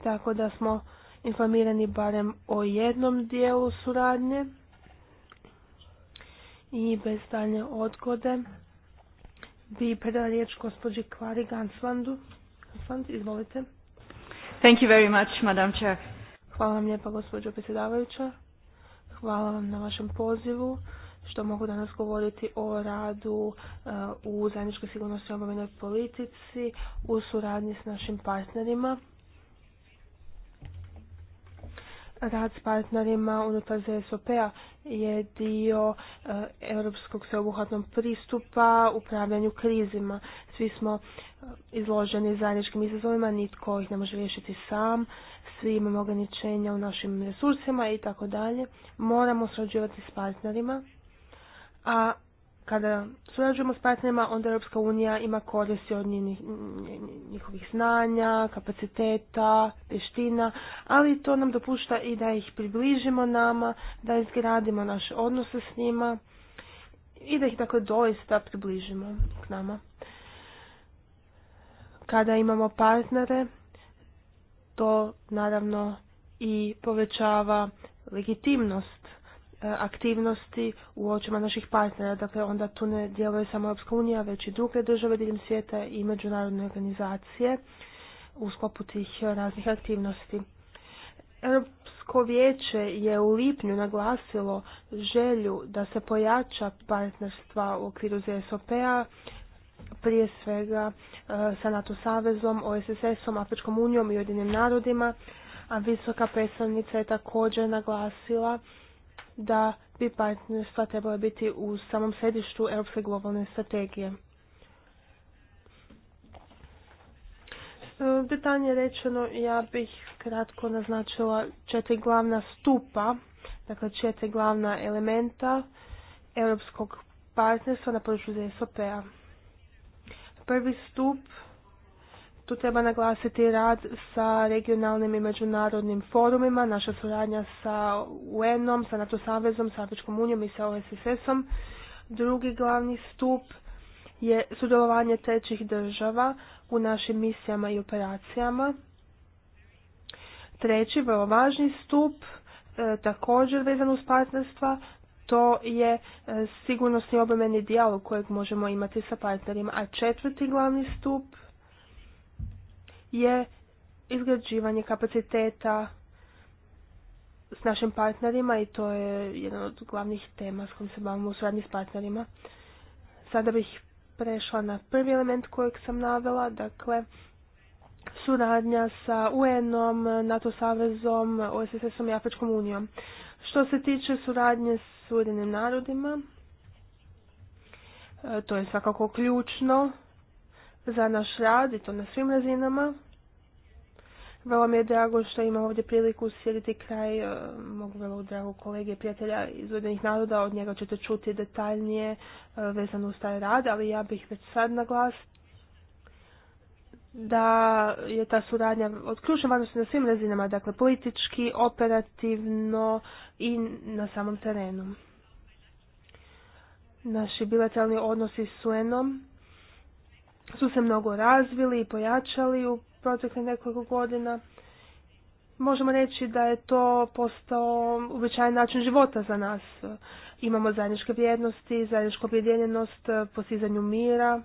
[SPEAKER 2] Tako da smo informirani barem o jednom dijelu suradnje i bez dalje odgode bi predala riječ gospođi Kvari Ganslandu. Gansland, izvolite. Thank you very much, Madam Chair. Hvala vam lijepa, gospođo predsjedavajuća. Hvala vam na vašem pozivu što mogu danas govoriti o radu eh, u zajedničkoj sigurnosti obavljenoj politici u suradnji s našim partnerima. Rad s partnerima unutar ZSOP-a je dio eh, europskog sveobuhvatnog pristupa upravljanju krizima. Svi smo eh, izloženi zajedničkim izazovima, nitko ih ne može riješiti sam, svi imamo ograničenja u našim resursima i tako dalje. Moramo srađivati s partnerima, a kada surađujemo s partnerima, onda Europska unija ima koristi od njihovih znanja, kapaciteta, vještina, ali to nam dopušta i da ih približimo nama, da izgradimo naše odnose s njima i da ih dakle doista približimo k nama. Kada imamo partnere, to naravno i povećava legitimnost aktivnosti u očima naših partnera. Dakle, onda tu ne djeluje samo Europska unija, već i druge države diljem svijeta i međunarodne organizacije u sklopu tih raznih aktivnosti. Europsko vijeće je u lipnju naglasilo želju da se pojača partnerstva u okviru ZSOP-a, prije svega e, sa NATO savezom, OSSS-om, Afričkom unijom i Ujedinim narodima, a visoka predstavnica je također naglasila da bi partnerstva trebala biti u samom središtu Europske globalne strategije. E, detaljnije rečeno, ja bih kratko naznačila četiri glavna stupa, dakle četiri glavna elementa europskog partnerstva na području ZSOP-a. Prvi stup tu treba naglasiti rad sa regionalnim i međunarodnim forumima, naša suradnja sa UN-om, sa NATO savezom, sa Afričkom unijom i sa OSSS-om. Drugi glavni stup je sudjelovanje trećih država u našim misijama i operacijama. Treći, vrlo važni stup, e, također vezan uz partnerstva, to je e, sigurnosni obomeni dijalog kojeg možemo imati sa partnerima. A četvrti glavni stup je izgrađivanje kapaciteta s našim partnerima i to je jedna od glavnih tema s kojim se bavimo u suradnji s partnerima. Sada bih prešla na prvi element kojeg sam navela, dakle suradnja sa UN-om, NATO savezom, OSSS-om i Afričkom unijom. Što se tiče suradnje s Ujedinim narodima, e, to je svakako ključno za naš rad i to na svim razinama. Vrlo mi je drago što imam ovdje priliku sjediti kraj eh, mogu vrlo drago kolege i prijatelja iz naroda, od njega ćete čuti detaljnije eh, vezano uz taj rad, ali ja bih već sad na glas da je ta suradnja od ključne važnosti na svim razinama, dakle politički, operativno i na samom terenu. Naši bilateralni odnosi s un su se mnogo razvili i pojačali u proteklih nekoliko godina. Možemo reći da je to postao uobičajen način života za nas. Imamo zajedničke vrijednosti, zajedničku objedinjenost, postizanju mira.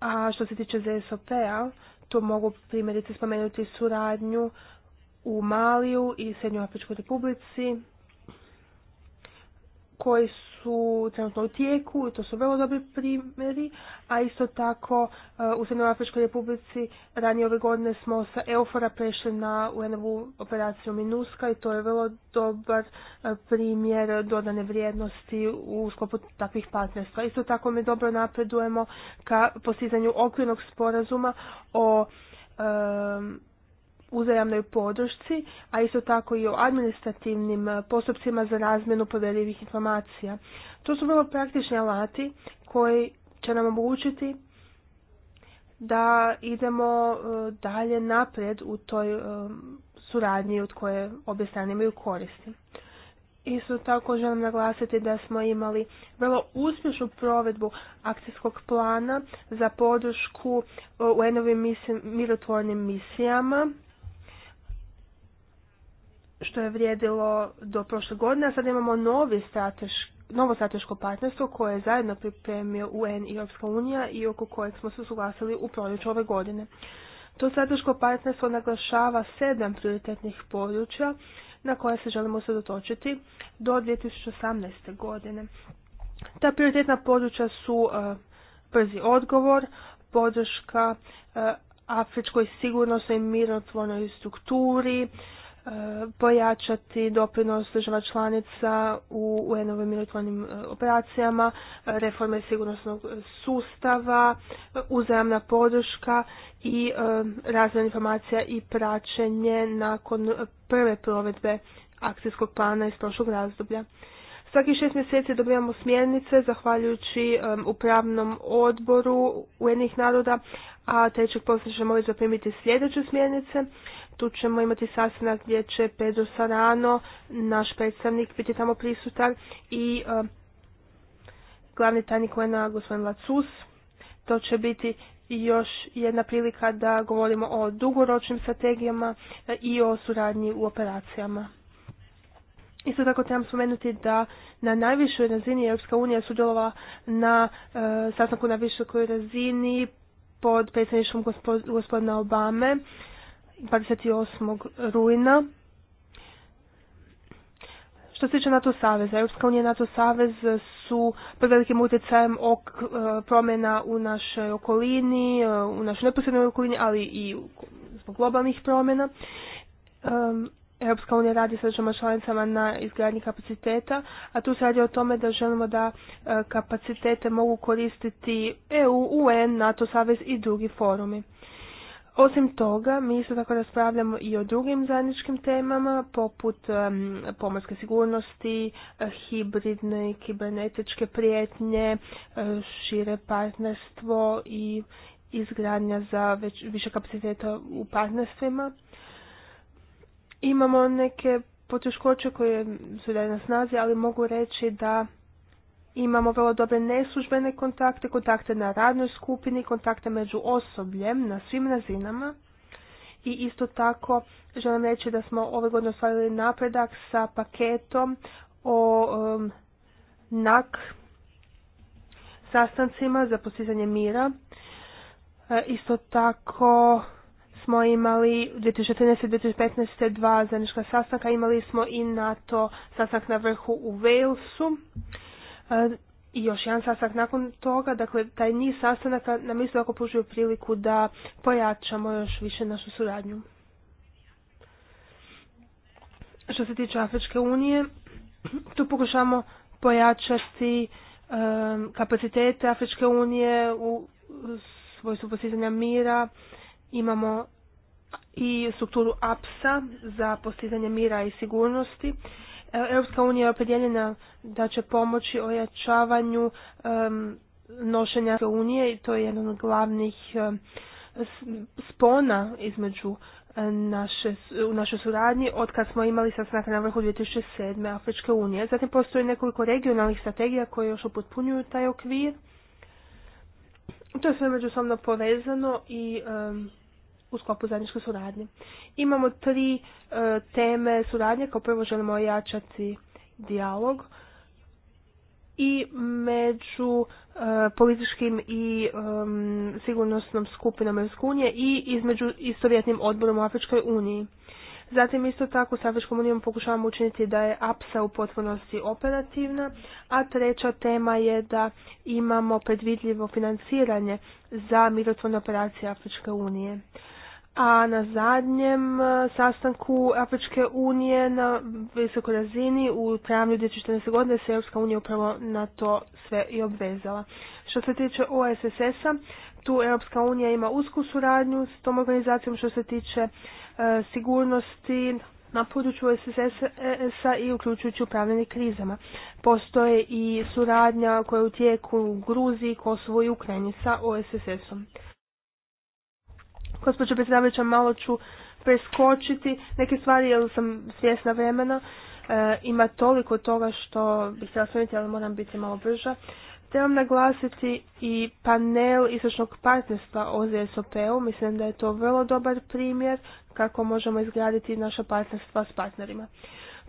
[SPEAKER 2] A što se tiče ZSOP-a, to mogu primjerice spomenuti suradnju u Maliju i Afričkoj republici, koji su trenutno u tijeku, to su vrlo dobri primjeri, a isto tako e, u Srednjoafričkoj republici ranije ove godine smo sa Eufora prešli na UNVU operaciju Minuska i to je vrlo dobar e, primjer dodane vrijednosti u sklopu takvih partnerstva. Isto tako mi dobro napredujemo ka postizanju okvirnog sporazuma o e, uzajamnoj podršci, a isto tako i o administrativnim e, postupcima za razmjenu povjerljivih informacija. To su vrlo praktični alati koji će nam omogućiti da idemo e, dalje naprijed u toj e, suradnji od koje obje strane imaju koristi. Isto tako želim naglasiti da smo imali vrlo uspješnu provedbu akcijskog plana za podršku u enovim mirotvornim misijama što je vrijedilo do prošle godine, a sad imamo novi novo strateško partnerstvo koje je zajedno pripremio UN i Europska unija i oko kojeg smo se suglasili u proljeću ove godine. To strateško partnerstvo naglašava sedam prioritetnih područja na koje se želimo dotočiti do 2018. godine. Ta prioritetna područja su przi e, odgovor, podrška e, afričkoj sigurnosnoj i mirotvornoj strukturi, E, pojačati doprinos država članica u UN-ovim militarnim e, operacijama, reforme sigurnosnog sustava, uzajamna podrška i e, razvoj informacija i praćenje nakon prve provedbe akcijskog plana iz prošlog razdoblja. Svaki šest mjeseci dobivamo smjernice zahvaljujući upravnom odboru UN-ih naroda, a trećeg poslije ćemo i zaprimiti sljedeće smjernice. Tu ćemo imati sastanak gdje će Pedro Sarano, naš predstavnik, biti tamo prisutan i e, glavni tajnik una gospodin Lacus. To će biti još jedna prilika da govorimo o dugoročnim strategijama e, i o suradnji u operacijama. Isto tako trebam spomenuti da na najvišoj razini Europska unija sudjelovala na e, sastanku na visokoj razini pod predsjedništvom gospodina Obame 28. rujna. Što se tiče NATO saveza, Europska unija i NATO savez su pod velikim utjecajem ok, e, promjena u našoj okolini, e, u našoj neposrednoj okolini, ali i zbog globalnih promjena. Europska unija radi sa državama članicama na izgradnji kapaciteta, a tu se radi o tome da želimo da e, kapacitete mogu koristiti EU, UN, NATO savez i drugi forumi. Osim toga, mi isto tako raspravljamo i o drugim zajedničkim temama, poput pomorske sigurnosti, hibridne i kibernetičke prijetnje, eh, šire partnerstvo i izgradnja za već, više kapaciteta u partnerstvima. Imamo neke poteškoće koje su da na snazi, ali mogu reći da imamo vrlo dobre neslužbene kontakte, kontakte na radnoj skupini, kontakte među osobljem na svim razinama. I isto tako želim reći da smo ove godine ostvarili napredak sa paketom o um, NAK sastancima za postizanje mira. E, isto tako smo imali 2013-2015 dva zajednička sastanka, imali smo i NATO sastanak na vrhu u Walesu E, i još jedan sastanak nakon toga, dakle taj niz sastanaka nam isto tako pružio priliku da pojačamo još više našu suradnju. Što se tiče Afričke unije, tu pokušamo pojačati e, kapacitete Afričke unije u svojstvu postizanja mira. Imamo i strukturu APSA za postizanje mira i sigurnosti. Europska unija je opredjeljena da će pomoći ojačavanju nošenja unije i to je jedan od glavnih spona između naše, u našoj suradnji od kad smo imali sastanak na vrhu 2007. Afričke unije. Zatim postoji nekoliko regionalnih strategija koje još upotpunjuju taj okvir. To je sve međusobno povezano i u sklopu zajedničke suradnje. Imamo tri e, teme suradnje. Kao prvo želimo ojačati dijalog i među e, političkim i e, sigurnosnom skupinom Europske unije i između istovjetnim odborom u Afričkoj uniji. Zatim isto tako sa Afričkom unijom pokušavamo učiniti da je APSA u potpunosti operativna, a treća tema je da imamo predvidljivo financiranje za mirotvorne operacije Afričke unije a na zadnjem e, sastanku Afričke unije na visokoj razini u travnju 2014. godine se Europska unija upravo na to sve i obvezala. Što se tiče OSSS-a, tu Europska unija ima usku suradnju s tom organizacijom što se tiče e, sigurnosti na području OSSS-a i uključujući upravljanje krizama. Postoje i suradnja koja je u tijeku u Gruziji, Kosovo i Ukrajini sa OSSS-om. Gospođo predsjedavajuća, malo ću preskočiti neke stvari jer sam svjesna vremena. E, ima toliko toga što bih se spomenuti, ali moram biti malo brža. Trebam naglasiti i panel istočnog partnerstva zsop u Mislim da je to vrlo dobar primjer kako možemo izgraditi naša partnerstva s partnerima.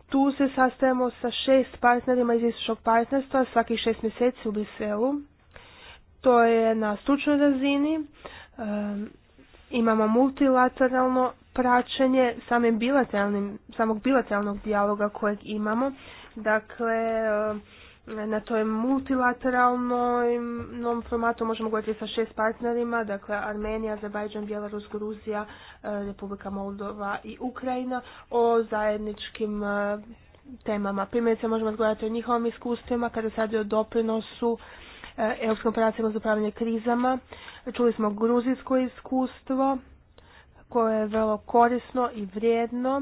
[SPEAKER 2] Tu se sastajemo sa šest partnerima iz istočnog partnerstva svakih šest mjeseci u Briselu. To je na stručnoj razini. Imamo multilateralno praćenje samim bilateralnim, samog bilateralnog dijaloga kojeg imamo. Dakle, e, na toj multilateralnom formatu možemo govoriti sa šest partnerima, dakle Armenija, Azerbajdžan, Bjelarus, Gruzija, e, Republika Moldova i Ukrajina o zajedničkim e, temama. Primjerice možemo razgovarati o njihovim iskustvima kada se radi o doprinosu Eh, europskim operacijama za upravljanje krizama. Čuli smo gruzijsko iskustvo koje je vrlo korisno i vrijedno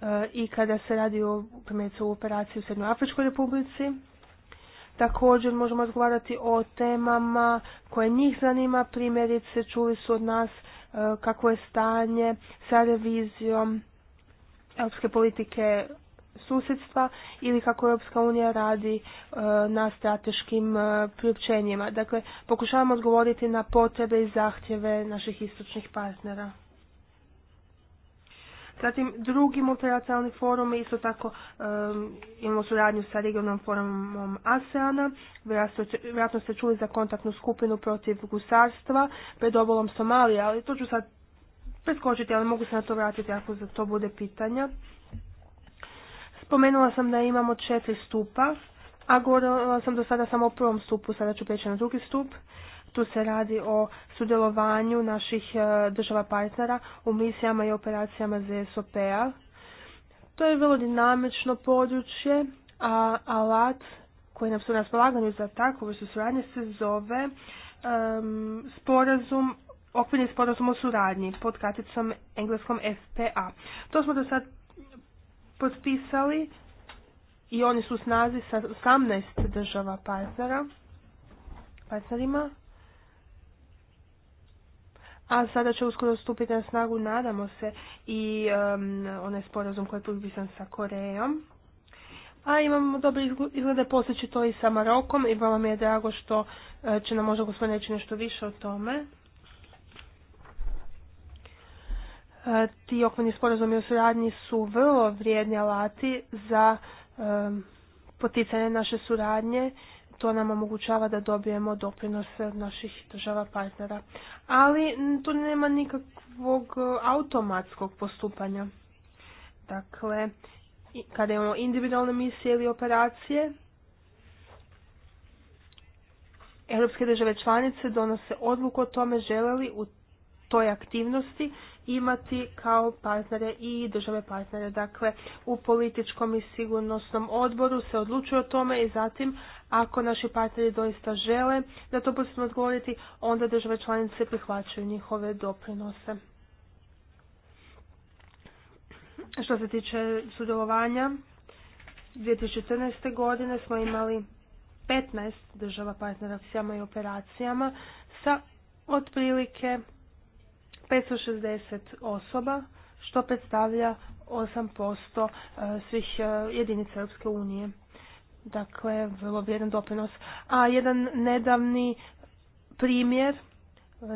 [SPEAKER 2] eh, i kada se radi o primjerice u operaciji u Srednjoafričkoj republici. Također možemo razgovarati o temama koje njih zanima, primjerice čuli su od nas eh, kako je stanje sa revizijom europske politike susjedstva ili kako Europska unija radi e, na strateškim e, priopćenjima. Dakle, pokušavamo odgovoriti na potrebe i zahtjeve naših istočnih partnera. Zatim drugi multilateralni forum isto tako imamo suradnju sa regionalnom forumom ASEAN-a. Vjerojatno ste čuli za kontaktnu skupinu protiv gusarstva pred obolom Somalije, ali to ću sad preskočiti, ali mogu se na to vratiti ako za to bude pitanja. Spomenula sam da imamo četiri stupa, a govorila sam do sada samo o prvom stupu, sada ću prijeći na drugi stup. Tu se radi o sudjelovanju naših e, država partnera u misijama i operacijama ZSOP-a. To je vrlo dinamično područje, a alat koji nam su na raspolaganju za takvu su suradnje se zove sporazum okvirni sporazum o suradnji pod katicom engleskom FPA. To smo do sad potpisali i oni su u snazi sa 18 država partnera, partnerima. A sada će uskoro stupiti na snagu, nadamo se, i um, onaj sporazum koji je potpisan sa Korejom. A imamo dobre izglede će to i sa Marokom i mi je drago što e, će nam možda gospodin reći nešto više o tome. E, ti okvirni sporazumi o suradnji su vrlo vrijedni alati za e, poticanje naše suradnje. To nam omogućava da dobijemo doprinos od naših država partnera. Ali tu nema nikakvog automatskog postupanja. Dakle, kada imamo ono individualne misije ili operacije, europske države članice donose odluku o tome žele li u toj aktivnosti imati kao partnere i države partnere. Dakle, u političkom i sigurnosnom odboru se odlučuje o tome i zatim ako naši partneri doista žele da to postupno odgovoriti, onda države članice prihvaćaju njihove doprinose. Što se tiče sudjelovanja, 2014. godine smo imali 15 država partnera s i operacijama sa otprilike 560 osoba, što predstavlja 8% e, svih e, jedinica Europske unije. Dakle, vrlo vrijedan doprinos. A jedan nedavni primjer,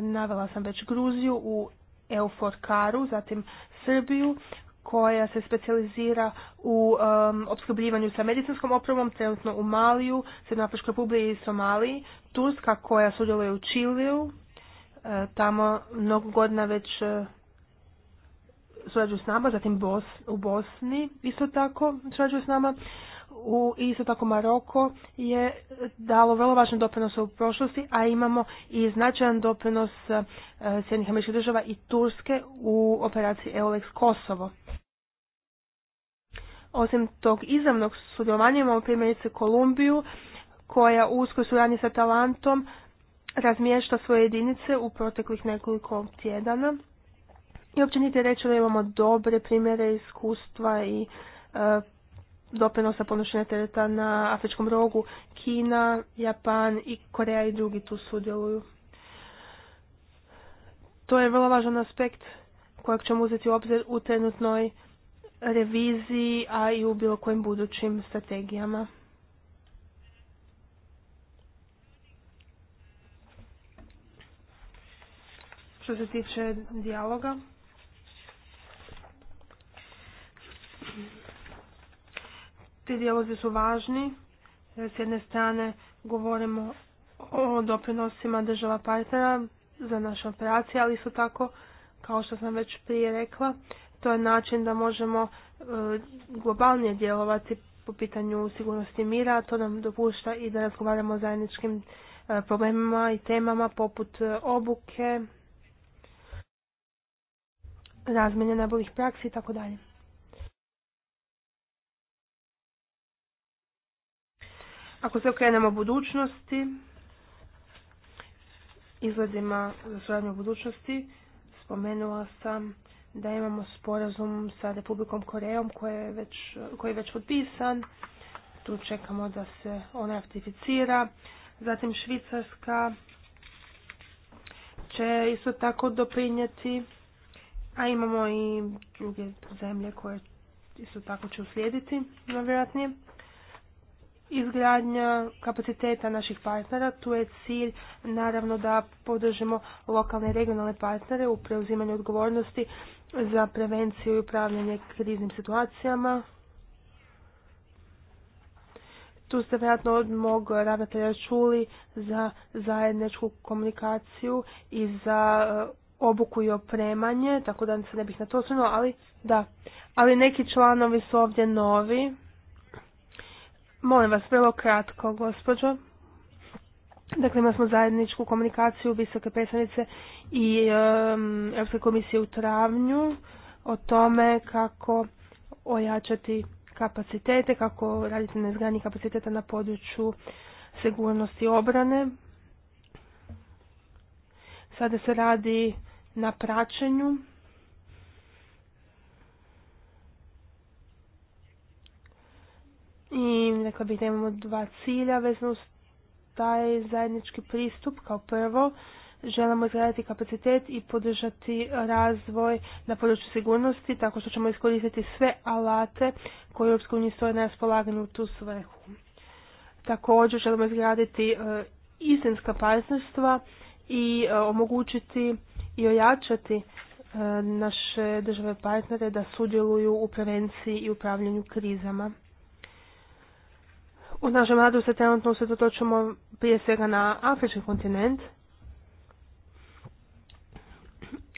[SPEAKER 2] navela sam već Gruziju u Euforkaru, zatim Srbiju, koja se specijalizira u um, opskrbljivanju sa medicinskom opremom, trenutno u Maliju, Srednjoafričkoj republiji i Somaliji, Turska koja sudjeluje u Čiliju, E, tamo mnogo godina već e, surađuju s nama, zatim Bos, u Bosni isto tako surađuju s nama. U, isto tako Maroko je dalo vrlo važan doprinos u prošlosti, a imamo i značajan doprinos SAD e, Sjednih američkih država i Turske u operaciji EOLEX Kosovo. Osim tog izravnog sudjelovanja imamo primjerice Kolumbiju koja u uskoj suradnji sa Talantom razmješta svoje jedinice u proteklih nekoliko tjedana. I općenito niti reći da imamo dobre primjere iskustva i e, doprinosa ponošenja tereta na Afričkom rogu. Kina, Japan i Koreja i drugi tu sudjeluju. To je vrlo važan aspekt kojeg ćemo uzeti u obzir u trenutnoj reviziji, a i u bilo kojim budućim strategijama. što se tiče dijaloga. Ti dijalozi su važni. S jedne strane govorimo o doprinosima država partnera za naše operacije, ali isto tako, kao što sam već prije rekla, to je način da možemo e, globalnije djelovati po pitanju sigurnosti mira, to nam dopušta i da razgovaramo o zajedničkim e, problemima i temama poput e, obuke, razmjene najboljih praksi i tako dalje. Ako se okrenemo budućnosti, izgledima za suradnju budućnosti, spomenula sam da imamo sporazum sa Republikom Korejom koji je već, koji već potpisan. Tu čekamo da se on ratificira. Zatim Švicarska će isto tako doprinjeti a imamo i druge zemlje koje isto tako će uslijediti, najvjerojatnije. Izgradnja kapaciteta naših partnera, tu je cilj naravno da podržimo lokalne i regionalne partnere u preuzimanju odgovornosti za prevenciju i upravljanje kriznim situacijama. Tu ste vjerojatno od mog ravnatelja čuli za zajedničku komunikaciju i za obuku i opremanje, tako da se ne bih na to osunula, ali da. Ali neki članovi su ovdje novi. Molim vas, vrlo kratko, gospođo. Dakle, imali smo zajedničku komunikaciju visoke predstavnice i Europske komisije u travnju o tome kako ojačati kapacitete, kako raditi na izgradnji kapaciteta na području sigurnosti obrane. Sada se radi na praćenju i rekla bih da imamo dva cilja vezano uz taj zajednički pristup. Kao prvo, želimo izgraditi kapacitet i podržati razvoj na području sigurnosti tako što ćemo iskoristiti sve alate koje europske uniji stoje na raspolaganju u tu svrhu. Također želimo izgraditi e, istinska partnerstva i e, omogućiti i ojačati e, naše države partnere da sudjeluju u prevenciji i upravljanju krizama. U našem radu se trenutno usredotočimo prije svega na afrički kontinent,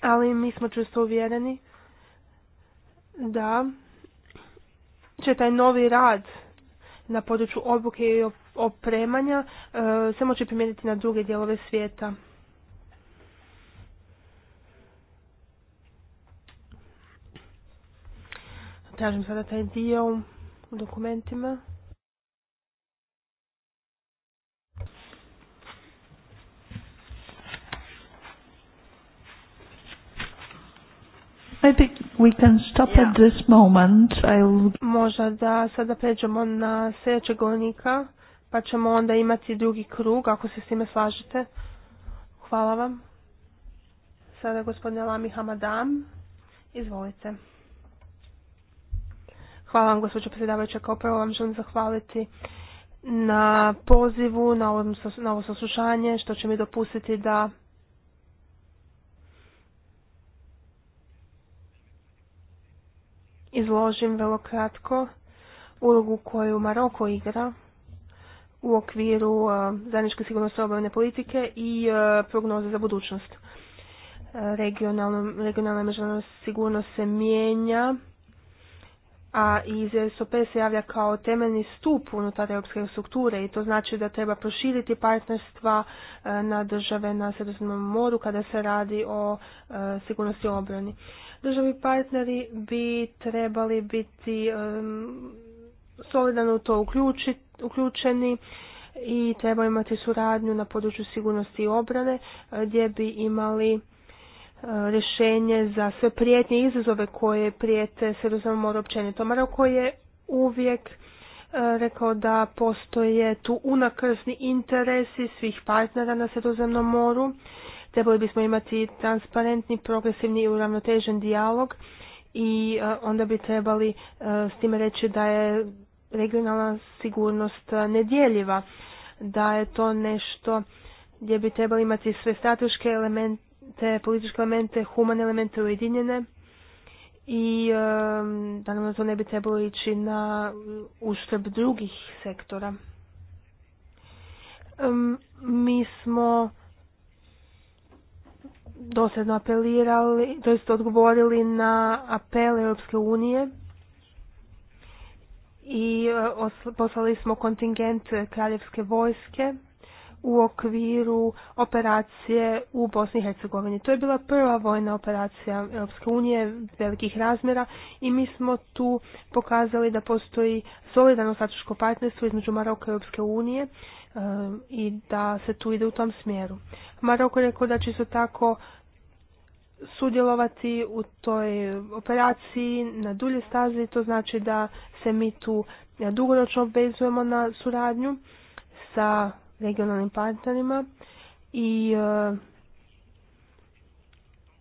[SPEAKER 2] ali mi smo često uvjereni da će taj novi rad na području obuke i opremanja e, se moći primijeniti na druge dijelove svijeta. Tražim sada taj dio u dokumentima. moment. Možda da sada pređemo na sljedećeg govornika, pa ćemo onda imati drugi krug, ako se s time slažete. Hvala vam. Sada gospodine Lami Hamadam, izvolite. Hvala vam gospođo predsjedavajuća. Kao prvo vam želim zahvaliti na pozivu, na, ovo saslušanje, što će mi dopustiti da izložim vrlo kratko ulogu koju Maroko igra u okviru uh, zajedničke sigurnosti obavne politike i uh, prognoze za budućnost. Uh, regionalna međunarodna sigurnost se mijenja a iz SOP se javlja kao temeljni stup unutar europske strukture i to znači da treba proširiti partnerstva e, na države na Sredozemnom moru kada se radi o e, sigurnosti obrani. Državi partneri bi trebali biti e, solidarno u to uključeni i treba imati suradnju na području sigurnosti i obrane gdje bi imali rješenje za sve prijetnje izazove koje prijete Sredozemnom moru općenito. Maroko je uvijek e, rekao da postoje tu unakrsni interesi svih partnera na Sredozemnom moru. Trebali bismo imati transparentni, progresivni i uravnotežen dijalog i e, onda bi trebali e, s time reći da je regionalna sigurnost nedjeljiva, da je to nešto gdje bi trebali imati sve strateške elemente te političke elemente, humane elemente ujedinjene i da naravno to ne bi trebalo ići na uštrb drugih sektora. mi smo dosljedno apelirali, to jest odgovorili na apel Europske unije i e, poslali smo kontingent kraljevske vojske u okviru operacije u Bosni i Hercegovini. To je bila prva vojna operacija Europske unije velikih razmjera i mi smo tu pokazali da postoji solidarno strateško partnerstvo između Maroka i Europske unije e, i da se tu ide u tom smjeru. Maroko je rekao da će isto tako sudjelovati u toj operaciji na dulje stazi, to znači da se mi tu dugoročno obvezujemo na suradnju sa regionalnim partnerima i e,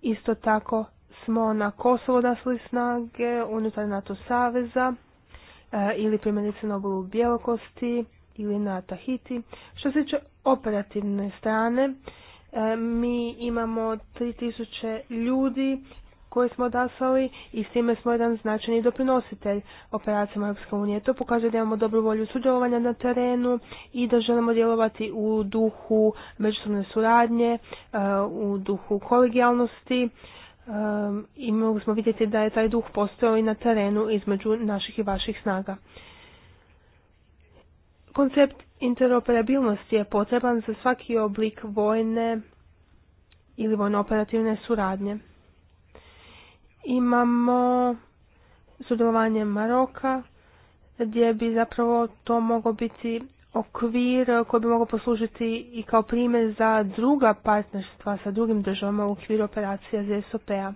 [SPEAKER 2] isto tako smo na Kosovo dasli snage unutar NATO saveza e, ili primjerice na obolu Bjelokosti ili na Tahiti. Što se tiče operativne strane, e, mi imamo 3000 ljudi koji smo odaslali i s time smo jedan značajni doprinositelj operacijama Europske unije. To pokazuje da imamo dobru volju sudjelovanja na terenu i da želimo djelovati u duhu međusobne suradnje, e, u duhu kolegijalnosti. E, I mogli smo vidjeti da je taj duh postojao i na terenu između naših i vaših snaga. Koncept interoperabilnosti je potreban za svaki oblik vojne ili vojno operativne suradnje imamo sudjelovanje Maroka gdje bi zapravo to mogao biti okvir koji bi mogao poslužiti i kao primjer za druga partnerstva sa drugim državama u okviru operacija ZSOP-a.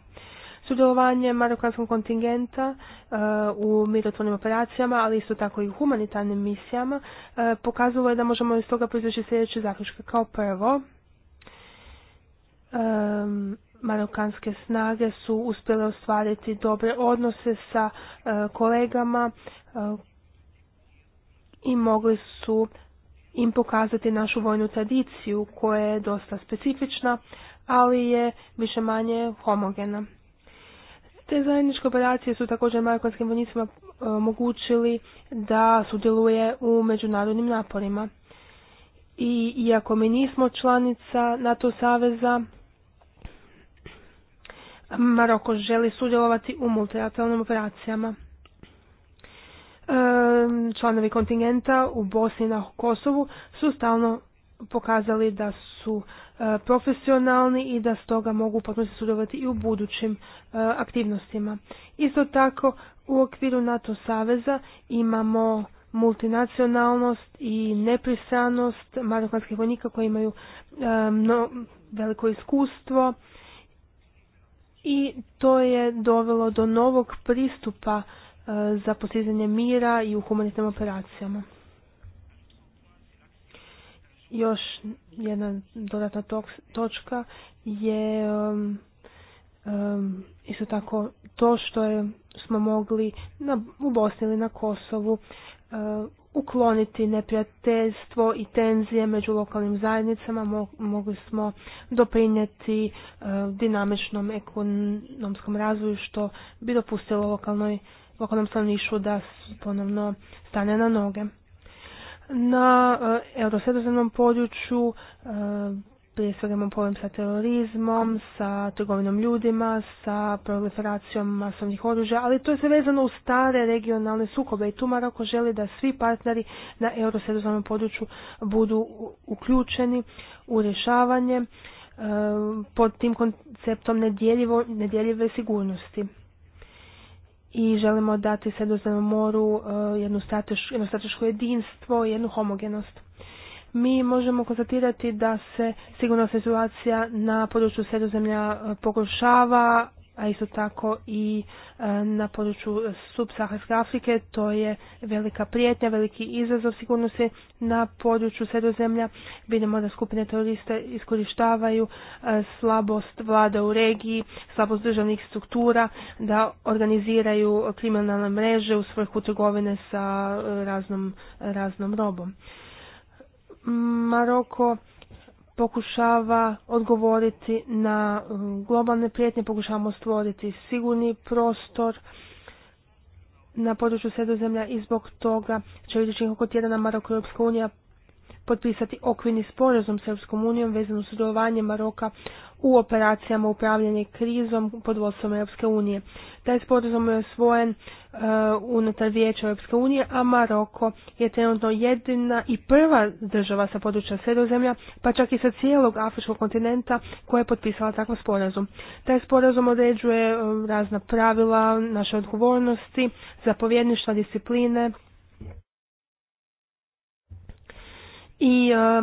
[SPEAKER 2] Sudjelovanje marokanskog kontingenta e, u mirotvornim operacijama, ali isto tako i u humanitarnim misijama, pokazuje pokazalo je da možemo iz toga proizaći sljedeće zaključke. Kao prvo, e, marokanske snage su uspjele ostvariti dobre odnose sa e, kolegama e, i mogli su im pokazati našu vojnu tradiciju koja je dosta specifična, ali je više manje homogena. Te zajedničke operacije su također marokanskim vojnicima e, omogućili da sudjeluje u međunarodnim naporima. I iako mi nismo članica NATO saveza, Maroko želi sudjelovati u multilateralnim operacijama. E, članovi kontingenta u Bosni i na Kosovu su stalno pokazali da su e, profesionalni i da stoga mogu potpuno sudjelovati i u budućim e, aktivnostima. Isto tako u okviru NATO saveza imamo multinacionalnost i nepristranost marokanskih vojnika koji imaju mnogo veliko iskustvo i to je dovelo do novog pristupa e, za postizanje mira i u humanitarnim operacijama. Još jedna dodatna točka je isto tako to što je, smo mogli na, u Bosni ili na Kosovu E, ukloniti neprijateljstvo i tenzije među lokalnim zajednicama, mogli smo doprinijeti e, dinamičnom ekonomskom razvoju što bi dopustilo lokalnoj, lokalnom stanovništvu da ponovno stane na noge. Na eurosredozemnom području e, prije svega imamo problem sa terorizmom, sa trgovinom ljudima, sa proliferacijom masovnih oružja, ali to je sve vezano u stare regionalne sukobe i tu Maroko želi da svi partneri na eurosredozvanom području budu uključeni u rješavanje e, pod tim konceptom nedjeljivo, nedjeljive sigurnosti. I želimo dati sredozvanom moru e, jednu strateš, jedno strateško jedinstvo, jednu homogenost mi možemo konstatirati da se sigurno situacija na području sredozemlja e, pogoršava, a isto tako i e, na području subsaharske Afrike. To je velika prijetnja, veliki izazov sigurnosti na području sredozemlja. Vidimo da skupine teroriste iskorištavaju e, slabost vlada u regiji, slabost državnih struktura, da organiziraju kriminalne mreže u svrhu trgovine sa raznom, raznom robom. Maroko pokušava odgovoriti na um, globalne prijetnje, pokušavamo stvoriti sigurni prostor na području sredozemlja i zbog toga će vidjeti koliko tjedana Maroko i Europska unija potpisati okvirni sporazum s Europskom unijom vezano uz sudjelovanje Maroka u operacijama upravljanja krizom pod vodstvom Europske unije. Taj sporazum je osvojen uh, unutar vijeća Europske unije, a Maroko je trenutno jedina i prva država sa područja sredozemlja, pa čak i sa cijelog afričkog kontinenta koja je potpisala takav sporazum. Taj sporazum određuje um, razna pravila, naše odgovornosti, zapovjedništva, discipline, i e,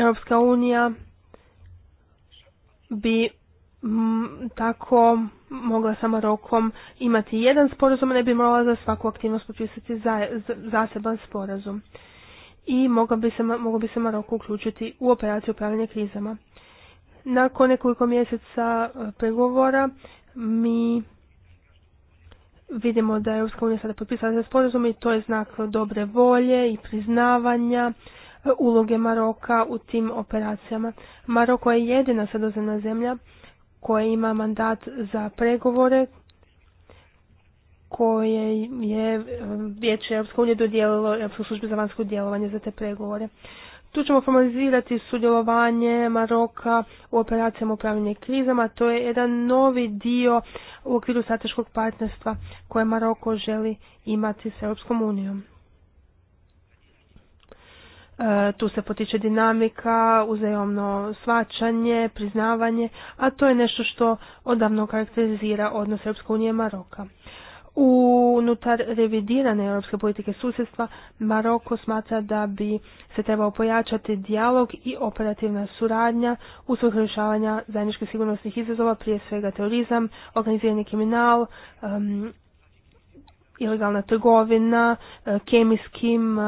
[SPEAKER 2] Europska unija bi tako mogla sa rokom imati jedan sporazum, ne bi morala za svaku aktivnost potpisati za, zaseban sporazum. I mogla bi se, moglo bi se Maroko uključiti u operaciju upravljanja krizama. Nakon nekoliko mjeseca e, pregovora mi Vidimo da je Europska unija sada potpisala za sporazum i to je znak dobre volje i priznavanja e, uloge Maroka u tim operacijama. Maroko je jedina sredozemna zemlja koja ima mandat za pregovore koje je e, Vijeće Europske unije dodijelilo Europskoj službi za vanjsko djelovanje za te pregovore. Tu ćemo formalizirati sudjelovanje Maroka u operacijama upravljanja krizama. To je jedan novi dio u okviru strateškog partnerstva koje Maroko želi imati s Europskom unijom. E, tu se potiče dinamika, uzajomno svačanje, priznavanje, a to je nešto što odavno karakterizira odnos Europske unije i Maroka. Unutar revidirane europske politike susjedstva Maroko smatra da bi se trebao pojačati dijalog i operativna suradnja u svog rješavanja zajedničkih sigurnosnih izazova, prije svega terorizam, organizirani kriminal, ilegalna trgovina, e, kemijskim e,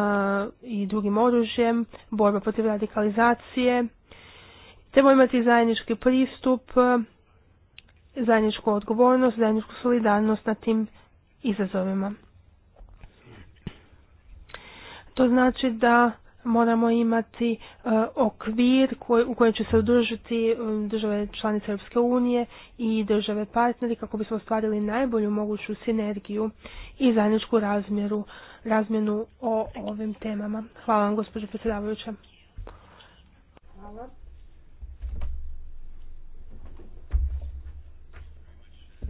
[SPEAKER 2] i drugim oružjem, borba protiv radikalizacije. Treba imati zajednički pristup, e, zajedničku odgovornost, zajedničku solidarnost na tim izazovima. To znači da moramo imati e, okvir u kojem će se udružiti e, države članice Europske unije i države partneri kako bismo ostvarili najbolju moguću sinergiju i zajedničku razmjeru, razmjenu o ovim temama. Hvala vam gospođo predsjedavajuća.
[SPEAKER 3] Hvala.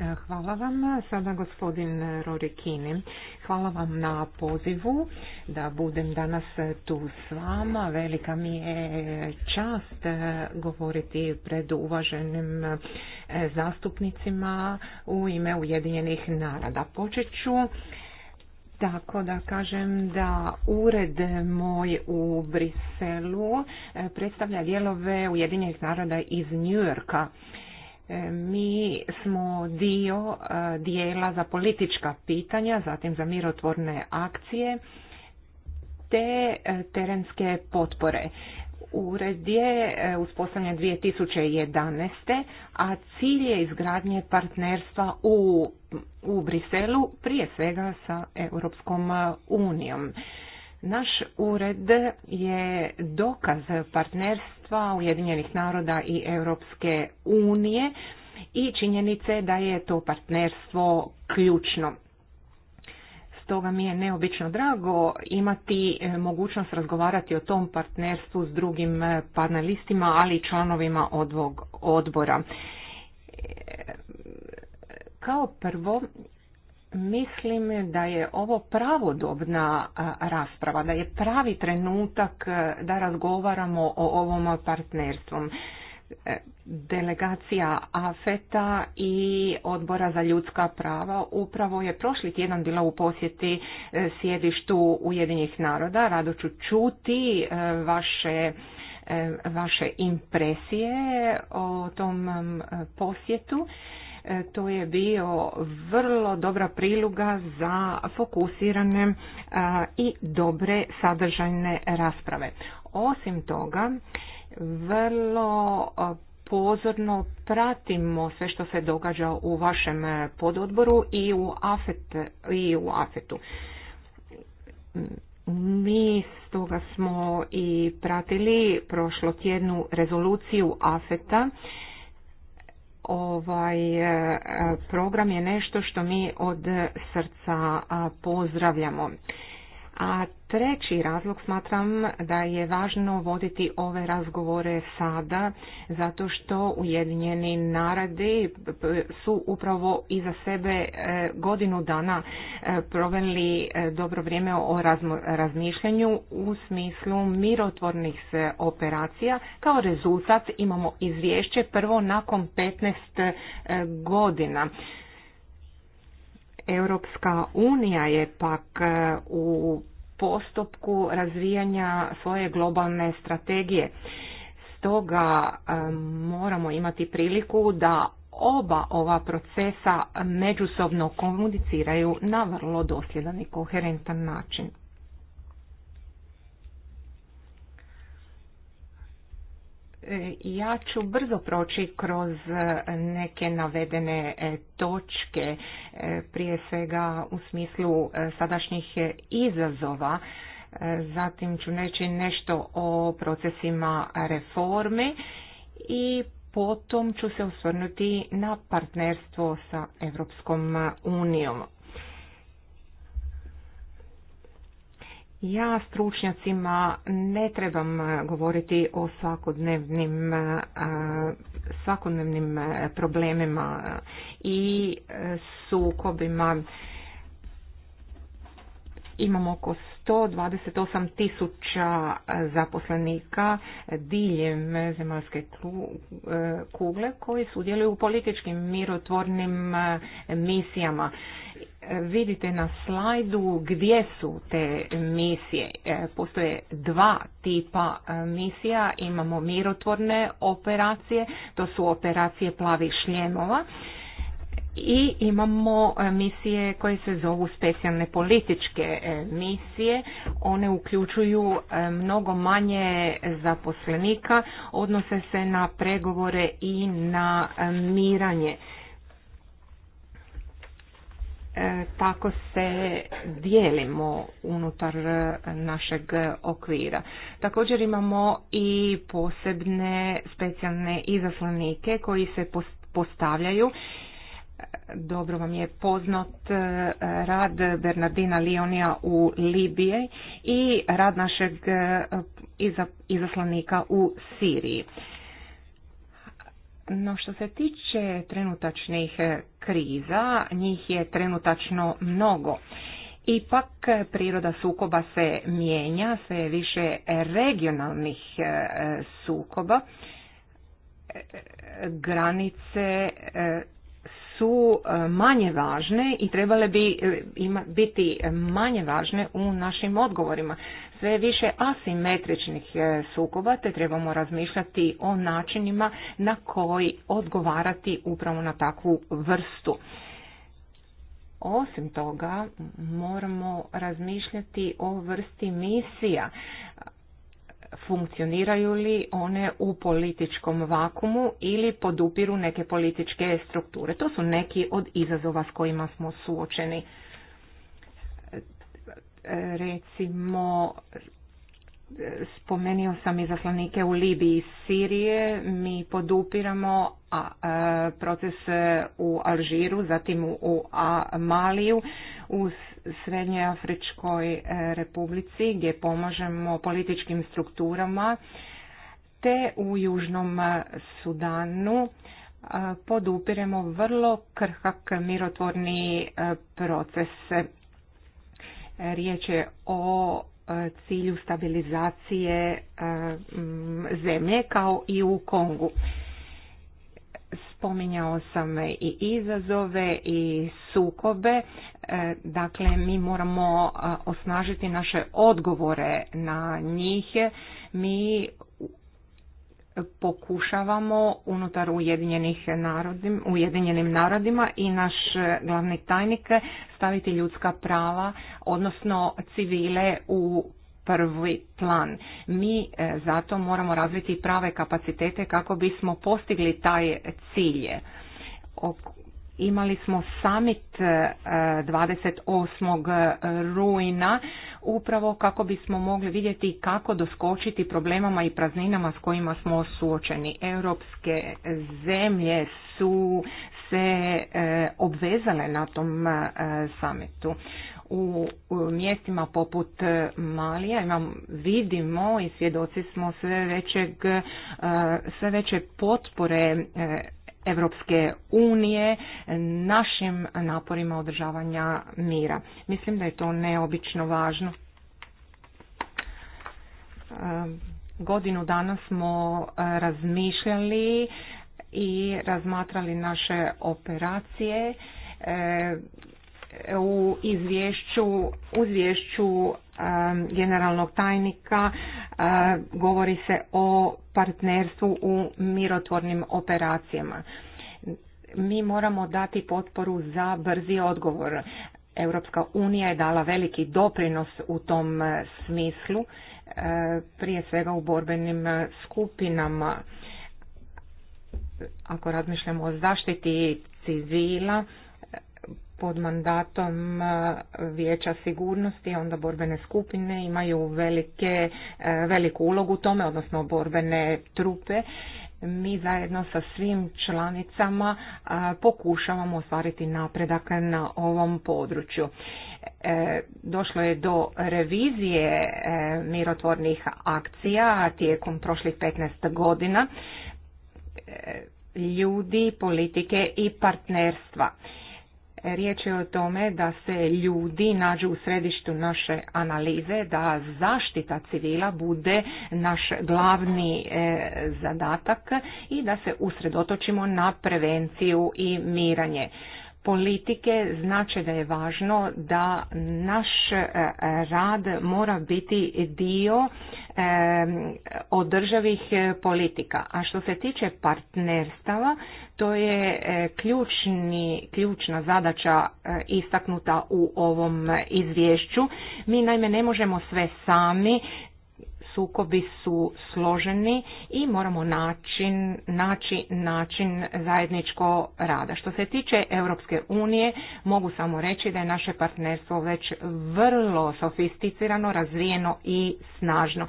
[SPEAKER 4] E, hvala vam. Sada gospodin Rorikini. Hvala vam na pozivu da budem danas tu s vama. Velika mi je čast e, govoriti pred uvaženim e, zastupnicima u ime Ujedinjenih naroda. Počet ću tako da kažem da ured moj u Briselu predstavlja dijelove Ujedinjenih naroda iz Njujorka. E, mi smo dio e, dijela za politička pitanja, zatim za mirotvorne akcije te e, terenske potpore. Ured je uspostavljen 2011. a cilj je izgradnje partnerstva u, u Briselu prije svega sa Europskom unijom. Naš ured je dokaz partnerstva Ujedinjenih naroda i Europske unije i činjenice da je to partnerstvo ključno. Stoga mi je neobično drago imati e, mogućnost razgovarati o tom partnerstvu s drugim e, panelistima, ali i članovima odvog odbora. E, kao prvo, Mislim da je ovo pravodobna rasprava, da je pravi trenutak e, da razgovaramo o ovom partnerstvom. E, delegacija AFETA i Odbora za ljudska prava upravo je prošli tjedan bila u posjeti e, sjedištu Ujedinjih naroda. Rado ću čuti vaše vaše impresije o tom posjetu E, to je bio vrlo dobra priluga za fokusirane e, i dobre sadržajne rasprave. Osim toga, vrlo e, pozorno pratimo sve što se događa u vašem pododboru i u, afet, i u afetu. Mi stoga smo i pratili prošlo tjednu rezoluciju AFETA ovaj e, e, program je nešto što mi od srca pozdravljamo. A treći razlog smatram da je važno voditi ove razgovore sada, zato što Ujedinjeni naradi su upravo iza sebe e, godinu dana e, proveli e, dobro vrijeme o razmišljanju u smislu mirotvornih operacija. Kao rezultat imamo izvješće prvo nakon 15 godina. Europska unija je pak e, u postupku razvijanja svoje globalne strategije. Stoga e, moramo imati priliku da oba ova procesa međusobno komuniciraju na vrlo dosljedan i koherentan način. E, ja ću brzo proći kroz e, neke navedene e, točke, prije svega u smislu sadašnjih izazova. Zatim ću reći nešto o procesima reforme i potom ću se osvrnuti na partnerstvo sa Europskom unijom. Ja stručnjacima ne trebam e, govoriti o svakodnevnim, e, svakodnevnim e, problemima i sukobima. Imamo oko 128 tisuća zaposlenika diljem zemaljske e, kugle koji sudjeluju u političkim mirotvornim e, misijama. Vidite na slajdu gdje su te misije. E, postoje dva tipa misija. Imamo mirotvorne operacije, to su operacije plavih šljemova i imamo e, misije koje se zovu specijalne političke e, misije. One uključuju e, mnogo manje zaposlenika, odnose se na pregovore i na miranje. Tako se dijelimo unutar našeg okvira. Također imamo i posebne specijalne izaslanike koji se postavljaju dobro vam je poznat e, rad Bernardina Lionija u Libije i rad našeg e, izaslanika u Siriji. No što se tiče trenutačnih e, kriza, njih je trenutačno mnogo. Ipak priroda sukoba se mijenja, sve je više regionalnih sukoba granice su e, manje važne i trebale bi e, biti manje važne u našim odgovorima. Sve više asimetričnih e, sukoba, te trebamo razmišljati o načinima na koji odgovarati upravo na takvu vrstu. Osim toga, moramo razmišljati o vrsti misija funkcioniraju li one u političkom vakumu ili podupiru neke političke strukture. To su neki od izazova s kojima smo suočeni recimo Spomenio sam izaslanike u Libiji i Sirije, mi podupiramo e, proces e, u Alžiru, zatim u Maliju, u srednjeafričkoj e, Republici gdje pomažemo političkim strukturama, te u Južnom Sudanu podupiremo vrlo krhak mirotvorni proces. Riječ je o E, cilju stabilizacije e, zemlje kao i u Kongu. Spominjao sam i izazove i sukobe, e, dakle mi moramo osnažiti naše odgovore na njih. Mi pokušavamo unutar Ujedinjenih narodim, Ujedinjenim narodima i naš glavni tajnik staviti ljudska prava, odnosno civile u prvi plan. Mi e, zato moramo razviti prave kapacitete kako bismo postigli taj cilje imali smo summit 28. E, e, rujna upravo kako bismo mogli vidjeti kako doskočiti problemama i prazninama s kojima smo suočeni. Europske zemlje su se e, obvezale na tom summitu u mjestima poput Malija imam, vidimo i svjedoci smo sve većeg sve veće potpore Evropske unije našim naporima održavanja mira. Mislim da je to neobično važno. E, godinu dana smo razmišljali i razmatrali naše operacije e, u izvješću, u izvješću generalnog tajnika govori se o partnerstvu u mirotvornim operacijama. Mi moramo dati potporu za brzi odgovor. Europska unija je dala veliki doprinos u tom smislu, prije svega u borbenim skupinama. Ako razmišljamo o zaštiti civila, pod mandatom e, Vijeća sigurnosti, onda borbene skupine imaju velike, e, veliku ulogu u tome, odnosno borbene trupe. Mi zajedno sa svim članicama e, pokušavamo ostvariti napredak na ovom području. Došlo je do revizije mirotvornih akcija tijekom prošlih 15 godina ljudi, politike i partnerstva. Riječ je o tome da se ljudi nađu u središtu naše analize, da zaštita civila bude naš glavni e, zadatak i da se usredotočimo na prevenciju i miranje politike znači da je važno da naš e, rad mora biti dio e, održavih e, politika. A što se tiče partnerstava, to je ključni, ključna zadaća istaknuta u ovom izvješću. Mi naime ne možemo sve sami, sukobi su složeni i moramo način, naći način zajedničko rada. Što se tiče Europske unije, mogu samo reći da je naše partnerstvo već vrlo sofisticirano, razvijeno i snažno.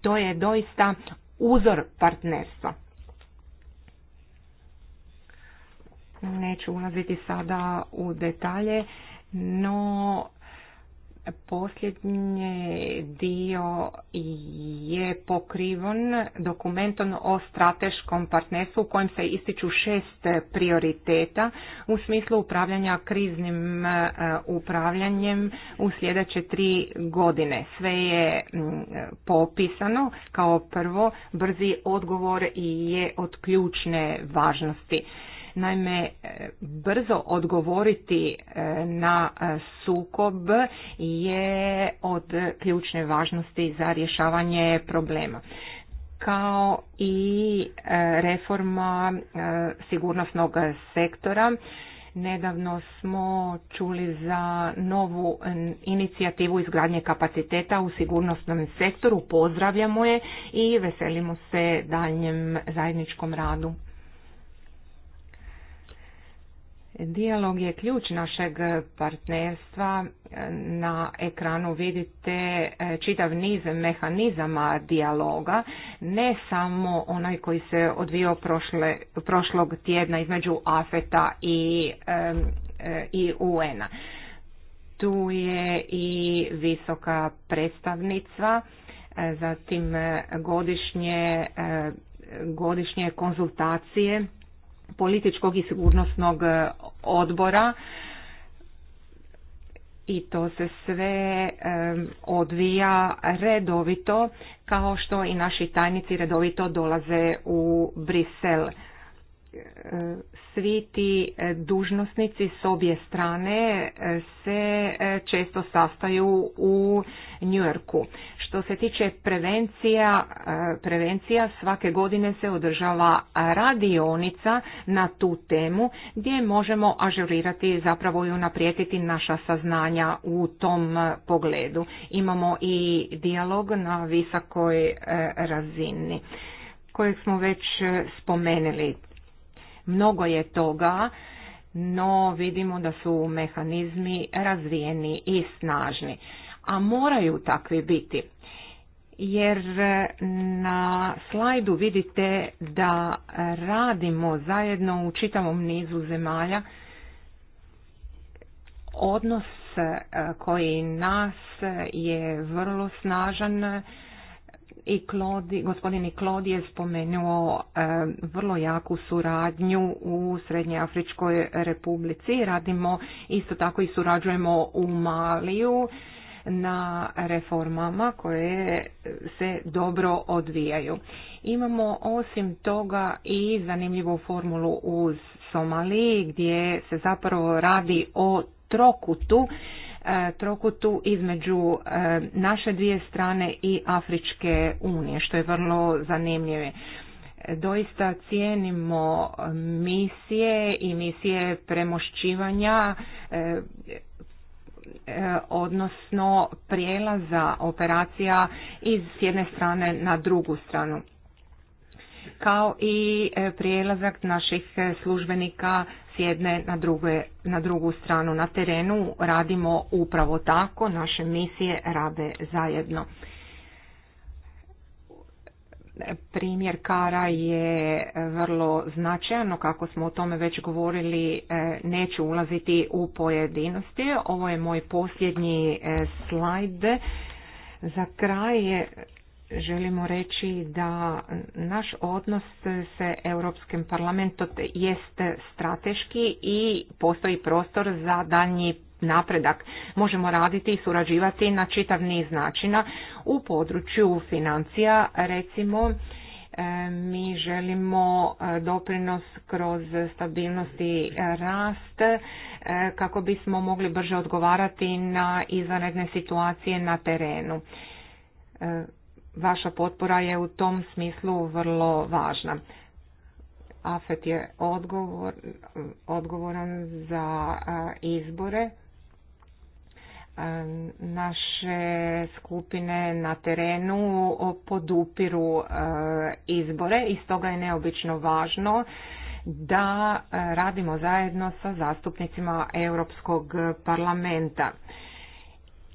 [SPEAKER 4] To je doista uzor partnerstva. Neću ulaziti sada u detalje, no posljednji dio je pokriven dokumentom o strateškom partnerstvu u kojem se ističu šest prioriteta u smislu upravljanja kriznim e, upravljanjem u sljedeće tri godine. Sve je popisano kao prvo brzi odgovor i je od ključne važnosti. Naime, e, brzo odgovoriti e, na e, sukob je od ključne važnosti za rješavanje problema kao i reforma sigurnosnog sektora. Nedavno smo čuli za novu inicijativu izgradnje kapaciteta u sigurnosnom sektoru. Pozdravljamo je i veselimo se daljem zajedničkom radu Dijalog je ključ našeg partnerstva. Na ekranu vidite e, čitav niz mehanizama dijaloga, ne samo onaj koji se odvio prošle, prošlog tjedna između AFETA i, e, e, i UN-a. Tu je i visoka predstavnica, zatim godišnje, godišnje konzultacije političkog i sigurnosnog e, odbora i to se sve e, odvija redovito kao što i naši tajnici redovito dolaze u Brisel. E, svi ti dužnosnici s obje strane se često sastaju u Njujorku. Što se tiče prevencija, e, prevencija svake godine se održava radionica na tu temu gdje možemo ažurirati zapravo i unaprijetiti naša saznanja u tom e, pogledu. Imamo i dijalog na visokoj e, razini kojeg smo već spomenuli. Mnogo je toga, no vidimo da su mehanizmi razvijeni i snažni a moraju takvi biti jer e, na slajdu vidite da radimo zajedno u čitavom nizu zemalja odnos e, koji nas je vrlo snažan i Klodi, gospodin Klod je spomenuo e, vrlo jaku suradnju u Srednjeafričkoj republici. Radimo isto tako i surađujemo u Maliju na reformama koje se dobro odvijaju. Imamo osim toga i zanimljivu formulu u Somaliji gdje se zapravo radi o trokutu e, trokutu između e, naše dvije strane i Afričke unije, što je vrlo zanimljivo. Doista cijenimo misije i misije premošćivanja e, E, odnosno prijelaza operacija iz s jedne strane na drugu stranu kao i e, prijelazak naših e, službenika s jedne na, druge, na drugu stranu na terenu radimo upravo tako, naše misije rade zajedno primjer Kara je vrlo značajno, kako smo o tome već govorili, e, neću ulaziti u pojedinosti. Ovo je moj posljednji e, slajd. Za kraj e, želimo reći da naš odnos s Europskim parlamentom jest strateški i postoji prostor za daljnji napredak. Možemo raditi i surađivati na čitav niz načina u području financija, recimo e, mi želimo e, doprinos kroz stabilnost i rast e, kako bismo mogli brže odgovarati na izvanredne situacije na terenu. Vaša potpora je u tom smislu vrlo važna. AFET je odgovor, odgovoran za izbore naše skupine na terenu podupiru e, izbore i stoga je neobično važno da e, radimo zajedno sa zastupnicima Europskog parlamenta.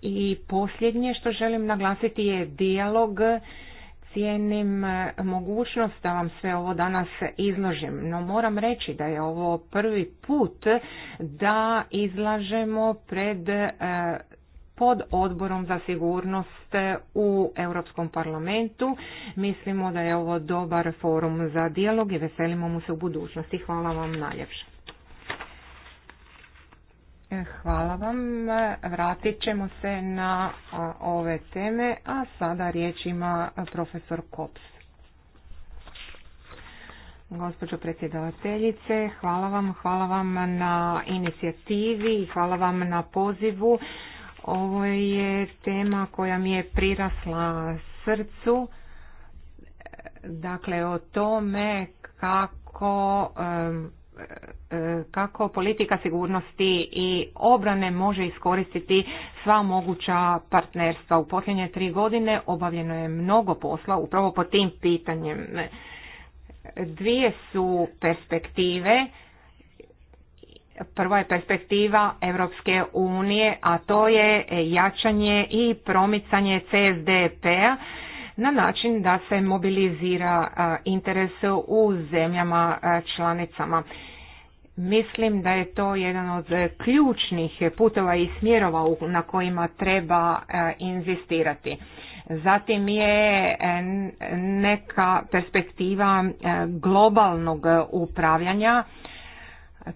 [SPEAKER 4] I posljednje što želim naglasiti je dijalog cijenim e, mogućnost da vam sve ovo danas izložim, no moram reći da je ovo prvi put da izlažemo pred e, pod odborom za sigurnost u Europskom parlamentu. Mislimo da je ovo dobar forum za dijalog i veselimo mu se u budućnosti. Hvala vam najljepše. Hvala vam. Vratit ćemo se na ove teme, a sada riječ ima profesor Kops. Gospođo predsjedavateljice, hvala vam, hvala vam na inicijativi i hvala vam na pozivu. Ovo je tema koja mi je prirasla srcu, dakle o tome kako E, kako politika sigurnosti i obrane može iskoristiti sva moguća partnerstva. U posljednje tri godine obavljeno je mnogo posla upravo po tim pitanjem. Dvije su perspektive. Prva je perspektiva Europske unije, a to je jačanje i promicanje CSDP-a na način da se mobilizira interes u zemljama članicama. Mislim da je to jedan od ključnih putova i smjerova na kojima treba inzistirati. Zatim je e, neka perspektiva e, globalnog upravljanja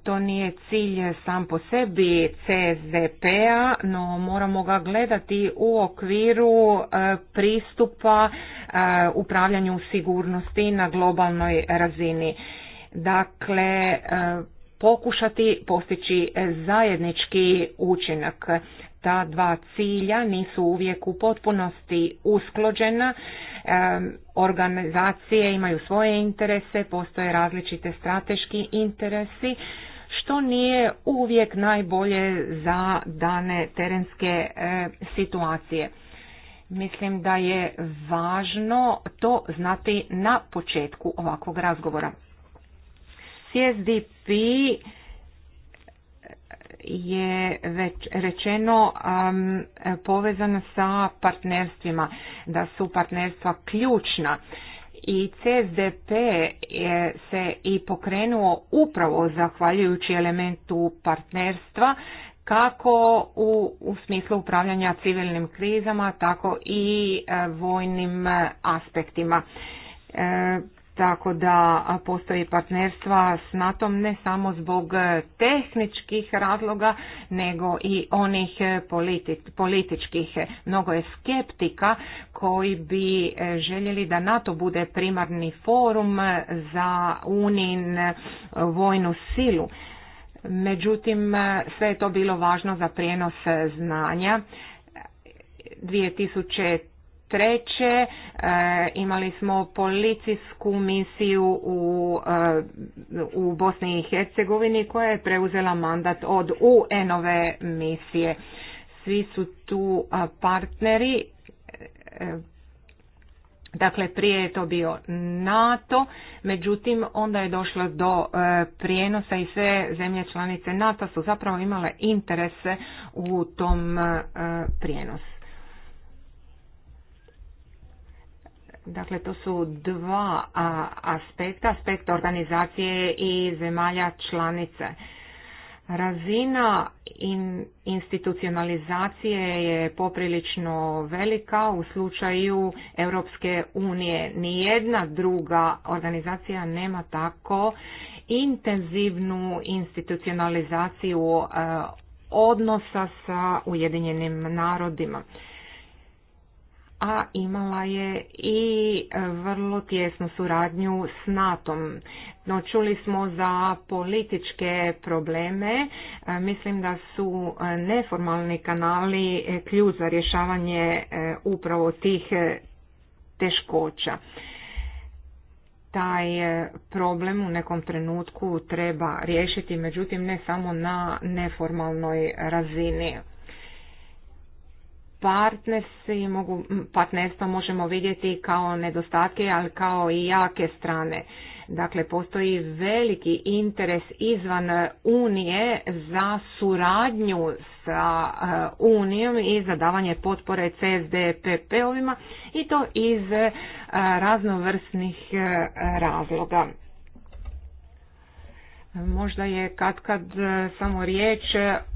[SPEAKER 4] to nije cilj sam po sebi CZP-a, no moramo ga gledati u okviru e, pristupa e, upravljanju sigurnosti na globalnoj razini. Dakle, e, pokušati postići zajednički učinak. Ta dva cilja nisu uvijek u potpunosti usklođena organizacije imaju svoje interese, postoje različite strateški interesi što nije uvijek najbolje za dane terenske e, situacije. Mislim da je važno to znati na početku ovakvog razgovora. CSDP je već rečeno um, sa partnerstvima, da su partnerstva ključna. I CSDP je se i pokrenuo upravo zahvaljujući elementu partnerstva kako u, u smislu upravljanja civilnim krizama, tako i e, vojnim e, aspektima. E, tako da postoji partnerstva s nato ne samo zbog e, tehničkih razloga, nego i onih e, političkih. Mnogo je skeptika koji bi e, željeli da NATO bude primarni forum za Unin vojnu silu. Međutim, sve je to bilo važno za prijenos znanja treće e, imali smo policijsku misiju u, e, u Bosni i Hercegovini koja je preuzela mandat od UN-ove misije. Svi su tu partneri, e, dakle prije je to bio NATO, međutim onda je došlo do prijenosa i sve zemlje članice NATO su zapravo imale interese u tom prijenosu. Dakle, to su dva aspekta, aspekt organizacije i zemalja članice. Razina institucionalizacije je poprilično velika u slučaju Europske unije. Nijedna druga organizacija nema tako intenzivnu institucionalizaciju e, odnosa sa Ujedinjenim narodima a imala je i e, vrlo tjesnu suradnju s NATO-om. No, čuli smo za političke probleme. E, mislim da su e, neformalni kanali ključ za rješavanje upravo tih teškoća. Taj problem u nekom trenutku treba riješiti, međutim ne samo na neformalnoj razini. Partnerstvo mogu, partnerstva možemo vidjeti kao nedostatke, ali kao i jake strane. Dakle, postoji veliki interes izvan e, Unije za suradnju sa e, Unijom i za davanje potpore CSDPP-ovima i to iz e, raznovrsnih razloga. Možda je katkad samo riječ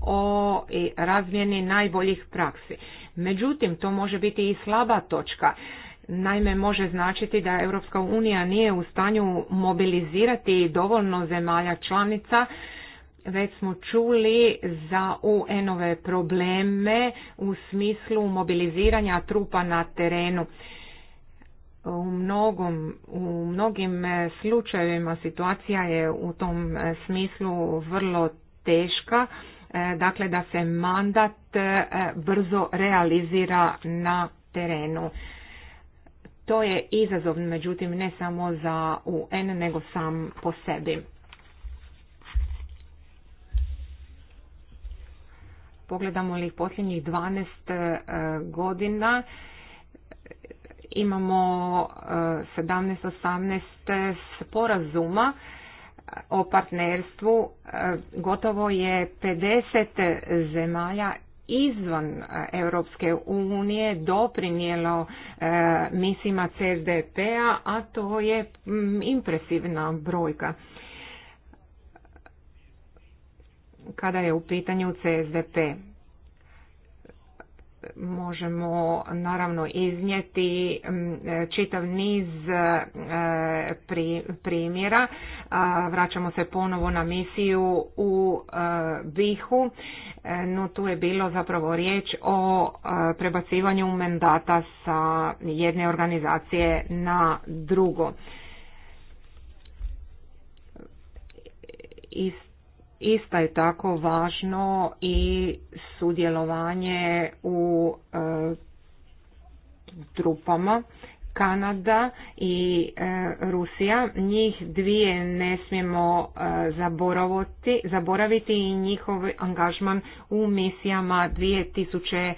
[SPEAKER 4] o razmjeni najboljih praksi. Međutim, to može biti i slaba točka. Naime, može značiti da Europska unija nije u stanju mobilizirati dovoljno zemalja članica, već smo čuli za UN-ove probleme u smislu mobiliziranja trupa na terenu. U, mnogom, u mnogim slučajevima situacija je u tom smislu vrlo teška E, dakle da se mandat e, brzo realizira na terenu. To je izazov, međutim, ne samo za UN, nego sam po sebi. Pogledamo li posljednjih 12 e, godina, imamo 17-18 sporazuma o partnerstvu e, gotovo je 50 zemalja izvan e, Europske unije doprinijelo e, misima CSDP-a, a to je impresivna brojka. Kada je u pitanju CSDP možemo naravno iznijeti čitav niz e, primjera. Vraćamo se ponovo na misiju u e, Bihu. E, no tu je bilo zapravo riječ o prebacivanju mandata sa jedne organizacije na drugo. Isto Isto je tako važno i sudjelovanje u e, trupama Kanada i e, Rusija. Njih dvije ne smijemo e, zaboraviti i njihov angažman u misijama 2008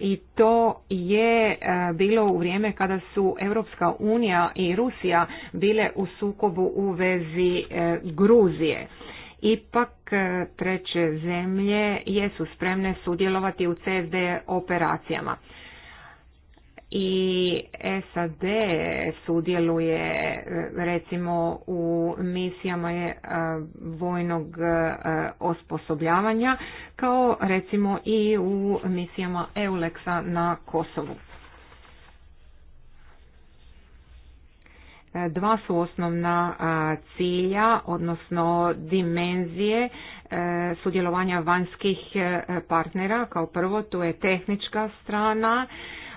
[SPEAKER 4] i to je e, bilo u vrijeme kada su Europska unija i Rusija bile u sukobu u vezi e, Gruzije. Ipak e, treće zemlje jesu spremne sudjelovati u CSD operacijama i SAD sudjeluje recimo u misijama e, vojnog e, osposobljavanja kao recimo i u misijama Eulexa na Kosovu. E, dva su osnovna cilja, odnosno dimenzije sudjelovanja vanjskih partnera. Kao prvo tu je tehnička strana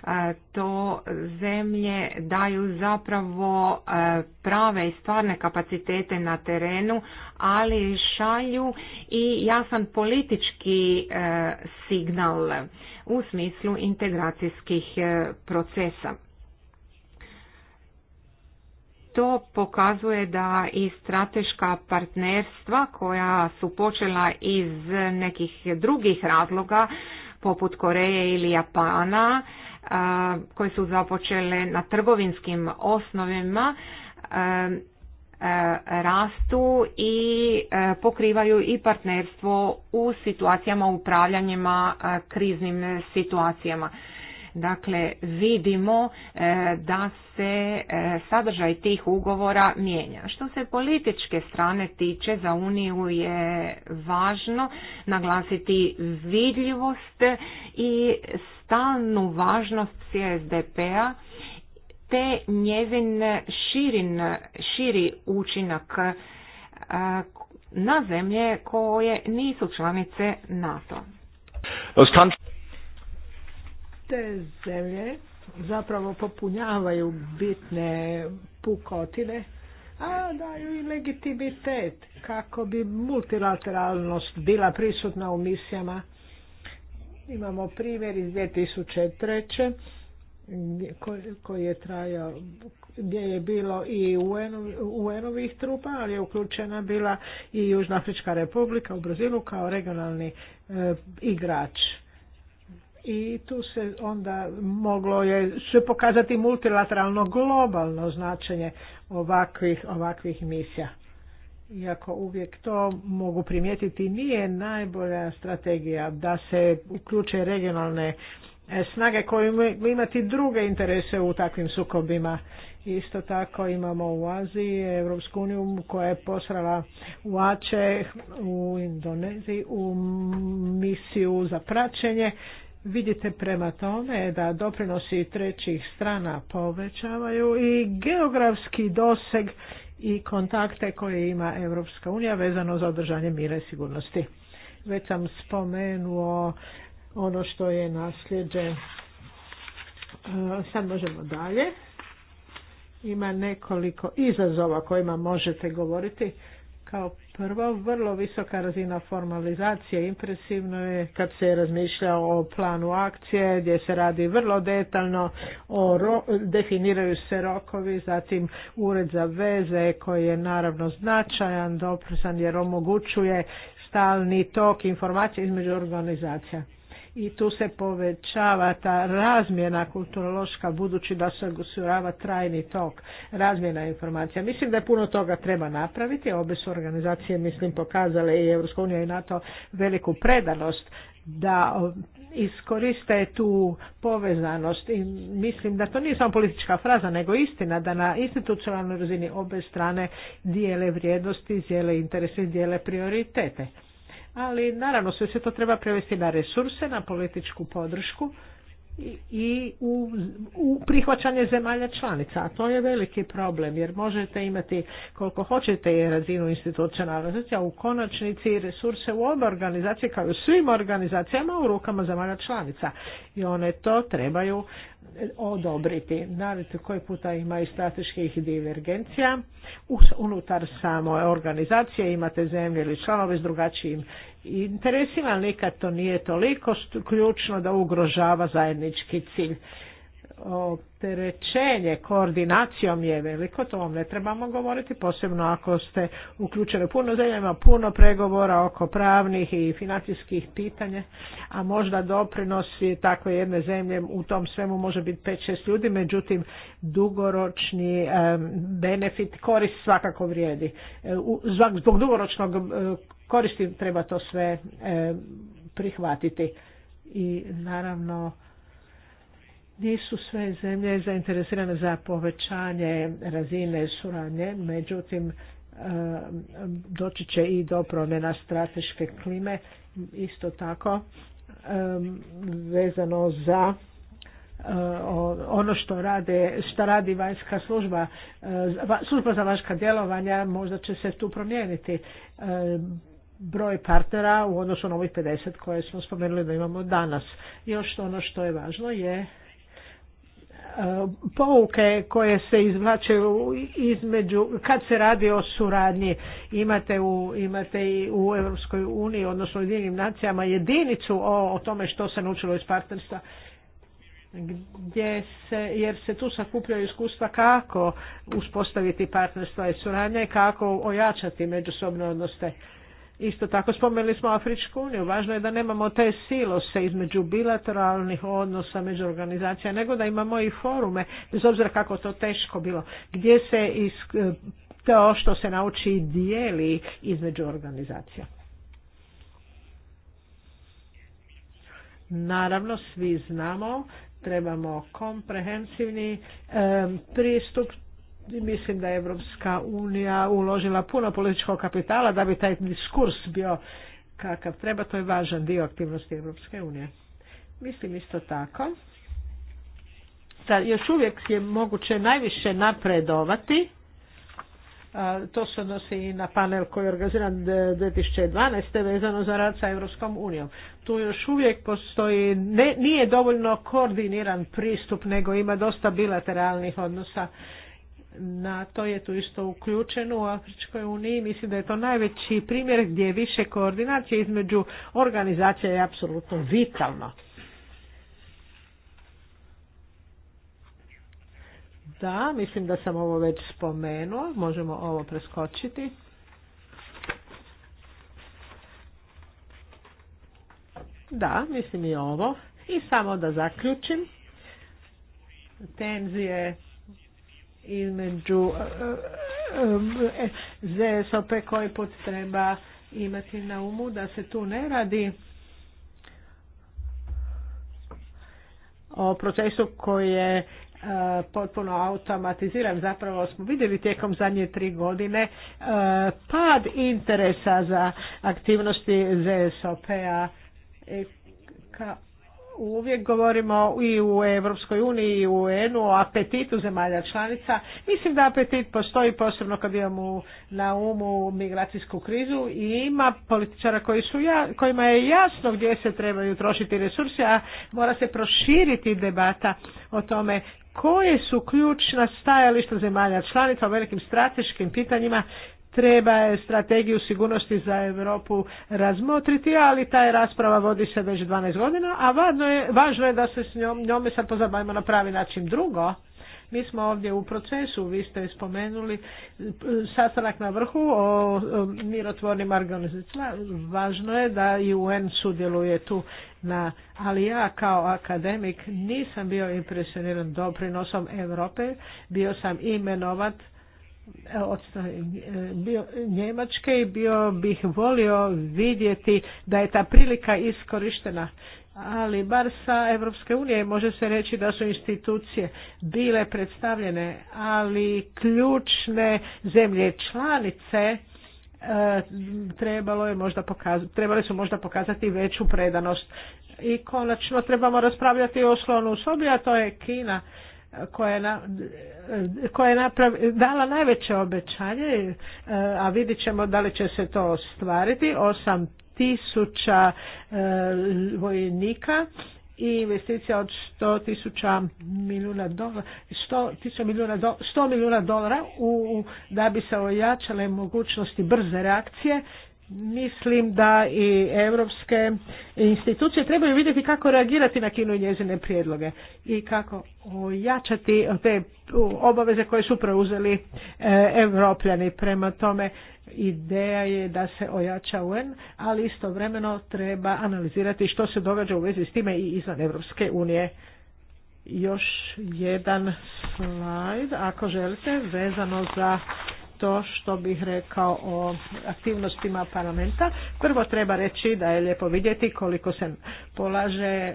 [SPEAKER 4] E, to zemlje daju zapravo e, prave i stvarne kapacitete na terenu, ali šalju i jasan politički e, signal u smislu integracijskih procesa. To pokazuje da i strateška partnerstva koja su počela iz nekih drugih razloga poput Koreje ili Japana koje su započele na trgovinskim osnovima e, e, rastu i e, pokrivaju i partnerstvo u situacijama upravljanjima kriznim situacijama. Dakle, vidimo e, da se e, sadržaj tih ugovora mijenja. Što se političke strane tiče, za Uniju je važno naglasiti vidljivost i stalnu važnost CSDP-a te njezin širin, širi učinak e, na zemlje koje nisu članice NATO te zemlje zapravo popunjavaju
[SPEAKER 1] bitne pukotine, a daju i legitimitet kako bi multilateralnost bila prisutna u misijama. Imamo primjer iz 2003 koji je trajao gdje je bilo i UN-ovih trupa, ali je uključena bila i Južna Afrička republika u Brazilu kao regionalni e, igrač i tu se onda moglo je se pokazati multilateralno globalno značenje ovakvih, ovakvih misija. Iako uvijek to mogu primijetiti, nije najbolja strategija da se uključe regionalne e, snage koje imati druge interese u takvim sukobima. Isto tako imamo u Aziji Europsku uniju koja je posrala u Ače u Indoneziji u misiju za praćenje Vidite prema tome da doprinosi trećih strana povećavaju i geografski doseg i kontakte koje ima Europska unija vezano za održanje mira i sigurnosti. Već sam spomenuo ono što je nasljeđe. E, sad možemo dalje. Ima nekoliko izazova kojima možete govoriti. Kao prvo, vrlo visoka razina formalizacije. Impresivno je kad se razmišlja o planu akcije gdje se radi vrlo detaljno, o ro, definiraju se rokovi, zatim ured za veze koji je naravno značajan, doprsan jer omogućuje stalni tok informacija između organizacija i tu se povećava ta razmjena kulturološka budući da se osigurava trajni tok razmjena informacija. Mislim da je puno toga treba napraviti, obe su organizacije mislim pokazale i EU i NATO veliku predanost da iskoriste tu povezanost i mislim da to nije samo politička fraza nego istina da na institucionalnoj razini obe strane dijele vrijednosti, dijele interese, dijele prioritete ali naravno sve se to treba prevesti na resurse, na političku podršku i u, u prihvaćanje zemalja članica, a to je veliki problem jer možete imati koliko hoćete razinu institucionalnosti, a u konačnici resurse u oba organizacije kao i u svim organizacijama u rukama zemalja članica i one to trebaju odobriti. Naravno koji puta ima i strateških divergencija unutar samo organizacije imate zemlje ili članove s drugačijim interesima, nikad to nije toliko ključno da ugrožava zajednički cilj. Opterećenje koordinacijom je veliko, to vam ne trebamo govoriti, posebno ako ste uključeni puno zemljama, puno pregovora oko pravnih i financijskih pitanja, a možda doprinosi takve jedne zemlje u tom svemu može biti 5-6 ljudi, međutim dugoročni benefit, korist svakako vrijedi. E, zbog dugoročnog e, koristi, treba to sve e, prihvatiti. I naravno nisu sve zemlje zainteresirane za povećanje razine suradnje, međutim e, doći će i do promjena strateške klime, isto tako e, vezano za ono što rade, šta radi vanjska služba, služba za vanjska djelovanja možda će se tu promijeniti broj partnera u odnosu na ovih 50 koje smo spomenuli da imamo danas. Još ono što je važno je e, pouke koje se izvlačaju između kad se radi o suradnji imate u imate i u Europskoj uniji odnosno u jedinim nacijama jedinicu o, o tome što se naučilo iz partnerstva gdje se, jer se tu sakupljaju iskustva kako uspostaviti partnerstva i suradnje, kako ojačati međusobne odnose. Isto tako spomenuli smo Afričku uniju. Važno je da nemamo te silose između bilateralnih odnosa, među organizacija, nego da imamo i forume, bez obzira kako to teško bilo, gdje se is, to što se nauči dijeli između organizacija. Naravno, svi znamo trebamo komprehensivni pristup mislim da je Evropska unija uložila puno političkog kapitala da bi taj diskurs bio kakav treba, to je važan dio aktivnosti Evropske unije. Mislim isto tako da još uvijek je moguće najviše napredovati to se odnosi i na panel koji je organiziran 2012. vezano za rad sa Evropskom unijom. Tu još uvijek postoji, ne, nije dovoljno koordiniran pristup, nego ima dosta bilateralnih odnosa na to je tu isto uključeno u Afričkoj uniji. Mislim da je to najveći primjer gdje je više koordinacije između organizacija je apsolutno vitalno. Da, mislim da sam ovo već spomenuo. Možemo ovo preskočiti. Da, mislim i ovo. I samo da zaključim. Tenzije između e, e, e, ZSOP koji put treba imati na umu da se tu ne radi o procesu koji je potpuno automatiziran. Zapravo smo vidjeli tijekom zadnje tri godine pad interesa za aktivnosti ZSOP-a uvijek govorimo i u Europskoj uniji i u UN-u o apetitu zemalja članica. Mislim da apetit postoji posebno kad imamo na umu migracijsku krizu i ima političara koji su ja, kojima je jasno gdje se trebaju trošiti resursi, a mora se proširiti debata o tome koje su ključna stajališta zemalja članica o velikim strateškim pitanjima treba strategiju sigurnosti za Europu razmotriti, ali ta je rasprava vodi se već 12 godina, a važno je, važno je da se s njom, njome sad pozabavimo na pravi način. Drugo, mi smo ovdje u procesu, vi ste spomenuli sastanak na vrhu o mirotvornim organizacijama. Važno je da i UN sudjeluje tu na, ali ja kao akademik nisam bio impresioniran doprinosom Europe, bio sam imenovat od e, Njemačke i bio bih volio vidjeti da je ta prilika iskorištena. Ali bar sa EU unije može se reći da su institucije bile predstavljene, ali ključne zemlje članice e, trebalo je možda pokazati, trebali su možda pokazati veću predanost. I konačno trebamo raspravljati o slonu u sobi, a to je Kina koja je, na, koja je dala najveće obećanje, e, a vidit ćemo da li će se to ostvariti, 8000 e, vojnika i investicija od 100 tisuća milijuna dolara, 100 milijuna, do, 100 milijuna dolara u, da bi se ojačale mogućnosti brze reakcije mislim da i europske institucije trebaju vidjeti kako reagirati na Kinu i njezine prijedloge i kako ojačati te obaveze koje su preuzeli e, Evropljani. Prema tome ideja je da se ojača UN, ali istovremeno treba analizirati što se događa u vezi s time i izvan Evropske unije. Još jedan slajd, ako želite, vezano za to što bih rekao o aktivnostima parlamenta. Prvo treba reći da je lijepo vidjeti koliko se polaže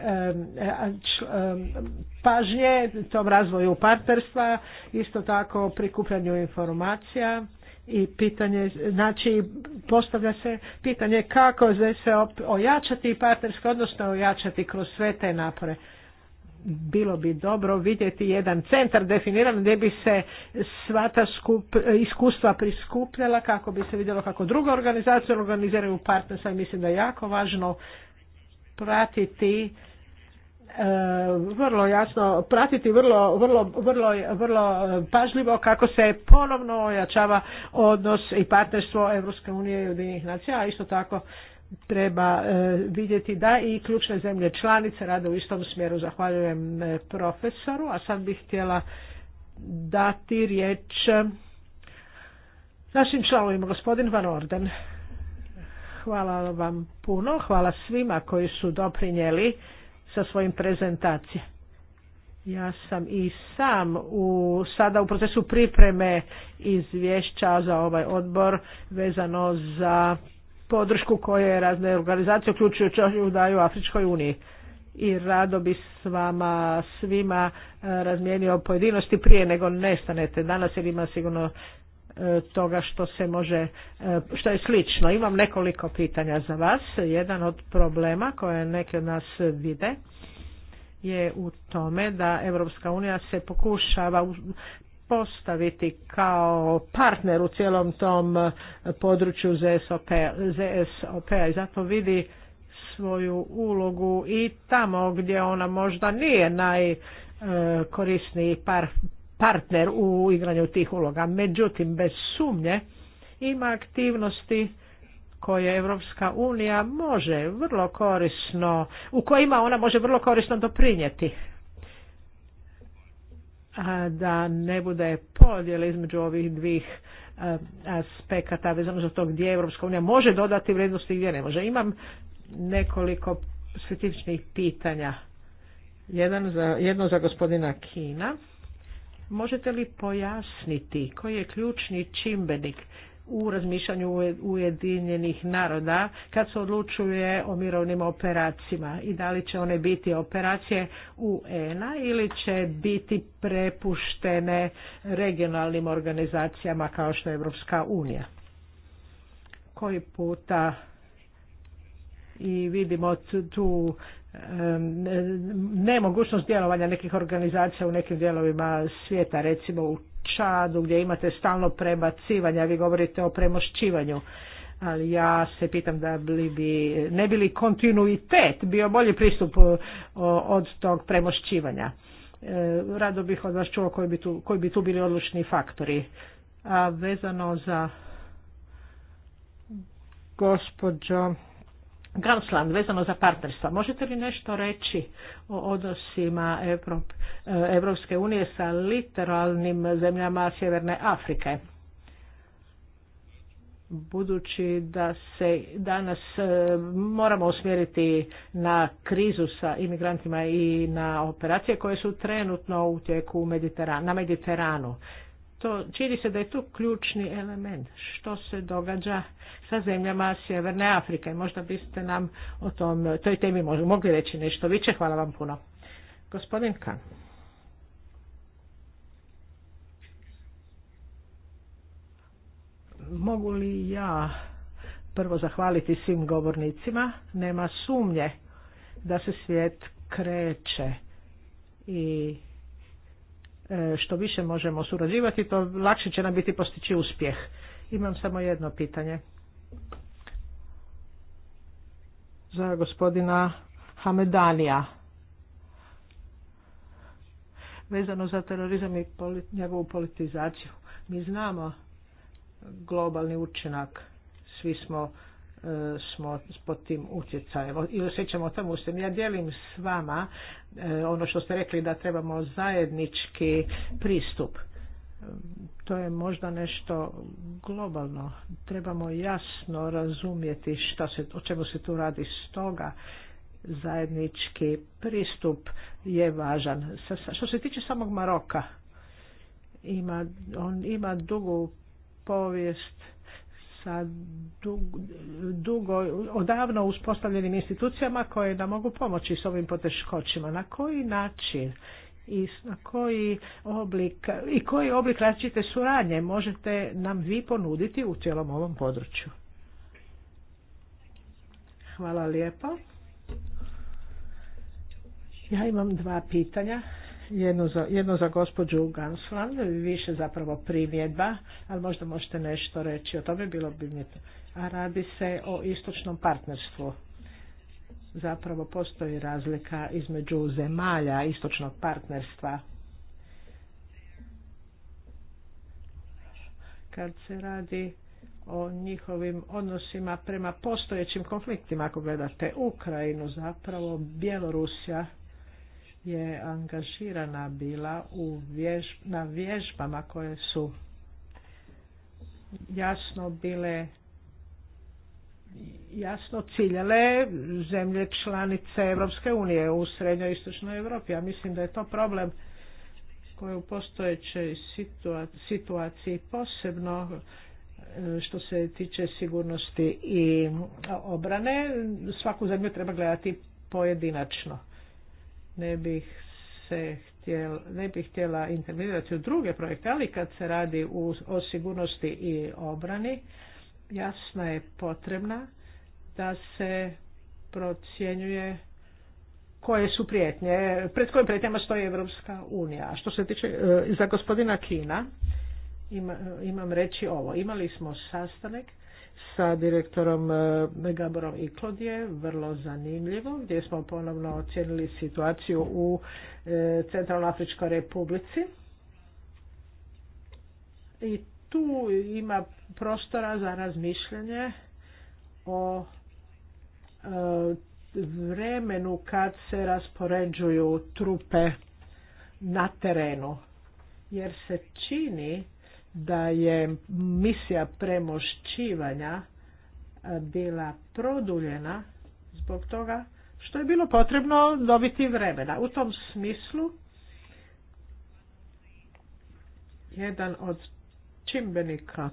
[SPEAKER 1] pažnje tom razvoju partnerstva, isto tako prikupljanju informacija i pitanje, znači postavlja se pitanje kako se ojačati partnerstvo, odnosno ojačati kroz sve te napore bilo bi dobro vidjeti jedan centar definiran gdje bi se sva ta skup, iskustva priskupljala kako bi se vidjelo kako druga organizacija organiziraju partnerstva. Mislim da je jako važno pratiti e, vrlo jasno pratiti vrlo, vrlo, vrlo, vrlo pažljivo kako se ponovno ojačava odnos i partnerstvo Europske unije i Ujedinjenih nacija, a isto tako treba e, vidjeti da i ključne zemlje članice rade u istom smjeru. Zahvaljujem e, profesoru, a sad bih htjela dati riječ e, našim članovima, gospodin Van Orden. Hvala vam puno, hvala svima koji su doprinijeli sa svojim prezentacijama. Ja sam i sam u, sada u procesu pripreme izvješća za ovaj odbor vezano za podršku koje razne organizacije uključujući daju Afričkoj uniji i rado bi s vama svima e, razmijenio pojedinosti prije nego nestanete danas jer ima sigurno e, toga što se može, e, što je slično. Imam nekoliko pitanja za vas. Jedan od problema koje neke od nas vide je u tome da Europska unija se pokušava postaviti kao partner u cijelom tom eh, području ZSOP-a i zato vidi svoju ulogu i tamo gdje ona možda nije najkorisniji eh, par, partner u igranju tih uloga. Međutim, bez sumnje ima aktivnosti koje Evropska unija može vrlo korisno, u kojima ona može vrlo korisno doprinijeti da ne bude podjele između ovih dvih e, aspekata vezano za to gdje Europska unija može dodati vrijednosti i gdje ne može. Imam nekoliko specifičnih pitanja. Jedan za, jedno za gospodina Kina. Možete li pojasniti koji je ključni čimbenik u razmišljanju Ujedinjenih naroda kad se odlučuje o mirovnim operacijama i da li će one biti operacije UN-a ili će biti prepuštene regionalnim organizacijama kao što je Evropska unija. Koji puta i vidimo tu nemogućnost djelovanja nekih organizacija u nekim dijelovima svijeta, recimo u Čadu gdje imate stalno a vi govorite o premošćivanju. Ali ja se pitam da bi, bi ne bi li kontinuitet bio bolji pristup od tog premošćivanja. E, rado bih od vas čuo koji bi tu, koji bi tu bili odlučni faktori. A vezano za gospođo Gansland, vezano za partnerstva. Možete li nešto reći o odnosima Evropske unije sa literalnim zemljama Sjeverne Afrike? Budući da se danas e, moramo usmjeriti na krizu sa imigrantima i na operacije koje su trenutno u tijeku na Mediteranu to čini se da je to ključni element što se događa sa zemljama Sjeverne Afrike. Možda biste nam o tom, toj temi mogli reći nešto više. Hvala vam puno. Gospodin Kan. Mogu li ja prvo zahvaliti svim govornicima? Nema sumnje da se svijet kreće i E, što više možemo surađivati, to lakše će nam biti postići uspjeh. Imam samo jedno pitanje. Za gospodina Hamedanija. Vezano za terorizam i njegovu politizaciju. Mi znamo globalni učinak. Svi smo E, smo pod tim utjecajem i osjećamo tamo Ja dijelim s vama e, ono što ste rekli da trebamo zajednički pristup. E, to je možda nešto globalno. Trebamo jasno razumjeti šta se, o čemu se tu radi stoga zajednički pristup je važan. Što se tiče samog Maroka, ima, on ima dugu povijest sa dugo, odavno uspostavljenim institucijama koje nam mogu pomoći s ovim poteškoćima. Na koji način i na koji oblik i koji oblik različite suradnje možete nam vi ponuditi u cijelom ovom području? Hvala lijepo. Ja imam dva pitanja jednu za, jednu za gospođu Gansland, više zapravo primjedba, ali možda možete nešto reći o tome, bilo bi mi A radi se o istočnom partnerstvu. Zapravo postoji razlika između zemalja istočnog partnerstva. Kad se radi o njihovim odnosima prema postojećim konfliktima, ako gledate Ukrajinu, zapravo Bjelorusija je angažirana bila u na vježbama koje su jasno bile jasno ciljale zemlje članice Europske unije u srednjoj istočnoj Europi. Ja mislim da je to problem koji u postojećoj situaciji posebno e, što se tiče sigurnosti i obrane svaku zemlju treba gledati pojedinačno. Ne bih se htjela, ne bih htjela intervenirati u druge projekte, ali kad se radi u, o sigurnosti i obrani, jasna je potrebna da se procjenjuje koje su prijetnje, pred kojim prijetnjama stoji Evropska unija. A što se tiče e, za gospodina Kina, imam reći ovo. Imali smo sastanak sa direktorom e, Megaborom Iklodje, vrlo zanimljivo, gdje smo ponovno ocijenili situaciju u e, Centralnoafričkoj republici. I tu ima prostora za razmišljanje o e, vremenu kad se raspoređuju trupe na terenu. Jer se čini da je misija premošćivanja e, bila produljena zbog toga što je bilo potrebno dobiti vremena. U tom smislu jedan od čimbenika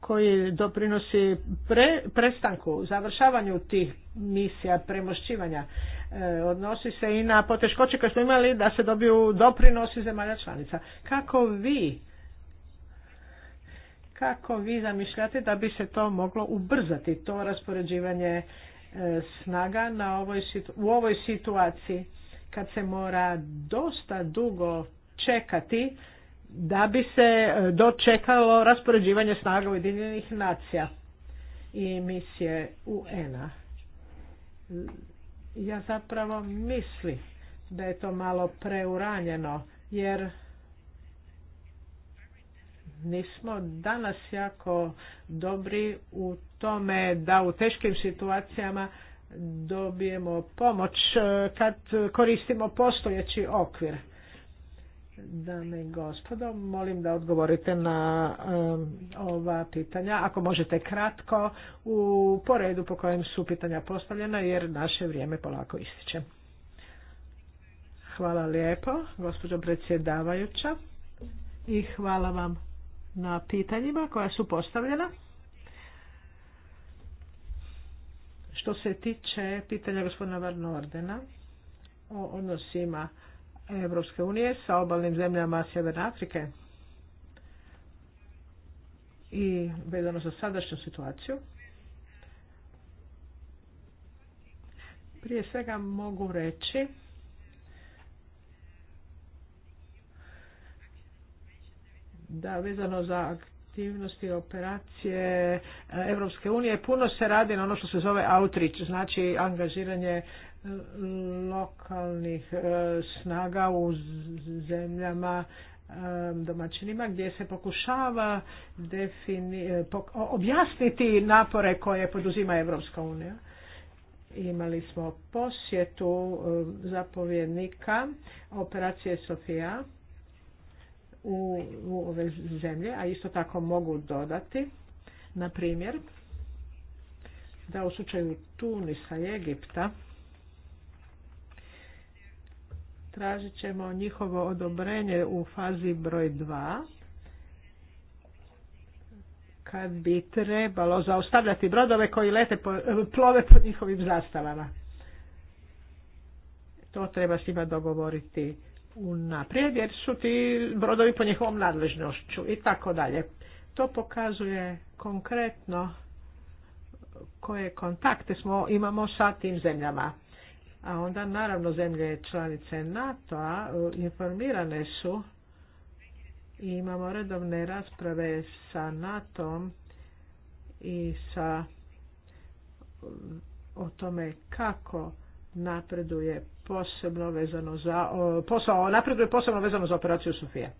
[SPEAKER 1] koji doprinosi pre, prestanku, završavanju tih misija premošćivanja E, odnosi se i na poteškoće koje smo imali da se dobiju doprinosi zemalja članica. Kako vi kako vi zamišljate da bi se to moglo ubrzati, to raspoređivanje e, snaga na ovoj, u ovoj situaciji kad se mora dosta dugo čekati da bi se e, dočekalo raspoređivanje snaga Ujedinjenih nacija i misije UN-a ja zapravo mislim da je to malo preuranjeno jer nismo danas jako dobri u tome da u teškim situacijama dobijemo pomoć eh, kad koristimo postojeći okvir Dame i gospodo, molim da odgovorite na ova pitanja. Ako možete kratko, u poredu po kojem su pitanja postavljena, jer naše vrijeme polako ističe. Hvala lijepo, gospođo predsjedavajuća, i hvala vam na pitanjima koja su postavljena. Što se tiče pitanja gospodina Varnordena o odnosima Europske unije sa obalnim zemljama Sjeverne Afrike i vezano za sadašnju situaciju. Prije svega mogu reći da vezano za aktivnosti operacije Europske unije puno se radi na ono što se zove outreach, znači angažiranje lokalnih e, snaga u zemljama e, domaćinima gdje se pokušava e, objasniti napore koje poduzima Europska unija. Imali smo posjetu zapovjednika operacije Sofija u, u ove zemlje, a isto tako mogu dodati, na primjer, da u slučaju Tunisa i Egipta tražit ćemo njihovo odobrenje u fazi broj 2 kad bi trebalo zaustavljati brodove koji lete po, plove pod njihovim zastavama. To treba s njima dogovoriti unaprijed jer su ti brodovi po njihovom nadležnošću i tako dalje. To pokazuje konkretno koje kontakte smo, imamo sa tim zemljama a onda naravno zemlje članice NATO-a e, informirane su i imamo redovne rasprave sa NATO-om i sa o tome kako napreduje posebno vezano za posao napreduje posebno vezano za operaciju Sofija.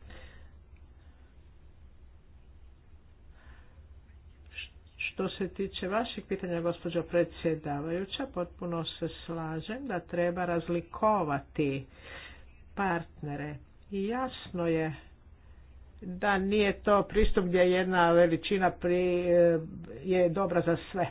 [SPEAKER 1] Što se tiče vaših pitanja, gospođo predsjedavajuća, potpuno se slažem da treba razlikovati partnere. I jasno je da nije to pristup gdje jedna veličina pri, eh, je dobra za sve.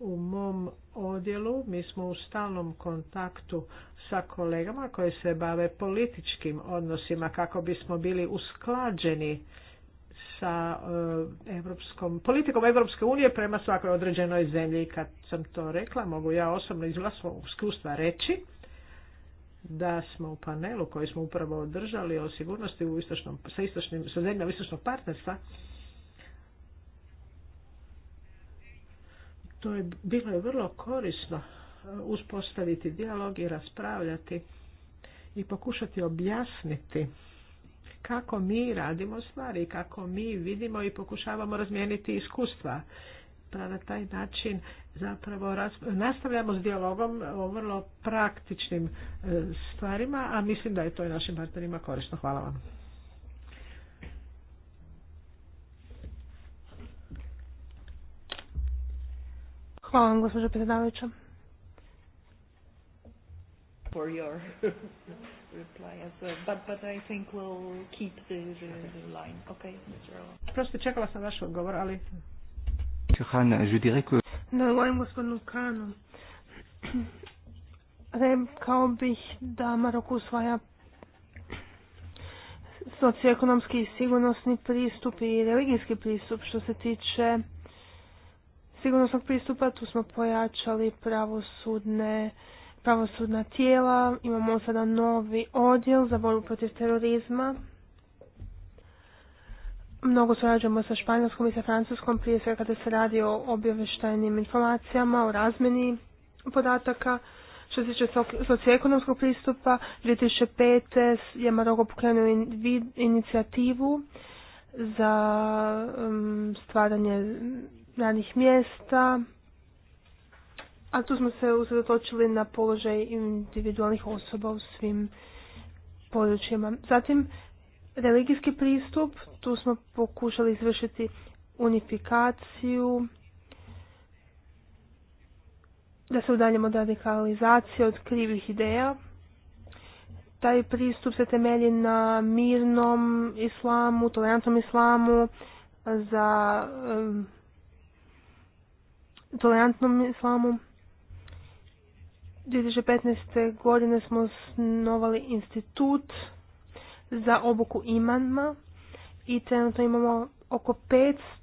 [SPEAKER 1] U mom odjelu mi smo u stalnom kontaktu sa kolegama koji se bave političkim odnosima kako bismo bili usklađeni sa e, evropskom, politikom Evropske unije prema svakoj određenoj zemlji. I kad sam to rekla, mogu ja osobno iz vlastnog iskustva reći da smo u panelu koji smo upravo održali o sigurnosti u istočnom, sa, istočnim, sa zemljama istočnog partnerstva, to je bilo je vrlo korisno e, uspostaviti dijalog i raspravljati i pokušati objasniti kako mi radimo stvari, kako mi vidimo i pokušavamo razmijeniti iskustva. Pa na taj način zapravo nastavljamo s dijalogom o vrlo praktičnim e, stvarima, a mislim da je to i našim partnerima korisno. Hvala vam.
[SPEAKER 2] Hvala vam, gospođo predsjedavajuća
[SPEAKER 3] for your reply as well. But, but I think we'll keep
[SPEAKER 2] the, the, the line. Okay, Mr. Roland.
[SPEAKER 1] Prosto čekala sam vaš odgovor, ali...
[SPEAKER 3] Johan, je dirais que...
[SPEAKER 2] Na govorim ovaj gospodinu Kanu. Rekao bih da Marok usvaja socioekonomski i sigurnosni pristup i religijski pristup što se tiče sigurnosnog pristupa. Tu smo pojačali pravosudne sudne pravosudna tijela, imamo sada novi odjel za borbu protiv terorizma. Mnogo surađujemo sa Španjolskom i sa Francuskom, prije svega kada se radi o objaveštajnim informacijama, o razmeni podataka. Što se tiče socioekonomskog pristupa, 2005. je Maroko pokrenuo inicijativu za um, stvaranje radnih mjesta, a tu smo se usredotočili na položaj individualnih osoba u svim područjima. Zatim, religijski pristup, tu smo pokušali izvršiti unifikaciju, da se udaljemo od radikalizacije, od krivih ideja. Taj pristup se temelji na mirnom islamu, tolerantnom islamu, za tolerantnom islamu. 2015. godine smo osnovali institut za obuku imanma i trenutno imamo oko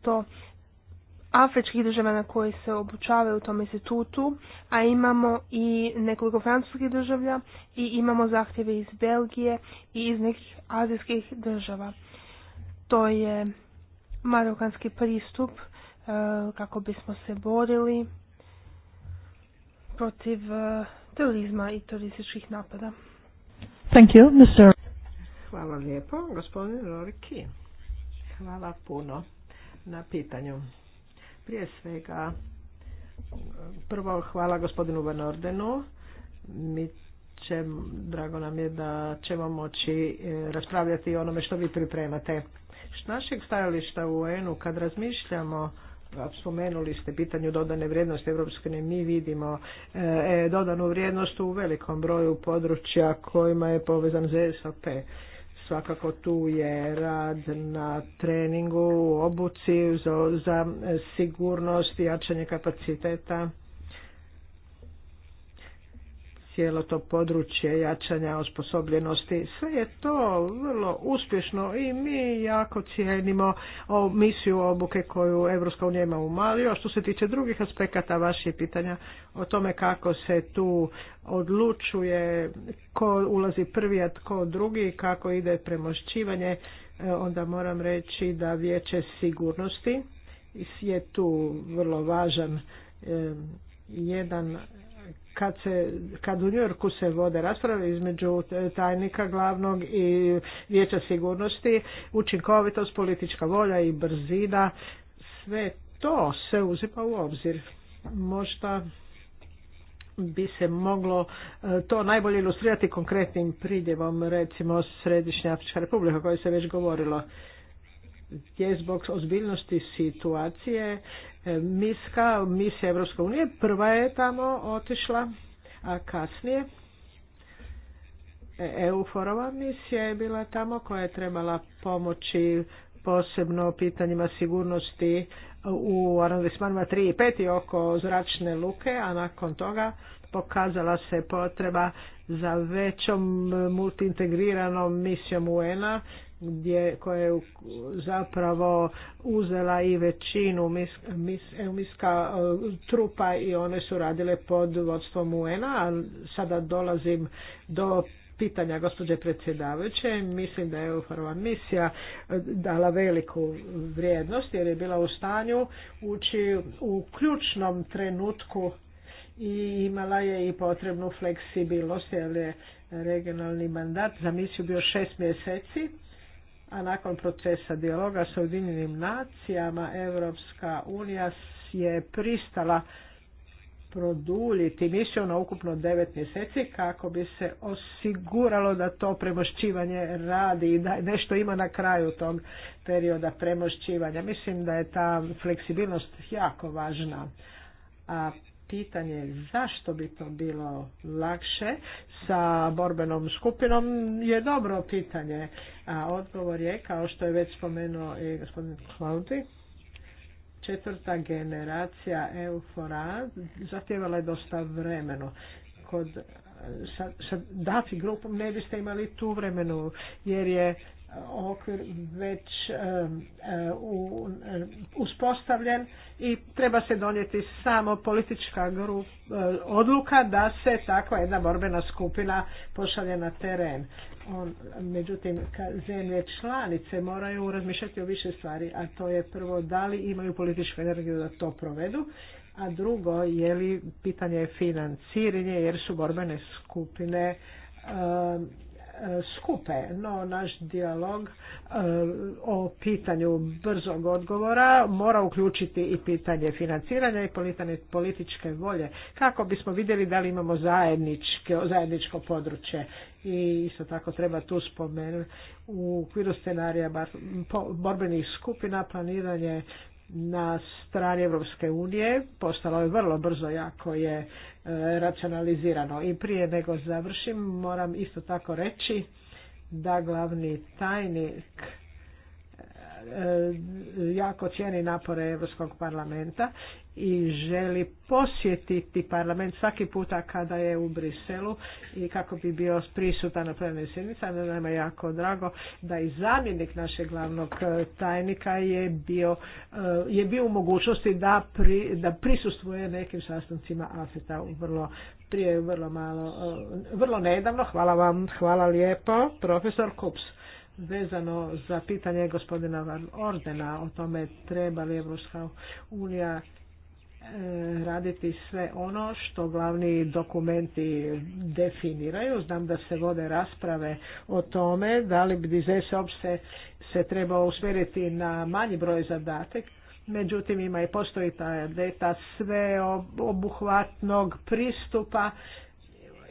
[SPEAKER 2] 500 afričkih državljana koji se obučavaju u tom institutu, a imamo i nekoliko francuskih državlja i imamo zahtjeve iz Belgije i iz nekih azijskih država. To je marokanski pristup eh, kako bismo se borili protiv e, terorizma i
[SPEAKER 1] terorističkih napada.
[SPEAKER 3] Thank you, Mr.
[SPEAKER 1] Hvala lijepo, gospodin Roriki. Hvala puno na pitanju. Prije svega, e, prvo hvala gospodinu Van Ordenu. Mi će, drago nam je da ćemo moći e, raspravljati o onome što vi pripremate. Što našeg stajališta u UN-u kad razmišljamo spomenuli ste pitanju dodane vrijednosti Europske mi vidimo e, e, dodanu vrijednost u velikom broju područja kojima je povezan SAP, Svakako tu je rad na treningu, obuci za, za sigurnost, jačanje kapaciteta cijelo to područje jačanja osposobljenosti. Sve je to vrlo uspješno i mi jako cijenimo ovu misiju obuke koju Evropska unija ima u A što se tiče drugih aspekata vaših pitanja o tome kako se tu odlučuje ko ulazi prvi, a tko drugi, kako ide premošćivanje, e, onda moram reći da vijeće sigurnosti je tu vrlo važan e, jedan kad, se, kad u Njorku se vode rasprave između tajnika glavnog i vijeća sigurnosti, učinkovitost, politička volja i brzina, sve to se uzima u obzir. Možda bi se moglo e, to najbolje ilustrirati konkretnim pridjevom, recimo Središnja Afrička republika o kojoj se već govorilo gdje zbog ozbiljnosti situacije E, miska, misija Evropske unije, prva je tamo otišla, a kasnije e, EU-forova misija je bila tamo koja je trebala pomoći posebno pitanjima sigurnosti u aranglismanima 3 i 5 i oko zračne luke, a nakon toga pokazala se potreba za većom multiintegriranom misijom UN-a gdje, koja je zapravo uzela i većinu mis, mis, e, miska e, trupa i one su radile pod vodstvom UN-a. Sada dolazim do pitanja gospođe predsjedavajuće. Mislim da je prva misija e, dala veliku vrijednost jer je bila u stanju ući u ključnom trenutku i imala je i potrebnu fleksibilnost jer je regionalni mandat za misiju bio šest mjeseci a nakon procesa dijaloga sa Ujedinjenim nacijama Europska unija je pristala produljiti misiju na ukupno devet mjeseci kako bi se osiguralo da to premošćivanje radi i da nešto ima na kraju tog perioda premošćivanja. Mislim da je ta fleksibilnost jako važna. A pitanje zašto bi to bilo lakše sa borbenom skupinom je dobro pitanje. A odgovor je, kao što je već spomenuo i gospodin Klaudi, četvrta generacija Eufora zatjevala je dosta vremenu. Kod sa, sa DAFI grupom ne biste imali tu vremenu jer je okvir već uspostavljen i treba se donijeti samo politička odluka da se takva jedna borbena skupina pošalje na teren. On, međutim, zemlje članice moraju razmišljati o više stvari, a to je prvo da li imaju političku energiju da to provedu, a drugo je li pitanje financiranje jer su borbene skupine skupe, no naš dijalog e, o pitanju brzog odgovora mora uključiti i pitanje financiranja i političke volje kako bismo vidjeli da li imamo zajedničko, zajedničko područje i isto tako treba tu spomenuti u okviru scenarija borbenih skupina planiranje na strani Europske unije postalo je vrlo brzo jako je racionalizirano. I prije nego završim moram isto tako reći da glavni tajnik E, jako cijeni napore Europskog parlamenta i želi posjetiti parlament svaki puta kada je u Briselu i kako bi bio prisutan na plenarnoj sjednici, ali je jako drago da i zamjenik našeg glavnog e, tajnika je bio, e, je bio u mogućnosti da, pri, da prisustvuje nekim sastancima AFETA u vrlo prije vrlo malo, vrlo nedavno. Hvala vam, hvala lijepo, profesor Kups vezano za pitanje gospodina Van Ordena o tome treba li Evropska unija e, raditi sve ono što glavni dokumenti definiraju. Znam da se vode rasprave o tome da li bi se, se treba usmjeriti na manji broj zadatak, međutim ima i postoji ta deta sve obuhvatnog pristupa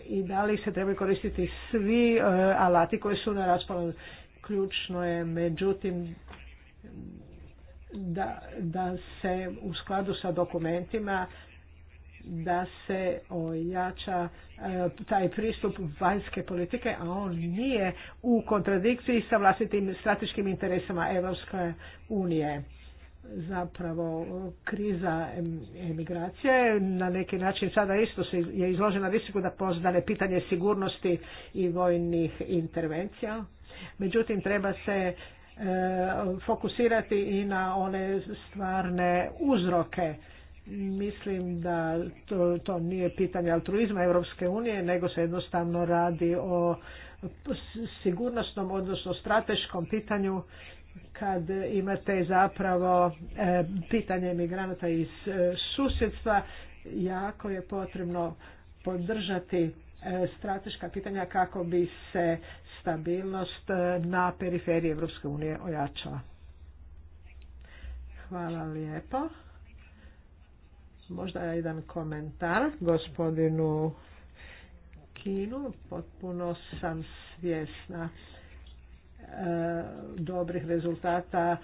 [SPEAKER 1] i da li se trebaju koristiti svi e, alati koji su na raspolaganju. Ključno je međutim da, da se u skladu sa dokumentima da se ojača e, taj pristup vanjske politike, a on nije u kontradikciji sa vlastitim strateškim interesama Evropske unije. Zapravo kriza emigracije na neki način sada isto se je izložena visoko da postane pitanje sigurnosti i vojnih intervencija Međutim, treba se e, fokusirati i na one stvarne uzroke. Mislim da to, to nije pitanje altruizma Europske unije, nego se jednostavno radi o sigurnosnom, odnosno strateškom pitanju kad imate zapravo e, pitanje migranata iz e, susjedstva, jako je potrebno podržati E, strateška pitanja kako bi se stabilnost e, na periferiji Evropske unije ojačala. Hvala lijepo. Možda jedan komentar gospodinu Kinu. Potpuno sam svjesna e, dobrih rezultata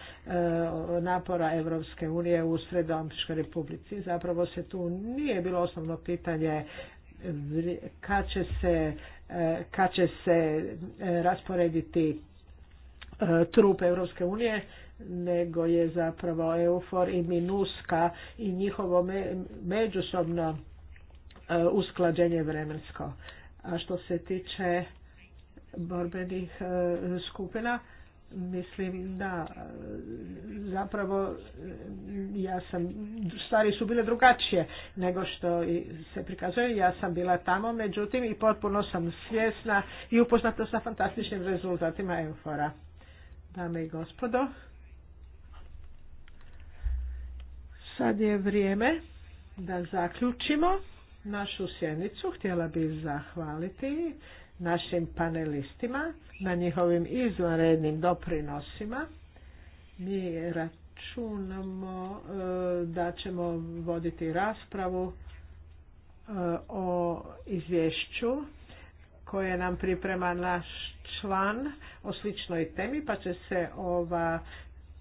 [SPEAKER 1] napora Evropske unije u Sredoamtičkoj republici. Zapravo se tu nije bilo osnovno pitanje kad će se, e, kad će se e, rasporediti e, trup Europske unije, nego je zapravo EUFOR i MINUSKA i njihovo međusobno usklađenje vremensko. A što se tiče borbenih skupina, mislim da zapravo ja sam, stvari su bile drugačije nego što se prikazuje. Ja sam bila tamo, međutim i potpuno sam svjesna i upoznata sa fantastičnim rezultatima Eufora. Dame i gospodo, sad je vrijeme da zaključimo našu sjednicu. Htjela bih zahvaliti našim panelistima na njihovim izvanrednim doprinosima. Mi računamo e, da ćemo voditi raspravu e, o izvješću koje nam priprema naš član o sličnoj temi, pa će se ova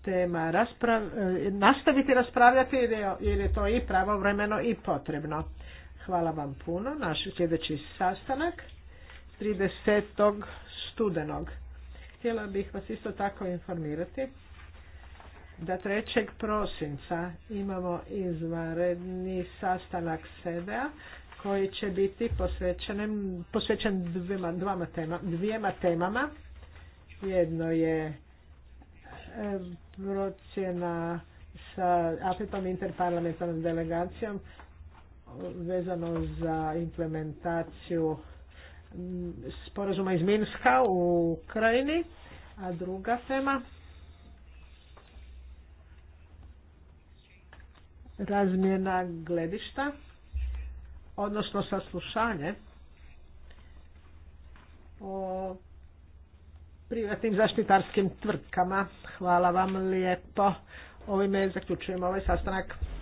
[SPEAKER 1] tema e, nastaviti raspravljati jer jer je to i pravovremeno i potrebno. Hvala vam puno. Naš sljedeći sastanak 30. studenog. Htjela bih vas isto tako informirati da 3. prosinca imamo izvanredni sastanak SEDA koji će biti posvećen, posvećen dvama tema, dvijema temama. Jedno je e, procjena sa afip interparlamentarnom delegacijom vezano za implementaciju sporazuma iz Minska u Ukrajini, a druga tema razmjena gledišta, odnosno saslušanje o privatnim zaštitarskim tvrtkama. Hvala vam lijepo. Ovime zaključujemo ovaj sastanak.